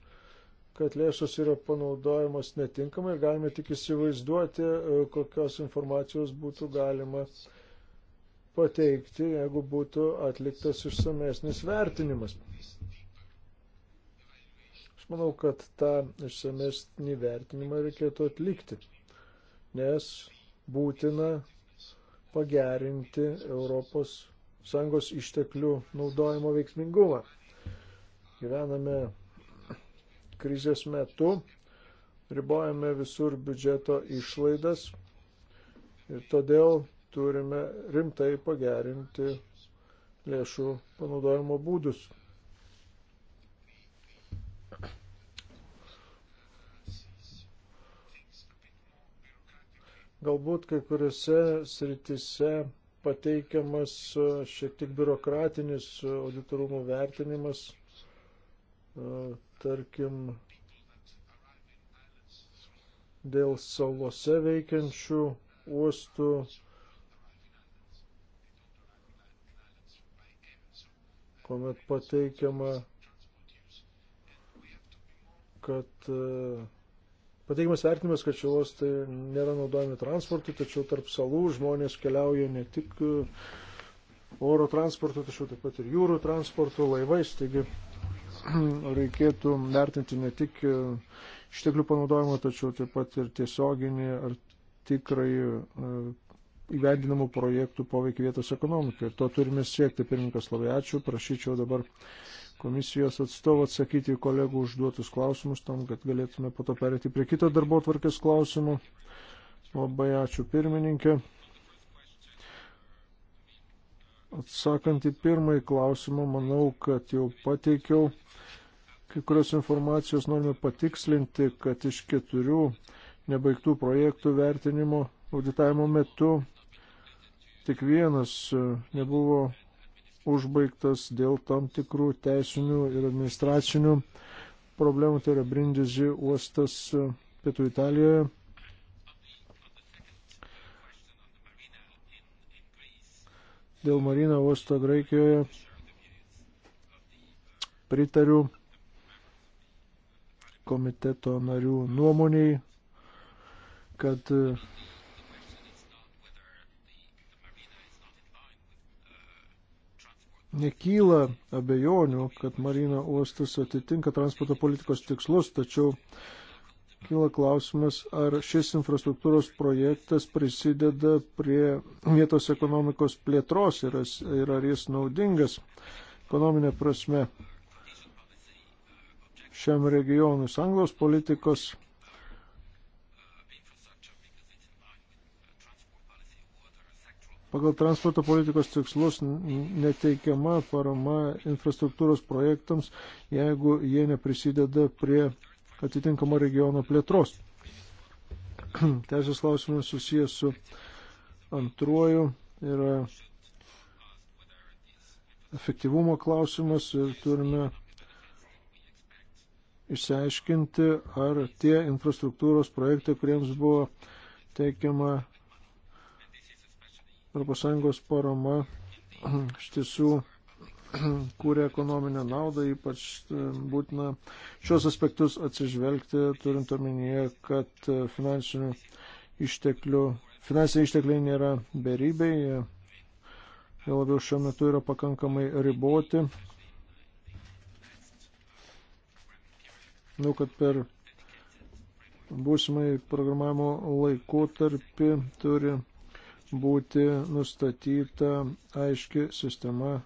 kad lėšos yra panaudojamos netinkamai ir galime tik įsivaizduoti, e, kokios informacijos būtų galima pateikti, jeigu būtų atliktas išsamesnis vertinimas. Aš manau, kad tą išsamesnį vertinimą reikėtų atlikti, nes būtina pagerinti ES išteklių naudojimo veiksmingumą. Gyvename Krizės metu ribojame visur biudžeto išlaidas ir todėl turime rimtai pagerinti lėšų panaudojimo būdus. Galbūt kai kuriuose sritise pateikiamas e, šiek tiek biurokratinis e, auditorumų vertinimas tarkim, dėl salose veikiančių uostų. kuomet pateikiama, kad pateikimas vertinimas, kad šie uostai nėra naudojami transportui, tačiau tarp salų žmonės keliauja ne tik oro transportu, tačiau taip pat ir jūrų transportu, laivais, taigi reikėtų vertinti ne tik e, išteklių panaudojimą, tačiau taip pat ir tiesioginį ar tikrai e, įvendinamų projektų poveikį vietos ekonomikai. Ir to turime siekti. Pirmininkas labai ačiū. Prašyčiau dabar komisijos atstovų atsakyti į kolegų užduotus klausimus, tam, kad galėtume po to perėti prie kito darbo tvarkės klausimų. Labai ačiū pirmininkė. Atsakant į pirmąjį klausimą, manau, kad jau pateikiau kai kurios informacijos, norime patikslinti, kad iš keturių nebaigtų projektų vertinimo auditavimo metu tik vienas e, nebuvo užbaigtas dėl tam tikrų teisinių ir administracinių problemų, tai yra Brindisi uostas e, Pietų Italijoje. dėl Marino uosto Graikijoje. Pritariu komiteto narių nuomoniai, kad nekyla abejonių, kad Marino uostas atitinka transporto politikos tikslus, tačiau kyla klausimas, ar šis infrastruktūros projektas prisideda prie vietos ekonomikos plėtros ir, ir ar jis naudingas ekonominė prasme šiam regionui. Anglos politikos Pagal transporto politikos tikslus neteikiama parama infrastruktūros projektams, jeigu jie neprisideda prie atitinkamo regiono plėtros. Teisės klausimas susijęs su antruoju yra efektyvumo klausimas ir turime išsiaiškinti, ar tie infrastruktūros projektai, kuriems buvo teikiama ES parama, iš tiesų kūrė ekonominę naudą, ypač e, būtina šios aspektus atsižvelgti, turint omenyje, kad e, finansinių išteklių, finansiniai ištekliai nėra beribei, jie labiau šiuo metu yra pakankamai riboti. Manau, kad per būsimai programavimo laikotarpį turi būti nustatyta aiški sistema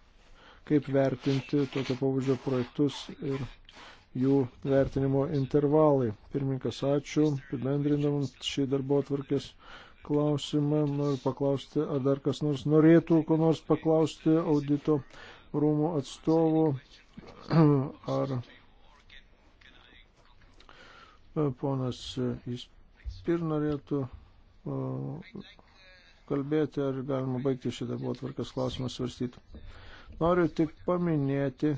kaip vertinti tokio pavudžio projektus ir jų vertinimo intervalai. Pirmininkas, ačiu. Pibendrinant šį darbo atvarkės klausimą, noriu paklausti, ar dar kas nors norėtų ko nors paklausti audito rūmų atstovų, ar e, ponas Ispir norėtų kalbėti, ar galima baigti šį darbo atvarkės klausimą svarstyti. Noriu tik paminėti,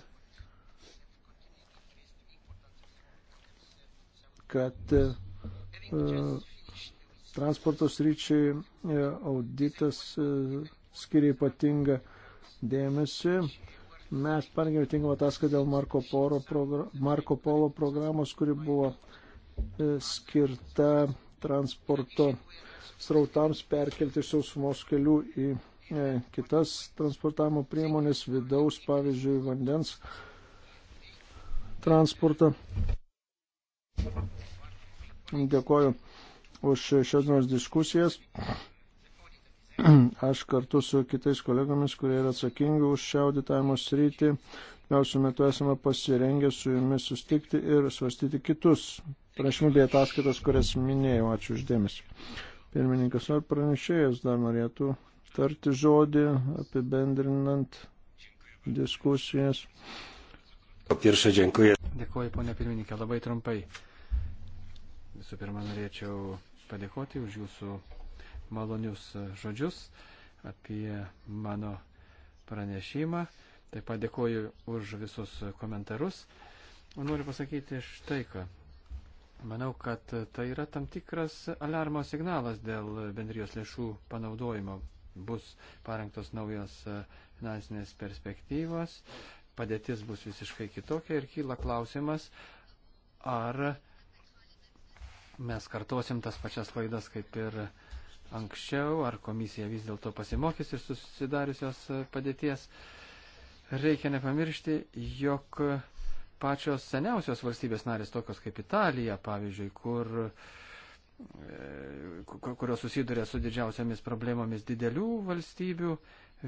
kad e, transportos ryčiai e, auditas e, skiria ypatingą dėmesį. Mes parengėme tinkamą ataskaitą dėl Marko Polo, Marko Polo programos, kuri buvo skirta transporto srautams perkelti iš sausumos kelių į E, kitas transportavimo priemonės vidaus, pavyzdžiui, vandens transportą. Dėkoju už šios dienos diskusijas. Aš kartu su kitais kolegomis, kurie yra atsakingi už šią auditavimo sritį, gausiu metu esame pasirengę su jumis sustikti ir svarstyti kitus prašymų bei ataskaitas, kurias minėjau. Ačiū uždėmesi. Pirmininkas ar pranešėjas dar norėtų tarti žodį apibendrinant diskusijas. Piršą dėkuoju. Dėkuoju, ponė pirmininkė, labai trumpai. Visų pirma, norėčiau padėkoti už jūsų malonius žodžius apie mano pranešimą. Taip pat dėkoju už visus komentarus. O noriu pasakyti štai ką. Manau, kad tai yra tam tikras alarmo signalas dėl bendrijos lėšų panaudojimo bus parengtos naujos e, finansinės perspektyvos, padėtis bus visiškai kitokia ir kyla klausimas, ar mes kartosim tas pačias klaidas kaip ir anksčiau, ar komisija vis dėlto pasimokys iš susidariusios e, padėties. Reikia nepamiršti, jog pačios seniausios valstybės narės, tokios kaip Italija, pavyzdžiui, kur uh, E, kurios susiduria su didžiausiamis problemomis didelių valstybių,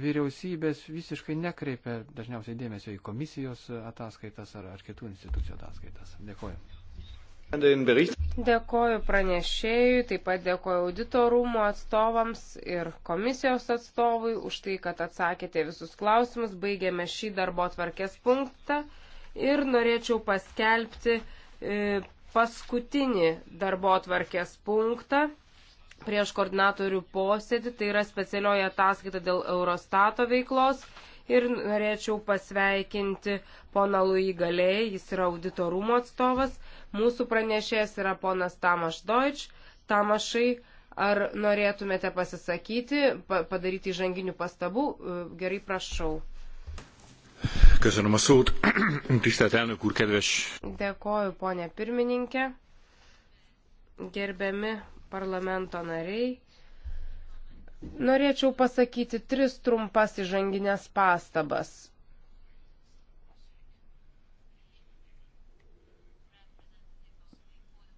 vyriausybės visiškai nekreipia dažniausiai dėmesio į komisijos ataskaitas ar, ar kitų institucijų ataskaitas. Dėkuoju. Dėkoju pranešėjui, taip pat dėkoju auditorumo atstovams ir komisijos atstovui už tai, kad atsakėte visus klausimus. Baigėme šį darbo tvarkės punktą ir norėčiau paskelbti e, paskutinį darbo atvarkės punktą prieš koordinatorių posėdį, tai yra specialioji ataskaita dėl Eurostato veiklos. Ir norėčiau pasveikinti poną Lui Galėjį, jis yra auditorumo atstovas. Mūsų pranešėjas yra ponas Tamaš Deutsch. Tamašai, ar norėtumėte pasisakyti, padaryti žanginių pastabų? E, gerai, prašau. Köszönöm a szót. Tisztelt elnök úr, kedves. Dėkoju, ponė pirmininkė. Gerbiami parlamento nariai. Norėčiau pasakyti tris trumpas įžanginės pastabas.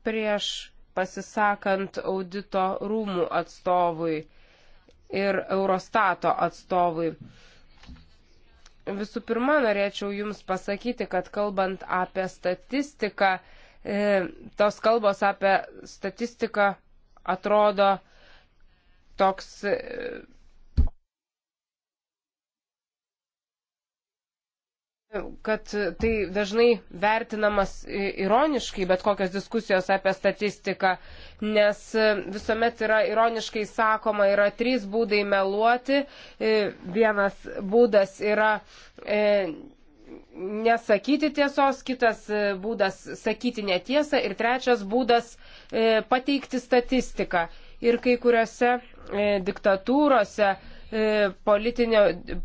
Prieš pasisakant audito rūmų atstovui ir Eurostato atstovui. Visų pirma, norėčiau Jums pasakyti, kad kalbant apie statistiką, e, tos kalbos apie statistiką atrodo toks e, kad tai dažnai vertinamas ironiškai, bet kokios diskusijos apie statistiką, nes visuomet yra ironiškai sakoma, yra trys būdai meluoti. Vienas būdas yra e, nesakyti tiesos, kitas e, būdas sakyti netiesą ir trečias būdas e, pateikti statistiką. Ir kai kuriuose diktatūrose E,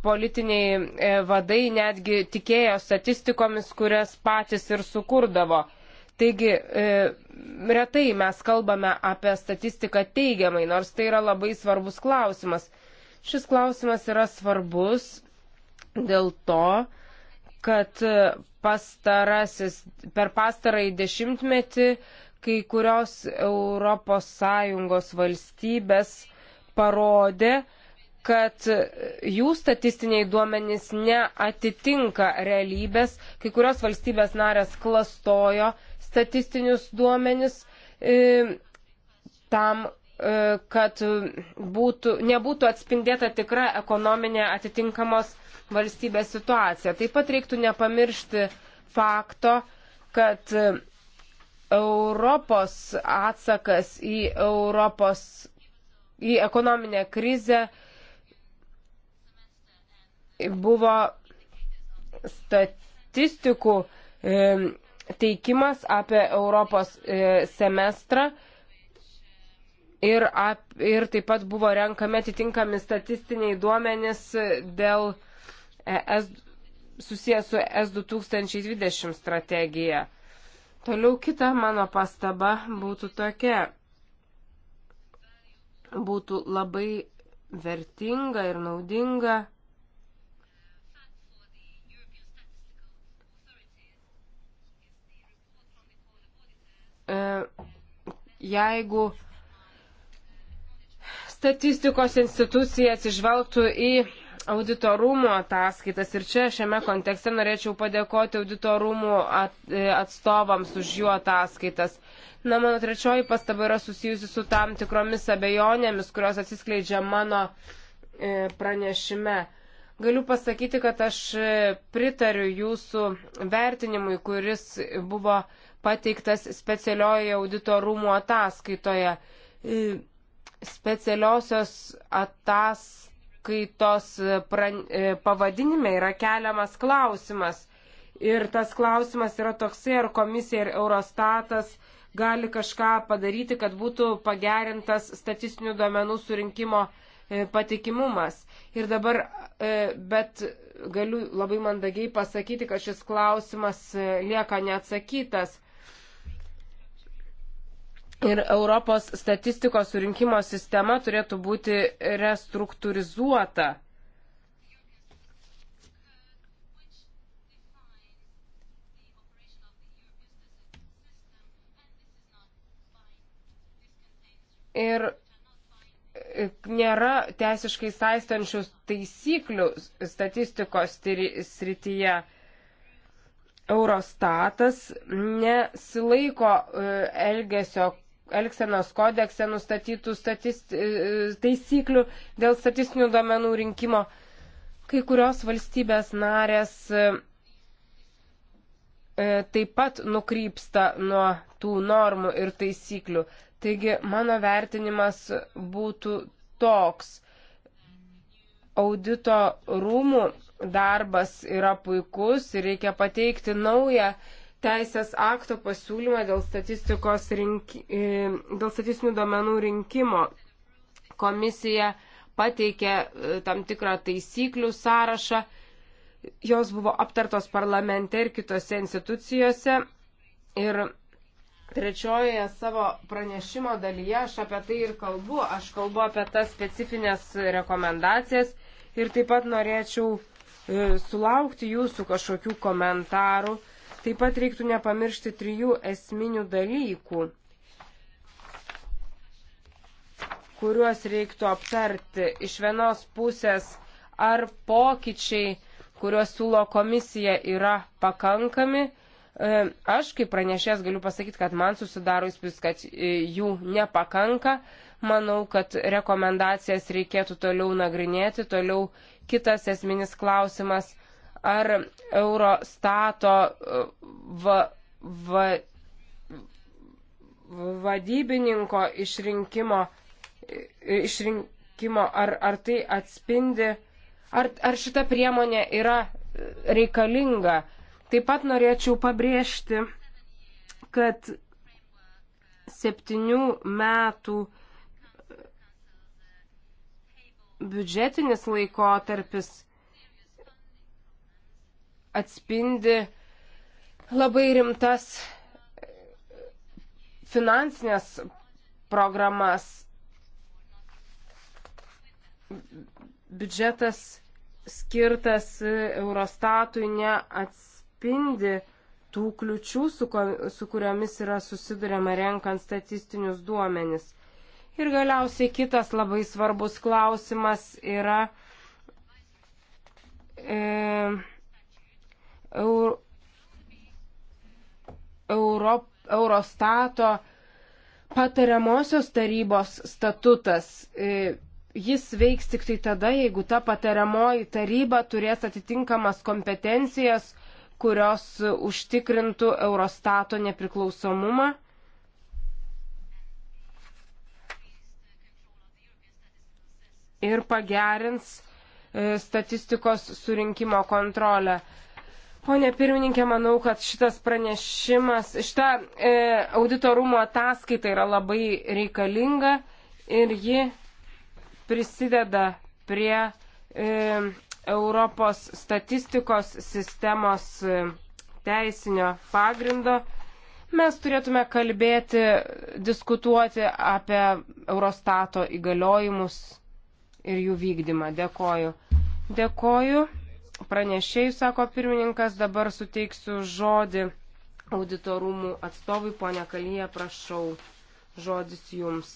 politiniai e, vadai netgi tikėjo statistikomis, kurias patys ir sukurdavo. Taigi, e, retai mes kalbame apie statistiką teigiamai, nors tai yra labai svarbus klausimas. Šis klausimas yra svarbus dėl to, kad pastarasis, per pastarąjį dešimtmetį kai kurios ES valstybės parodė, kad jų statistiniai duomenys neatitinka realybės, kai kurios valstybės narės klastojo statistinius duomenys e, tam, e, kad būtų, nebūtų atspindėta tikra ekonominė atitinkamos valstybės situacija. Taip pat reiktų nepamiršti fakto, kad Europos atsakas į, Europos, į ekonominę krizę buvo statistikų e, teikimas apie Europos e, semestrą ir, ap, ir taip pat buvo renkami atitinkami statistiniai duomenys dėl e, ES susijęs su S2020 strategija. Toliau kita mano pastaba būtų tokia. Būtų labai vertinga ir naudinga E, jeigu statistikos institucija atsižvelgtų į auditorumo ataskaitas. Ir čia šiame kontekste norėčiau padėkoti auditorumų at, e, atstovams už jų ataskaitas. Na, mano trečioji pastaba yra susijusi su tam tikromis abejonėmis, kurios atsiskleidžia mano e, pranešime. Galiu pasakyti, kad aš e, pritariu jūsų vertinimui, kuris buvo pateiktas specialioje auditorumo ataskaitoje. E, specialiosios ataskaitos pran, e, pavadinime yra keliamas klausimas. Ir tas klausimas yra toksai, ar komisija ir Eurostatas gali kažką padaryti, kad būtų pagerintas statistinių duomenų surinkimo e, patikimumas. Ir dabar, bet galiu labai mandagiai pasakyti, kad šis klausimas lieka neatsakytas. Ir Europos statistikos surinkimo sistema turėtų būti restruktūrizuota. Ir e, nėra teisiškai saistančių taisyklių statistikos srityje. Eurostatas nesilaiko e, elgesio Elksenos kodekse nustatytų statist, e, taisyklių dėl statistinių duomenų rinkimo. Kai kurios valstybės narės e, taip pat nukrypsta nuo tų normų ir taisyklių. Taigi mano vertinimas būtų toks. Audito rūmų darbas yra puikus ir reikia pateikti naują teisės akto pasiūlymą dėl, rinki, e, dėl statistinių duomenų rinkimo. Komisija pateikė e, tam tikrą taisyklių sąrašą. Jos buvo aptartos parlamente ir kitose institucijose. Ir trečiojoje savo pranešimo dalyje aš apie tai ir kalbu. Aš kalbu apie tas specifines rekomendacijas ir taip pat norėčiau e, sulaukti jūsų kažkokių komentarų Taip pat reiktų nepamiršti trijų esminių dalykų, kuriuos reiktų aptarti. Iš vienos pusės, ar pokyčiai, kuriuos siūlo komisija, yra pakankami. E, aš, kaip pranešės, galiu pasakyti, kad man susidaro įspūdis, kad e, jų nepakanka. Manau, kad rekomendacijas reikėtų toliau nagrinėti. Toliau kitas esminis klausimas ar Eurostato uh, va, va, vadybininko išrinkimo, išrinkimo ar, ar tai atspindi, ar, ar šita priemonė yra reikalinga. Taip pat norėčiau pabrėžti, kad septynių metų biudžetinis laikotarpis atspindi labai rimtas finansinės programas. Biudžetas skirtas Eurostatui neatspindi tų kliučių, su, ko, su kuriomis yra susidurima renkant statistinius duomenis. Ir galiausiai kitas labai svarbus klausimas yra. E, Euro, Euro, Eurostato patariamosios tarybos statutas. E, jis veiks tik tai tada, jeigu ta patariamoji taryba turės atitinkamas kompetencijas, kurios užtikrintų Eurostato nepriklausomumą. Ir pagerins e, statistikos surinkimo kontrolę. Pone pirmininkė, manau, kad šitas pranešimas, šita e, auditorumo ataskaita yra labai reikalinga ir ji prisideda prie e, Europos statistikos sistemos e, teisinio pagrindo. Mes turėtume kalbėti, diskutuoti apie Eurostato įgaliojimus ir jų vykdymą. Dėkoju. Dėkoju pranešėjų, sako pirmininkas, dabar suteiksiu žodį auditorumų atstovui, ponia Kalyje, prašau, žodis jums.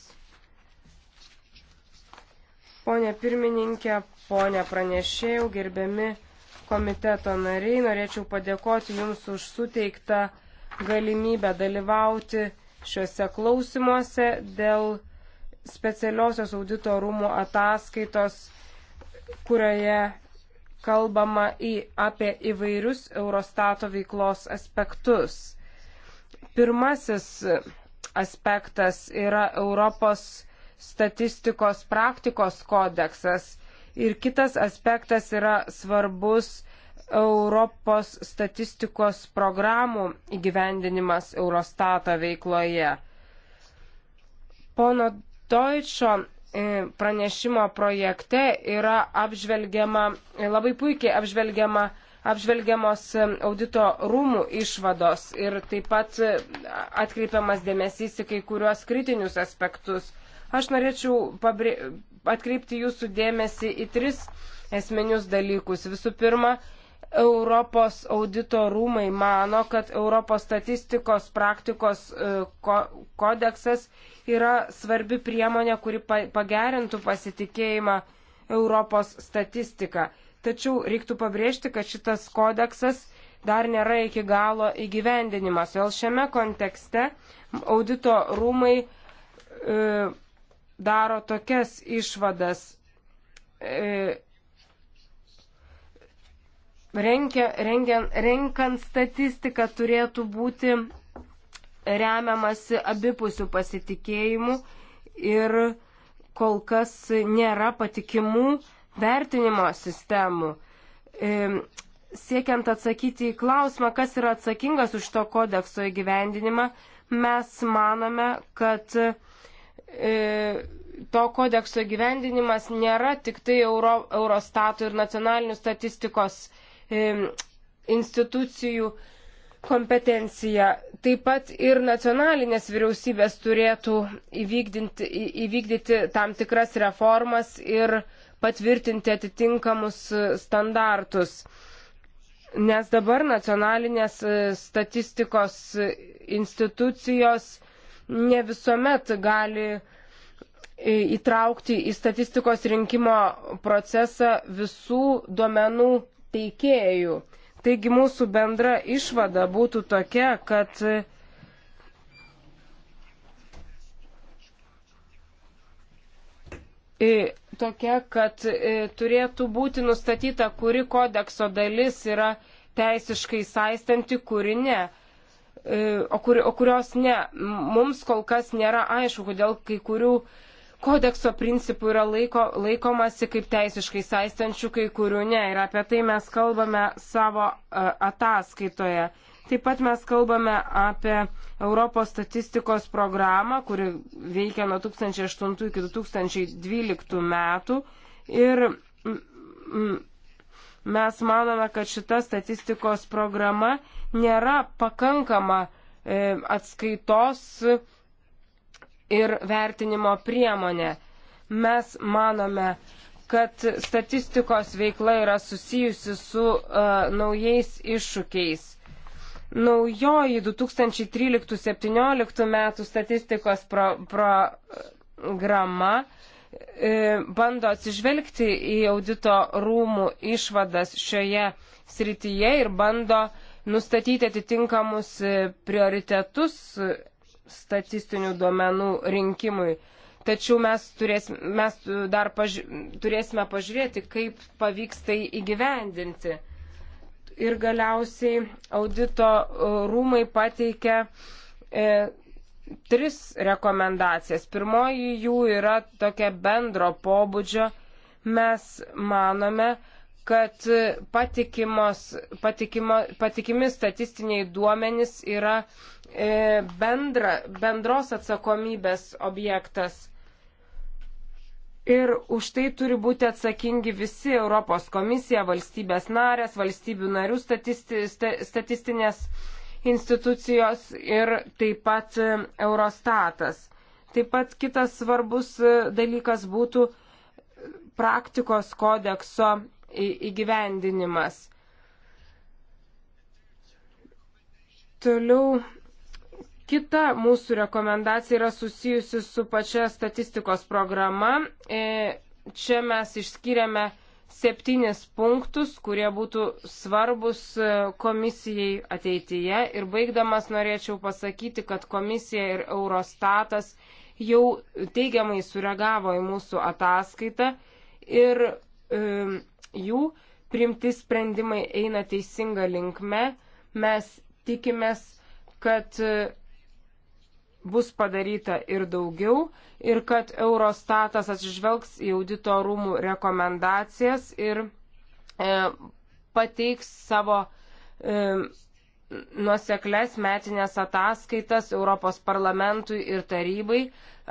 Pone pirmininkė, pone pranešėjų, gerbiami komiteto nariai, norėčiau padėkoti Jums už suteiktą galimybę dalyvauti šiuose klausimuose dėl specialiosios audito rūmų ataskaitos, kurioje kalbama į, apie įvairius Eurostato veiklos aspektus. Pirmasis aspektas yra Europos statistikos praktikos kodeksas ir kitas aspektas yra svarbus Europos statistikos programų įgyvendinimas Eurostato veikloje. Pono Deutscho E, pranešimo projekte yra apžvelgiama, e, labai puikiai apžvelgiama, apžvelgiamos e, audito rūmų išvados ir taip pat atkreipiamas dėmesys į kai kuriuos kritinius aspektus. Aš norėčiau pabrė... atkreipti jūsų dėmesį į tris esminius dalykus. Visų pirma, Europos audito rūmai mano, kad Europos statistikos praktikos e, ko kodeksas yra svarbi priemonė, kuri pagerintų pasitikėjimą Europos statistiką. Tačiau reiktų pabrėžti, kad šitas kodeksas dar nėra iki galo įgyvendinimas. Vėl šiame kontekste audito rūmai e, daro tokias išvadas. E, renkia, rengian, renkant statistiką turėtų būti remiamasi abipusių pasitikėjimų ir kol kas nėra patikimų vertinimo sistemų. E, siekiant atsakyti į klausimą, kas yra atsakingas už to kodekso įgyvendinimą, mes manome, kad e, to kodekso įgyvendinimas nėra tik tai Euro, Eurostatų ir nacionalinių statistikos uh, institucijų kompetencija. Taip pat ir nacionalinės vyriausybės turėtų įvykdyti, įvykdyti tam tikras reformas ir patvirtinti atitinkamus e, standartus. Nes dabar nacionalinės e, statistikos e, institucijos ne visuomet gali įtraukti į statistikos rinkimo procesą visų duomenų teikėjų. Taigi mūsų bendra išvada būtų tokia, kad tokia, kad turėtų būti nustatyta, kuri kodekso dalis yra teisiškai saistanti, kuri ne, o, kur, o kurios ne. Mums kol kas nėra aišku, kodėl kai kurių kodekso principų yra laiko, laikomasi kaip teisiškai saistančių, kai kurių ne. Ir apie tai mes kalbame savo uh, ataskaitoje. Taip pat mes kalbame apie Europos statistikos programą, kuri veikia nuo 2008 iki 2012 metų. Ir mm, mes manome, kad šita statistikos programa nėra pakankama e, atskaitos. E, ir vertinimo priemonė. Mes manome, kad statistikos veikla yra susijusi su uh, naujais iššūkiais. Naujoji 2013-2017 metų statistikos pro, programa e, bando atsižvelgti į audito rūmų išvadas šioje srityje ir bando nustatyti atitinkamus e, prioritetus statistinių duomenų rinkimui. Tačiau mes, turės, mes dar paž, turėsime pažiūrėti, kaip pavyks tai įgyvendinti. Ir galiausiai audito rūmai pateikia e, tris rekomendacijas. Pirmoji jų yra tokia bendro pobūdžio. Mes manome, kad patikimos, patikimo, patikimi statistiniai duomenys yra E, bendra, bendros atsakomybės objektas. Ir už tai turi būti atsakingi visi Europos komisija, valstybės narės, valstybių narių statisti, sta, statistinės institucijos ir taip pat e, Eurostatas. Taip pat kitas svarbus e, dalykas būtų praktikos kodekso įgyvendinimas. Toliau Kita mūsų rekomendacija yra susijusi su pačia statistikos programa. E, čia mes išskiriame septynis punktus, kurie būtų svarbus e, komisijai ateityje. Ir baigdamas norėčiau pasakyti, kad komisija ir Eurostatas jau teigiamai sureagavo į mūsų ataskaitą ir e, jų primti sprendimai eina teisinga linkme. Mes tikimės, kad e, bus padaryta ir daugiau ir kad Eurostatas atsižvelgs į audito rūmų rekomendacijas ir e, pateiks savo e, nuosekles metinės ataskaitas Europos parlamentui ir tarybai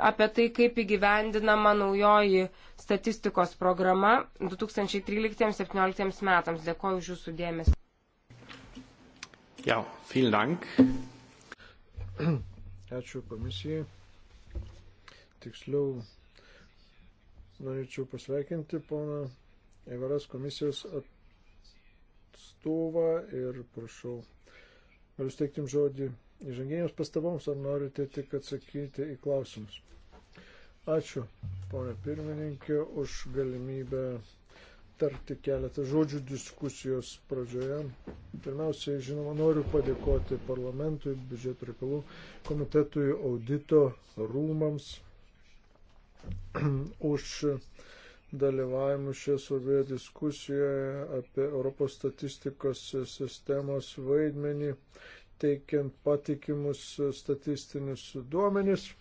apie tai, kaip įgyvendinama naujoji statistikos programa 2013-2017 metams. Dėkuoju už Jūsų dėmesį. Ja, vielen Dank. Ačiū komisijai. Tiksliau, norėčiau pasveikinti poną Evaras komisijos atstovą ir prašau, galiu steigti jums žodį įžanginiams pastaboms, ar norite tik atsakyti į klausimus. Ačiū, ponė pirmininkė, už galimybę tarti keletą žodžių diskusijos pradžioje. Pirmiausiai, žinoma, noriu padėkoti parlamentui, biudžeto reikalų komitetui, audito rūmams už dalyvavimu šioje svarbioje diskusijoje apie Europos statistikos sistemos vaidmenį, teikiant patikimus statistinius duomenis.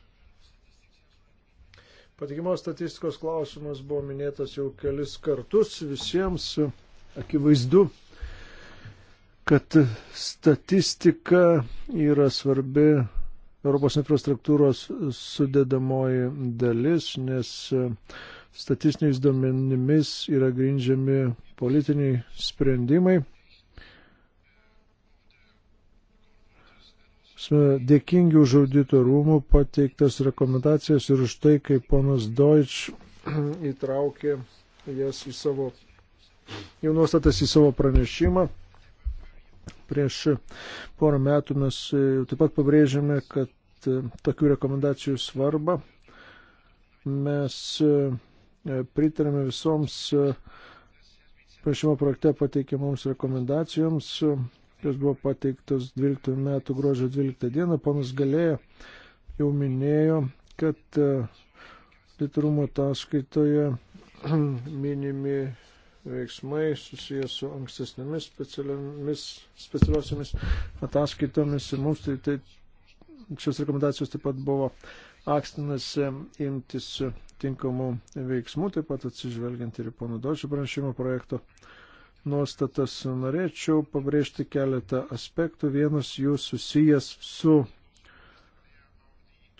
Patikimos statistikos klausimas buvo minėtas jau kelis kartus. Visiems akivaizdu, kad statistika yra svarbi Europos infrastruktūros sudėdamoji dalis, nes statistiniais duomenimis yra grindžiami politiniai sprendimai dėkingi už audito rūmų pateiktas rekomendacijas ir už tai, kaip ponas Deutsch įtraukė jas į savo, jų nuostatas į savo pranešimą. Prieš porą metų mes taip pat pabrėžėme, kad e, tokių rekomendacijų svarbą. Mes e, pritarėme visoms e, prašymo projekte pateikiamoms rekomendacijoms kuris buvo pateiktas 12 metų gruodžio 12 dieną, panas galėjo jau minėjo, kad e, litrumo ataskaitoje minimi veiksmai susijęs su ankstesnėmis specialiosiomis ataskaitomis ir mums tai, tai šios rekomendacijos taip pat buvo akstinas e, imtis tinkamų veiksmų, taip pat atsižvelgiant ir į pono Dočio pranešimo projekto nuostatas, norėčiau pabrėžti keletą aspektų. Vienas jų susijęs su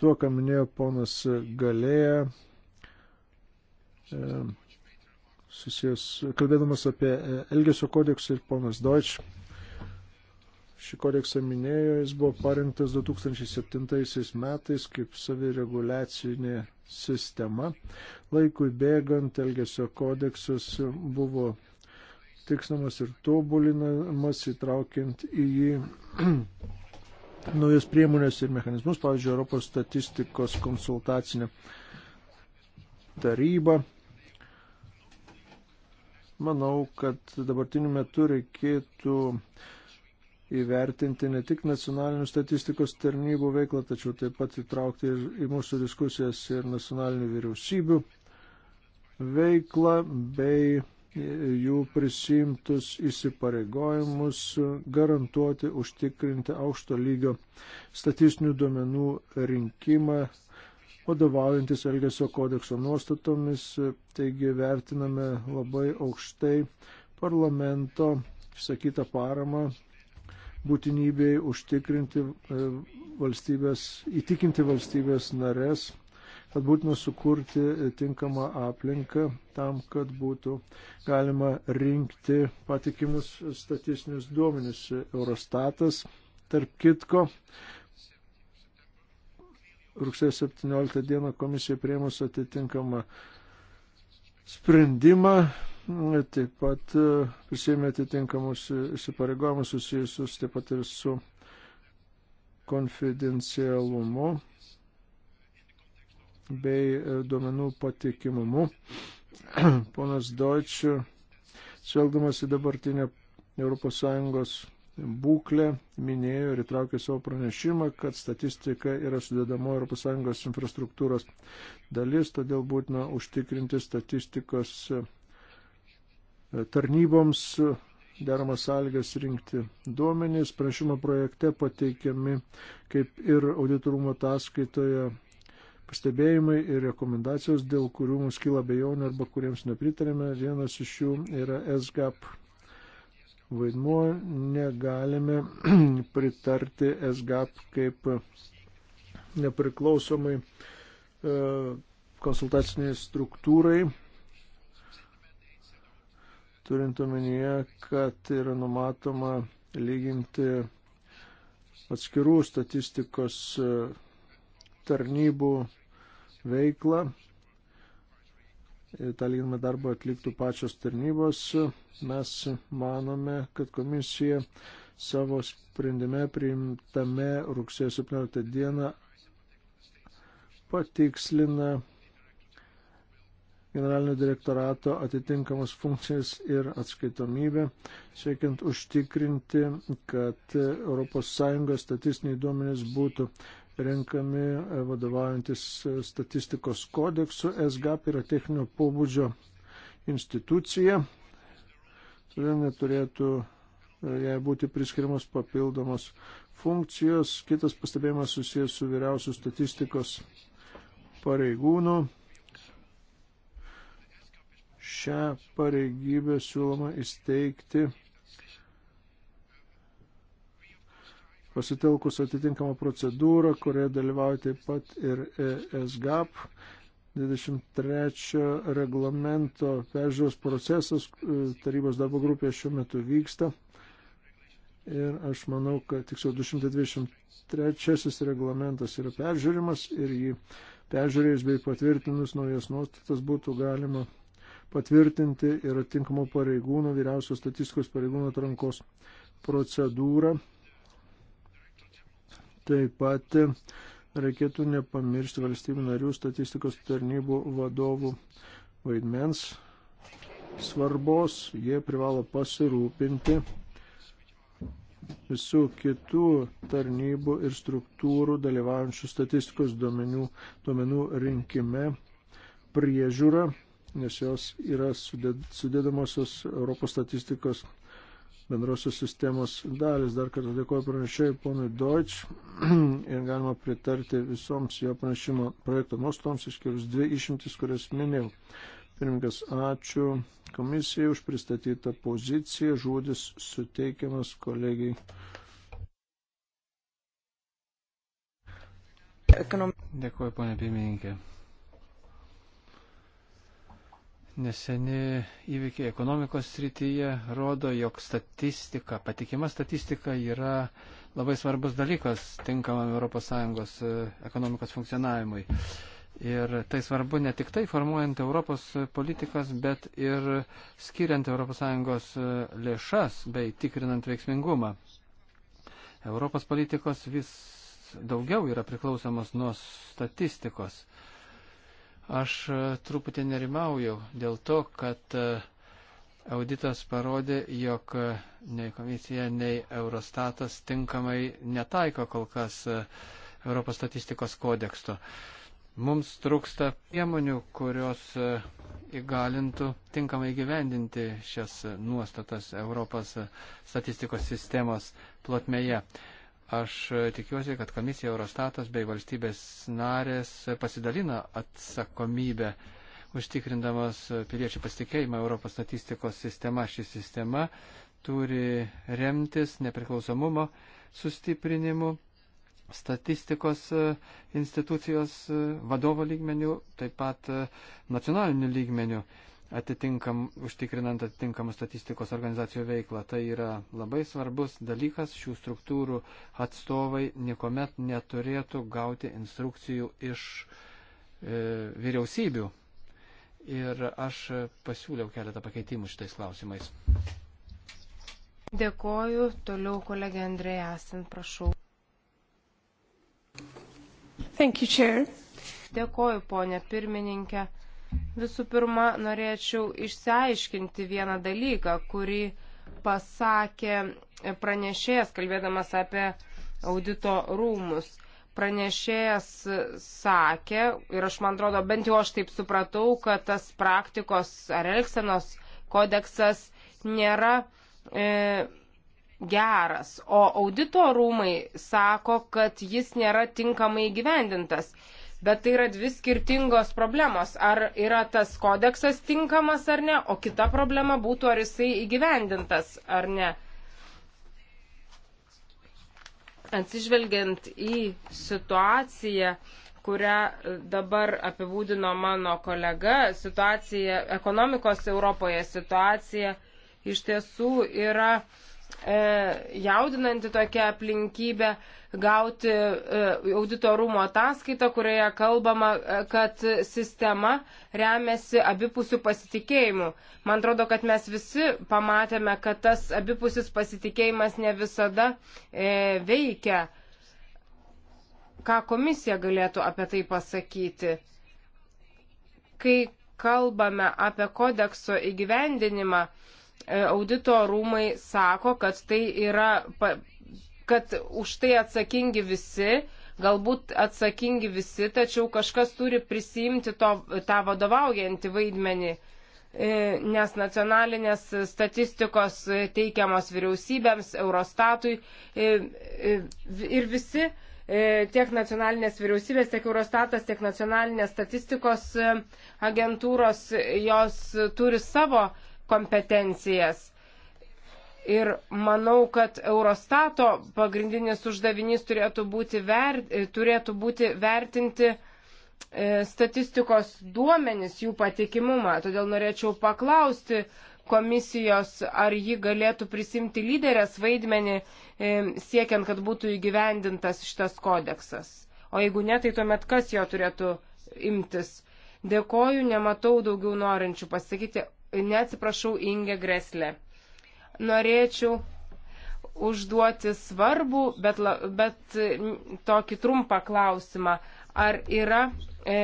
tuo, ką minėjo ponas Galėja, e, susijęs, kalbėdamas apie e, Elgesio kodeksą ir ponas Deutsch. Šį kodeksą minėjo, jis buvo parinktas 2007 metais kaip savireguliacinė sistema. Laikui bėgant Elgesio kodeksas buvo tikslinamas ir tobulinamas, įtraukiant į jį naujas priemonės ir mechanizmus, pavyzdžiui, Europos statistikos konsultacinė taryba. Manau, kad dabartiniu metu reikėtų įvertinti ne tik nacionalinių statistikos tarnybų veiklą, tačiau taip pat įtraukti ir į mūsų diskusijas ir nacionalinių vyriausybių veiklą bei jų prisimtus įsipareigojimus garantuoti, užtikrinti aukšto lygio statistinių duomenų rinkimą, vadovaujantis Elgesio kodekso nuostatomis. Taigi vertiname labai aukštai parlamento išsakytą paramą būtinybėj užtikrinti e, valstybės, įtikinti valstybės narės Tad būtina sukurti tinkamą aplinką tam, kad būtų galima rinkti patikimus statistinius duomenis. Eurostatas, tarp kitko, rugsėjo 17 dieną komisija prieimus atitinkamą sprendimą, taip pat e, prisėmė atitinkamus įsipareigojimus susijusius taip pat ir su konfidencialumu bei e, duomenų patikimumu. Ponas Deutsch, svelgdamas į dabartinę ES būklę, minėjo ir įtraukė savo pranešimą, kad statistika yra sudėdamo ES infrastruktūros dalis, todėl būtina užtikrinti statistikos e, tarnyboms e, deramas sąlygas rinkti duomenys. Prašymo projekte pateikiami, kaip ir auditorumo ataskaitoje pastebėjimai ir rekomendacijos, dėl kurių mums kyla bejonė arba kuriems nepritarėme. Vienas iš jų yra SGAP vaidmuo. Negalime pritarti SGAP kaip nepriklausomai e, konsultaciniai struktūrai, turint omenyje, kad yra numatoma lyginti atskirų statistikos e, tarnybų veiklą. Ta lyginamą darbą atliktų pačios tarnybos. Mes manome, kad komisija savo sprendime priimtame rugsėjo 17 dieną patikslina generalinio direktorato atitinkamas funkcijas ir atskaitomybę, siekiant užtikrinti, kad ES statistiniai duomenys būtų renkami e, vadovaujantis e, statistikos kodeksu. SGAP yra techninio pobūdžio institucija, todėl neturėtų e, jai būti priskiriamos papildomos funkcijos. Kitas pastebėjimas susijęs su vyriausių statistikos pareigūnų. Šią pareigybę siūloma įsteigti pasitelkus atitinkamą procedūrą, kurioje dalyvauja taip pat ir ESGAP 23 reglamento peržiūros procesas e, tarybos darbo grupėje šiuo metu vyksta. Ir aš manau, kad tiksliau 223 reglamentas yra peržiūrimas ir jį peržiūrėjus bei patvirtinus naujas nuostatas būtų galima patvirtinti ir atinkamo pareigūno, vyriausios statistikos pareigūno atrankos procedūrą Taip pat reikėtų nepamiršti valstybių narių statistikos tarnybų vadovų vaidmens svarbos. Jie privalo pasirūpinti visų kitų tarnybų ir struktūrų dalyvaujančių statistikos duomenų, duomenų rinkime priežiūra, nes jos yra sudėdamosios Europos statistikos bendrosios sistemos dalis. Dar kartą dėkoju pranešėjai ponui Deutsch ir galima pritarti visoms jo pranešimo projekto nuostoms, išskyrus dvi išimtis, kurias minėjau. Pirmininkas, ačiū komisijai už pristatytą poziciją. Žodis suteikiamas kolegijai. Dėkuoju, ponė pirmininkė. Neseni įvykiai ekonomikos srityje rodo, jog statistika, patikima statistika yra labai svarbus dalykas tinkamam ES e, ekonomikos funkcionavimui. Ir tai svarbu ne tik tai formuojant Europos politikas, bet ir skiriant ES e, lėšas bei tikrinant veiksmingumą. Europos politikos vis daugiau yra priklausomos nuo statistikos. Aš e, truputį nerimauju dėl to, kad e, auditas parodė, jog e, nei komisija, nei Eurostatas tinkamai netaiko kol kas Europos statistikos kodeksto. Mums trūksta priemonių, kurios įgalintų tinkamai gyvendinti šias nuostatas Europos statistikos sistemos plotmėje. Aš e, tikiuosi, kad komisija Eurostatas bei valstybės narės pasidalina atsakomybę, užtikrindamas piliečių pasitikėjimą Europos statistikos sistema. Ši sistema turi remtis nepriklausomumo sustiprinimu statistikos e, institucijos e, vadovo lygmenių, taip pat nacionalinių lygmenių atitinkam, užtikrinant atitinkamų statistikos organizacijų veiklą. Tai yra labai svarbus dalykas, šių struktūrų atstovai niekuomet neturėtų gauti instrukcijų iš e, vyriausybių. Ir aš pasiūliau keletą pakeitimų šitais klausimais. Dėkoju. Toliau kolegė Andrėja Asin, prašau. Thank you, Chair. Dėkoju, ponė pirmininkė. Visų pirma, norėčiau išsiaiškinti vieną dalyką, kurį pasakė pranešėjas, kalbėdamas apie audito rūmus. Pranešėjas sakė, ir aš man atrodo, bent jau aš taip supratau, kad tas praktikos ar elgsenos kodeksas nėra e, geras, o audito rūmai sako, kad jis nėra tinkamai gyvendintas. Bet tai yra dvi skirtingos problemos. Ar yra tas kodeksas tinkamas ar ne, o kita problema būtų, ar jisai įgyvendintas ar ne. Atsižvelgiant į situaciją, kurią dabar apibūdino mano kolega, situacija, ekonomikos Europoje situacija iš tiesų yra e, jaudinanti tokia aplinkybė. E, gauti e, auditorumo ataskaitą, kurioje kalbama, e, kad sistema remiasi abipusių pasitikėjimų. Man atrodo, kad mes visi pamatėme, kad tas abipusis pasitikėjimas ne visada e, veikia. Ką komisija galėtų apie tai pasakyti? Kai kalbame apie kodekso įgyvendinimą, e, audito rūmai sako, kad tai yra kad už tai atsakingi visi, galbūt atsakingi visi, tačiau kažkas turi prisimti to, tą vadovaujantį vaidmenį, e, nes nacionalinės statistikos teikiamos vyriausybėms, Eurostatui e, e, ir visi tiek nacionalinės vyriausybės, tiek Eurostatas, tiek nacionalinės statistikos agentūros, jos turi savo kompetencijas. Ir manau, kad Eurostato pagrindinis uždavinys turėtų būti, ver, turėtų būti vertinti e, statistikos duomenis, jų patikimumą. Todėl norėčiau paklausti komisijos, ar ji galėtų prisimti lyderės vaidmenį e, siekiant, kad būtų įgyvendintas šitas kodeksas. O jeigu ne, tai tuomet kas jo turėtų imtis? Dėkoju, nematau daugiau norinčių pasakyti. Neatsiprašau, Inge Greslė norėčiau užduoti svarbų, bet, bet tokį trumpą klausimą. Ar yra e,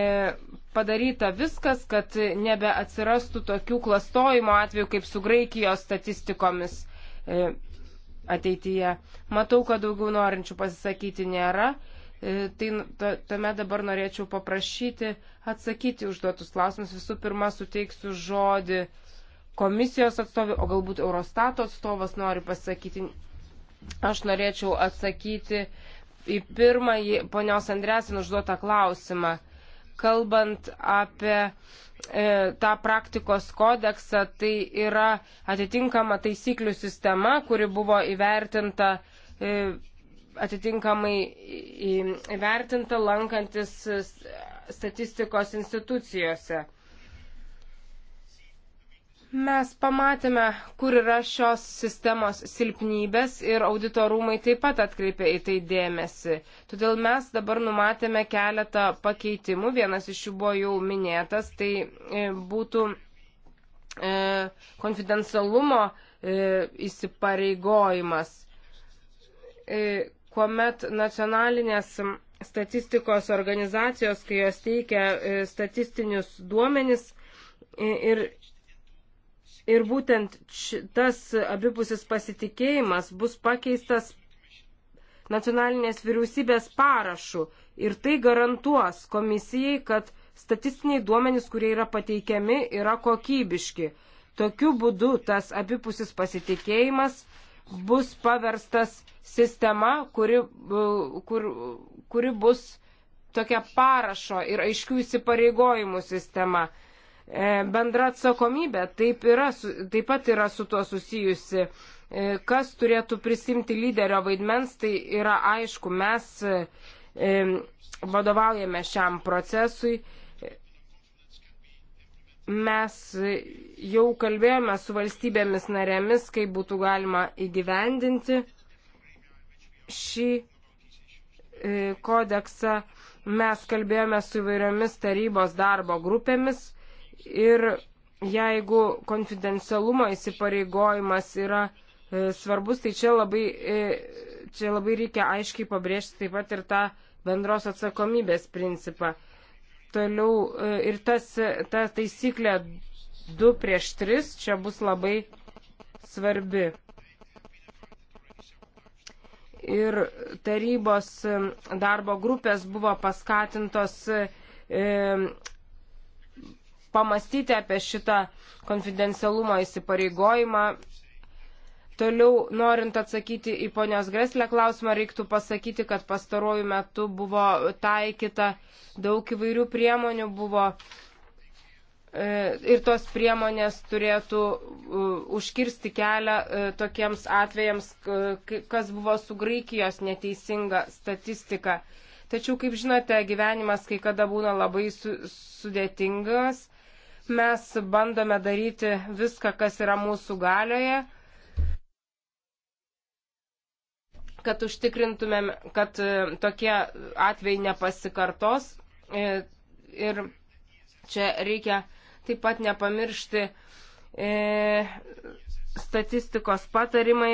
padaryta viskas, kad nebeatsirastų tokių klastojimo atvejų kaip su Graikijos statistikomis e, ateityje? Matau, kad daugiau norinčių pasisakyti nėra. E, tai to, tame dabar norėčiau paprašyti atsakyti užduotus klausimus. Visų pirma, suteiksiu žodį e, komisijos atstovė, o galbūt Eurostato atstovas nori pasakyti. Aš norėčiau atsakyti į pirmąjį ponios Andresin užduotą klausimą. Kalbant apie e, tą praktikos kodeksą, tai yra atitinkama taisyklių sistema, kuri buvo įvertinta e, atitinkamai įvertinta lankantis statistikos institucijose. Mes pamatėme, kur yra šios sistemos silpnybės ir auditorumai taip pat atkreipė į tai dėmesį. Todėl mes dabar numatėme keletą pakeitimų, vienas iš jų buvo jau minėtas, tai e, būtų e, konfidencialumo e, įsipareigojimas, e, kuomet nacionalinės statistikos organizacijos, kai jos teikia e, statistinius duomenis, e, ir Ir būtent tas abipusis pasitikėjimas bus pakeistas nacionalinės vyriausybės parašu ir tai garantuos komisijai, kad statistiniai duomenys, kurie yra pateikiami, yra kokybiški. Tokiu būdu tas abipusis pasitikėjimas bus paverstas sistema, kuri, e, kur, kuri bus tokia parašo ir aiškių įsipareigojimų sistema. E, bendra atsakomybė taip, yra, taip pat yra su tuo susijusi. E, kas turėtų prisimti lyderio vaidmens, tai yra aišku, mes e, vadovaujame šiam procesui. Mes jau kalbėjome su valstybėmis narėmis, kaip būtų galima įgyvendinti šį kodeksą. Mes kalbėjome su įvairiomis tarybos darbo grupėmis Ir jeigu konfidencialumo įsipareigojimas yra e, svarbus, tai čia labai, e, čia labai reikia aiškiai pabrėžti taip pat ir tą bendros atsakomybės principą. Toliau e, ir tas, ta taisyklė 2 prieš 3 čia bus labai svarbi. Ir tarybos darbo grupės buvo paskatintos e, pamastyti apie šitą konfidencialumo įsipareigojimą. Toliau, norint atsakyti į ponios Greslę klausimą, reiktų pasakyti, kad pastaruoju metu buvo taikyta daug įvairių priemonių, buvo e, ir tos priemonės turėtų e, užkirsti kelią e, tokiems atvejams, kas buvo su Graikijos neteisinga statistika. Tačiau, kaip žinote, gyvenimas kai kada būna labai su, sudėtingas Mes bandome daryti viską, kas yra mūsų galioje, kad užtikrintumėm, kad e, tokie atvejai nepasikartos. E, ir čia reikia taip pat nepamiršti e, statistikos patarimai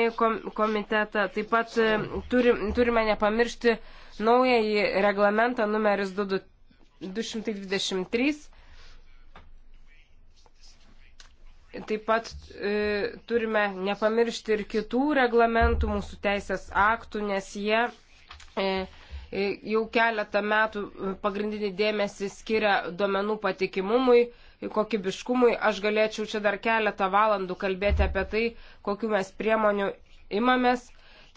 komitetą. Taip pat turim, turime nepamiršti naująjį reglamentą numeris 223. Taip pat e, turime nepamiršti ir kitų reglamentų, mūsų teisės aktų, nes jie e, e jau keletą metų e, pagrindinį dėmesį skiria duomenų patikimumui, kokybiškumui. Aš galėčiau čia dar keletą valandų kalbėti apie tai, kokiu mes priemonių imamės.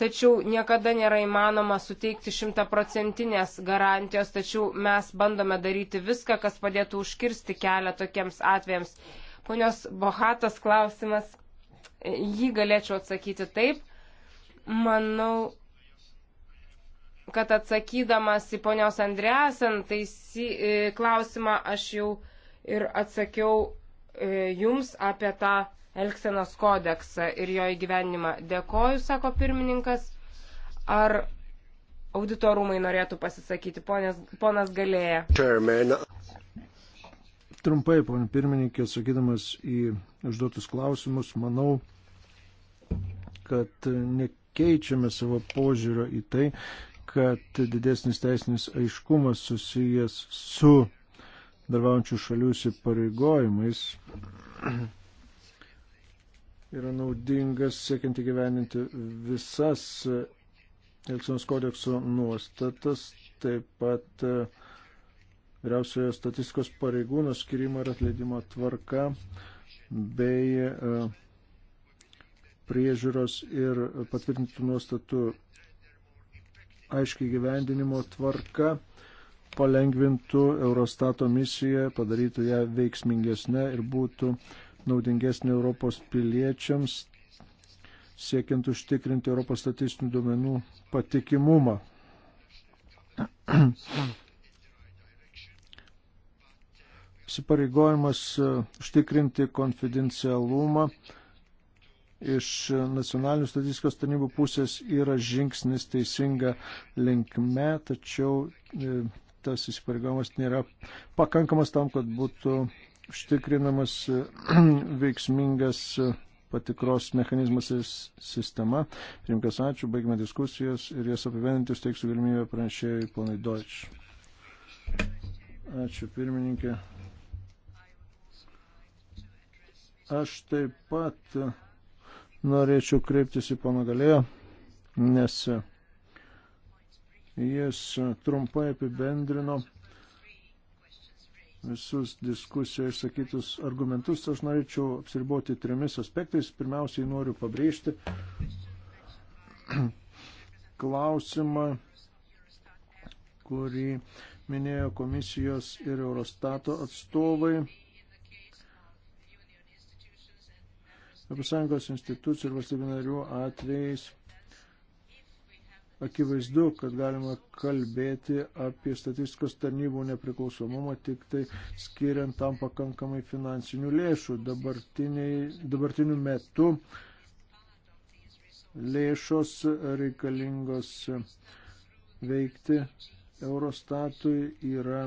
Tačiau niekada nėra įmanoma suteikti šimtaprocentinės garantijos, tačiau mes bandome daryti viską, kas padėtų užkirsti kelią tokiems atvejams. Ponios Bohatos klausimas, jį galėčiau atsakyti taip. Manau, kad atsakydamas į ponios Andresen, tai si, e, klausimą aš jau ir atsakiau e, jums apie tą Elksenos kodeksą ir jo įgyvenimą. Dėkoju, sako pirmininkas. Ar auditorumai norėtų pasisakyti, ponas, ponas galėja? Trumpai, pan pirmininkė, sakydamas į užduotus klausimus, manau, kad nekeičiame savo požiūrio į tai, kad didesnis teisinis aiškumas susijęs su dalyvaujančių šalių įsipareigojimais yra naudingas siekiant įgyveninti visas Elksonos kodekso nuostatas, taip pat uh, vyriausiojo statistikos pareigūno skirimo ir atleidimo tvarka bei e, priežiūros ir patvirtintų nuostatų aiškiai gyvendinimo tvarka palengvintų Eurostato misiją, padarytų ją veiksmingesnę ir būtų naudingesnė Europos piliečiams, siekiant užtikrinti Europos statistinių duomenų patikimumą. įsipareigojimas e, užtikrinti konfidencialumą iš nacionalinių statistikos tarnybų pusės yra žingsnis teisinga linkme, tačiau e, tas įsipareigojimas nėra pakankamas tam, kad būtų užtikrinamas e, veiksmingas patikros mechanizmas ir sistema. Pirmkas, ačiū, baigime diskusijos ir jas apivendinti, steiksiu galimybę pranešėjai ponai Deutsch. Ačiū pirmininkė. Aš taip pat norėčiau kreiptis į pana Galėjo, nes jis trumpai apibendrino visus diskusijoje išsakytus argumentus. Aš norėčiau apsiriboti trimis aspektais. Pirmiausiai noriu pabrėžti klausimą, kurį minėjo komisijos ir Eurostato atstovai ES institucijų ir valstybių narių atvejais akivaizdu, kad galima kalbėti apie statistikos tarnybų nepriklausomumą tik tai skiriant tam pakankamai finansinių lėšų. Dabartiniu metu lėšos reikalingos veikti Eurostatui yra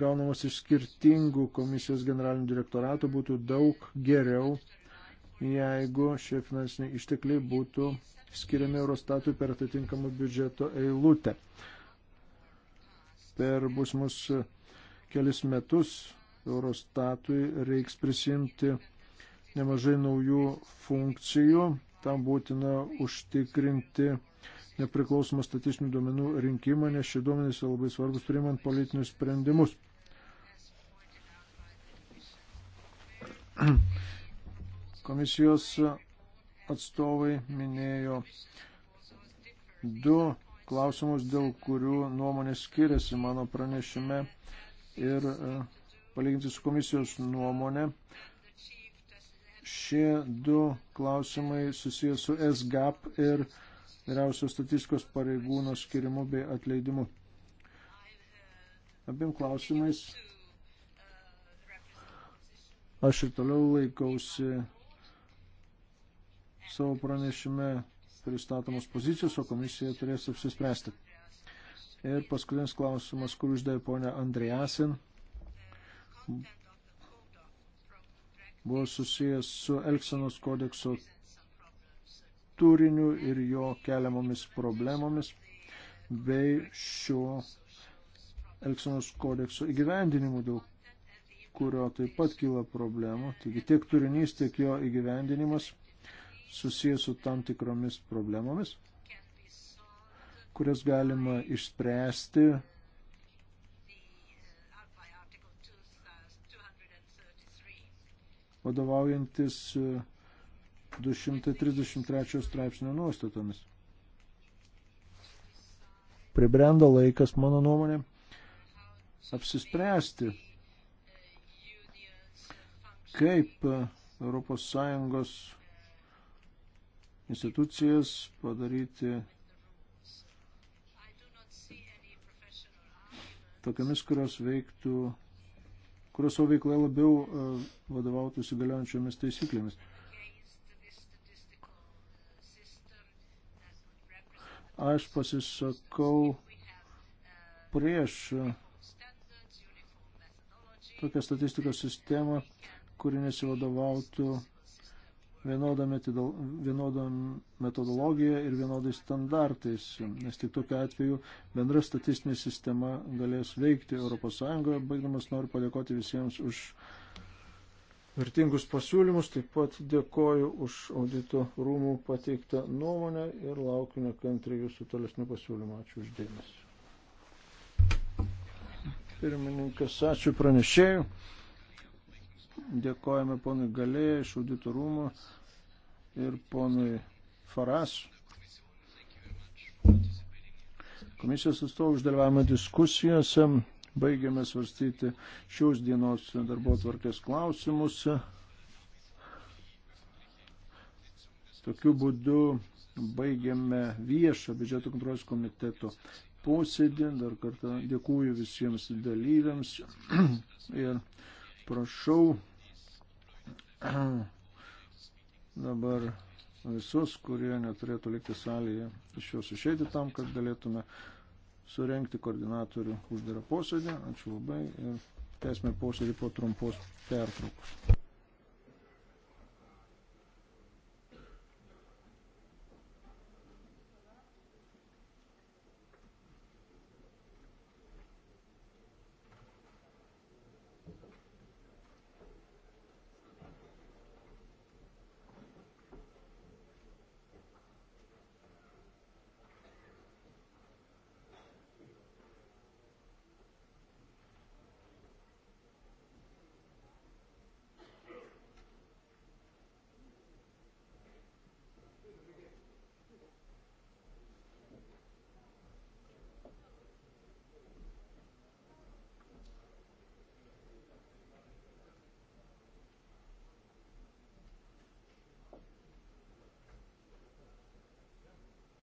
gaunamos iš skirtingų komisijos generalinių direktoratų, būtų daug geriau jeigu šie finansiniai ištekliai būtų skiriami Eurostatui per atitinkamą biudžeto eilutę. Per būsimus kelis metus Eurostatui reiks prisimti nemažai naujų funkcijų, tam būtina užtikrinti nepriklausomą statistinių duomenų rinkimą, nes šie duomenys yra labai svarbus priimant politinius sprendimus. Komisijos atstovai minėjo du klausimus, dėl kurių nuomonės skiriasi mano pranešime ir e, palyginti su komisijos nuomonė. Šie du klausimai susijęs su SGAP ir vyriausios statistikos pareigūno skirimu bei atleidimu. Abiem klausimais aš ir toliau laikausi savo pranešime pristatomos pozicijos, o komisija turės apsispręsti. Ir paskutinis klausimas, kur uždavė ponia Andrejasin, buvo susijęs su Elksenos kodekso turiniu ir jo keliamomis problemomis bei šio Elksenos kodekso įgyvendinimu, dėl kurio taip pat kyla problemų. Taigi tiek turinys, tiek jo įgyvendinimas susijęs su tam tikromis problemomis, kurias galima išspręsti vadovaujantis 233 straipsnio nuostatomis. Pribrendo laikas, mano nuomonė, apsispręsti, kaip ES institucijas, padaryti tokiamis, kurios veiktų, kurios savo veikloje labiau e, vadovautųsi galiojančiomis taisyklėmis. Aš pasisakau prieš tokią statistikos sistemą, kuri nesivadovautų vienodą metodologiją ir vienodais standartais, nes tik tokiu atveju bendra statistinė sistema galės veikti ES. Baigdamas noriu padėkoti visiems už vertingus pasiūlymus, taip pat dėkoju už audito rūmų pateiktą nuomonę ir laukiu nekantri jūsų tolesnių pasiūlymų. Ačiū uždėmesi. Pirmininkas, ačiū pranešėjų. Dėkojame ponui Galėjai iš auditorumų ir ponui Faras. Komisijos atstovų uždalyvavimą diskusijose. Baigiame svarstyti šios dienos darbo tvarkės klausimus. Tokiu būdu baigiame viešą biudžeto kontrolės komiteto posėdį. Dar kartą dėkuoju visiems dalyviams ir prašau dabar visus, kurie neturėtų likti salėje, iš jos išeiti tam, kad galėtume surenkti koordinatorių uždarą posėdį. Ačiū labai ir tęsime posėdį po trumpos pertraukos.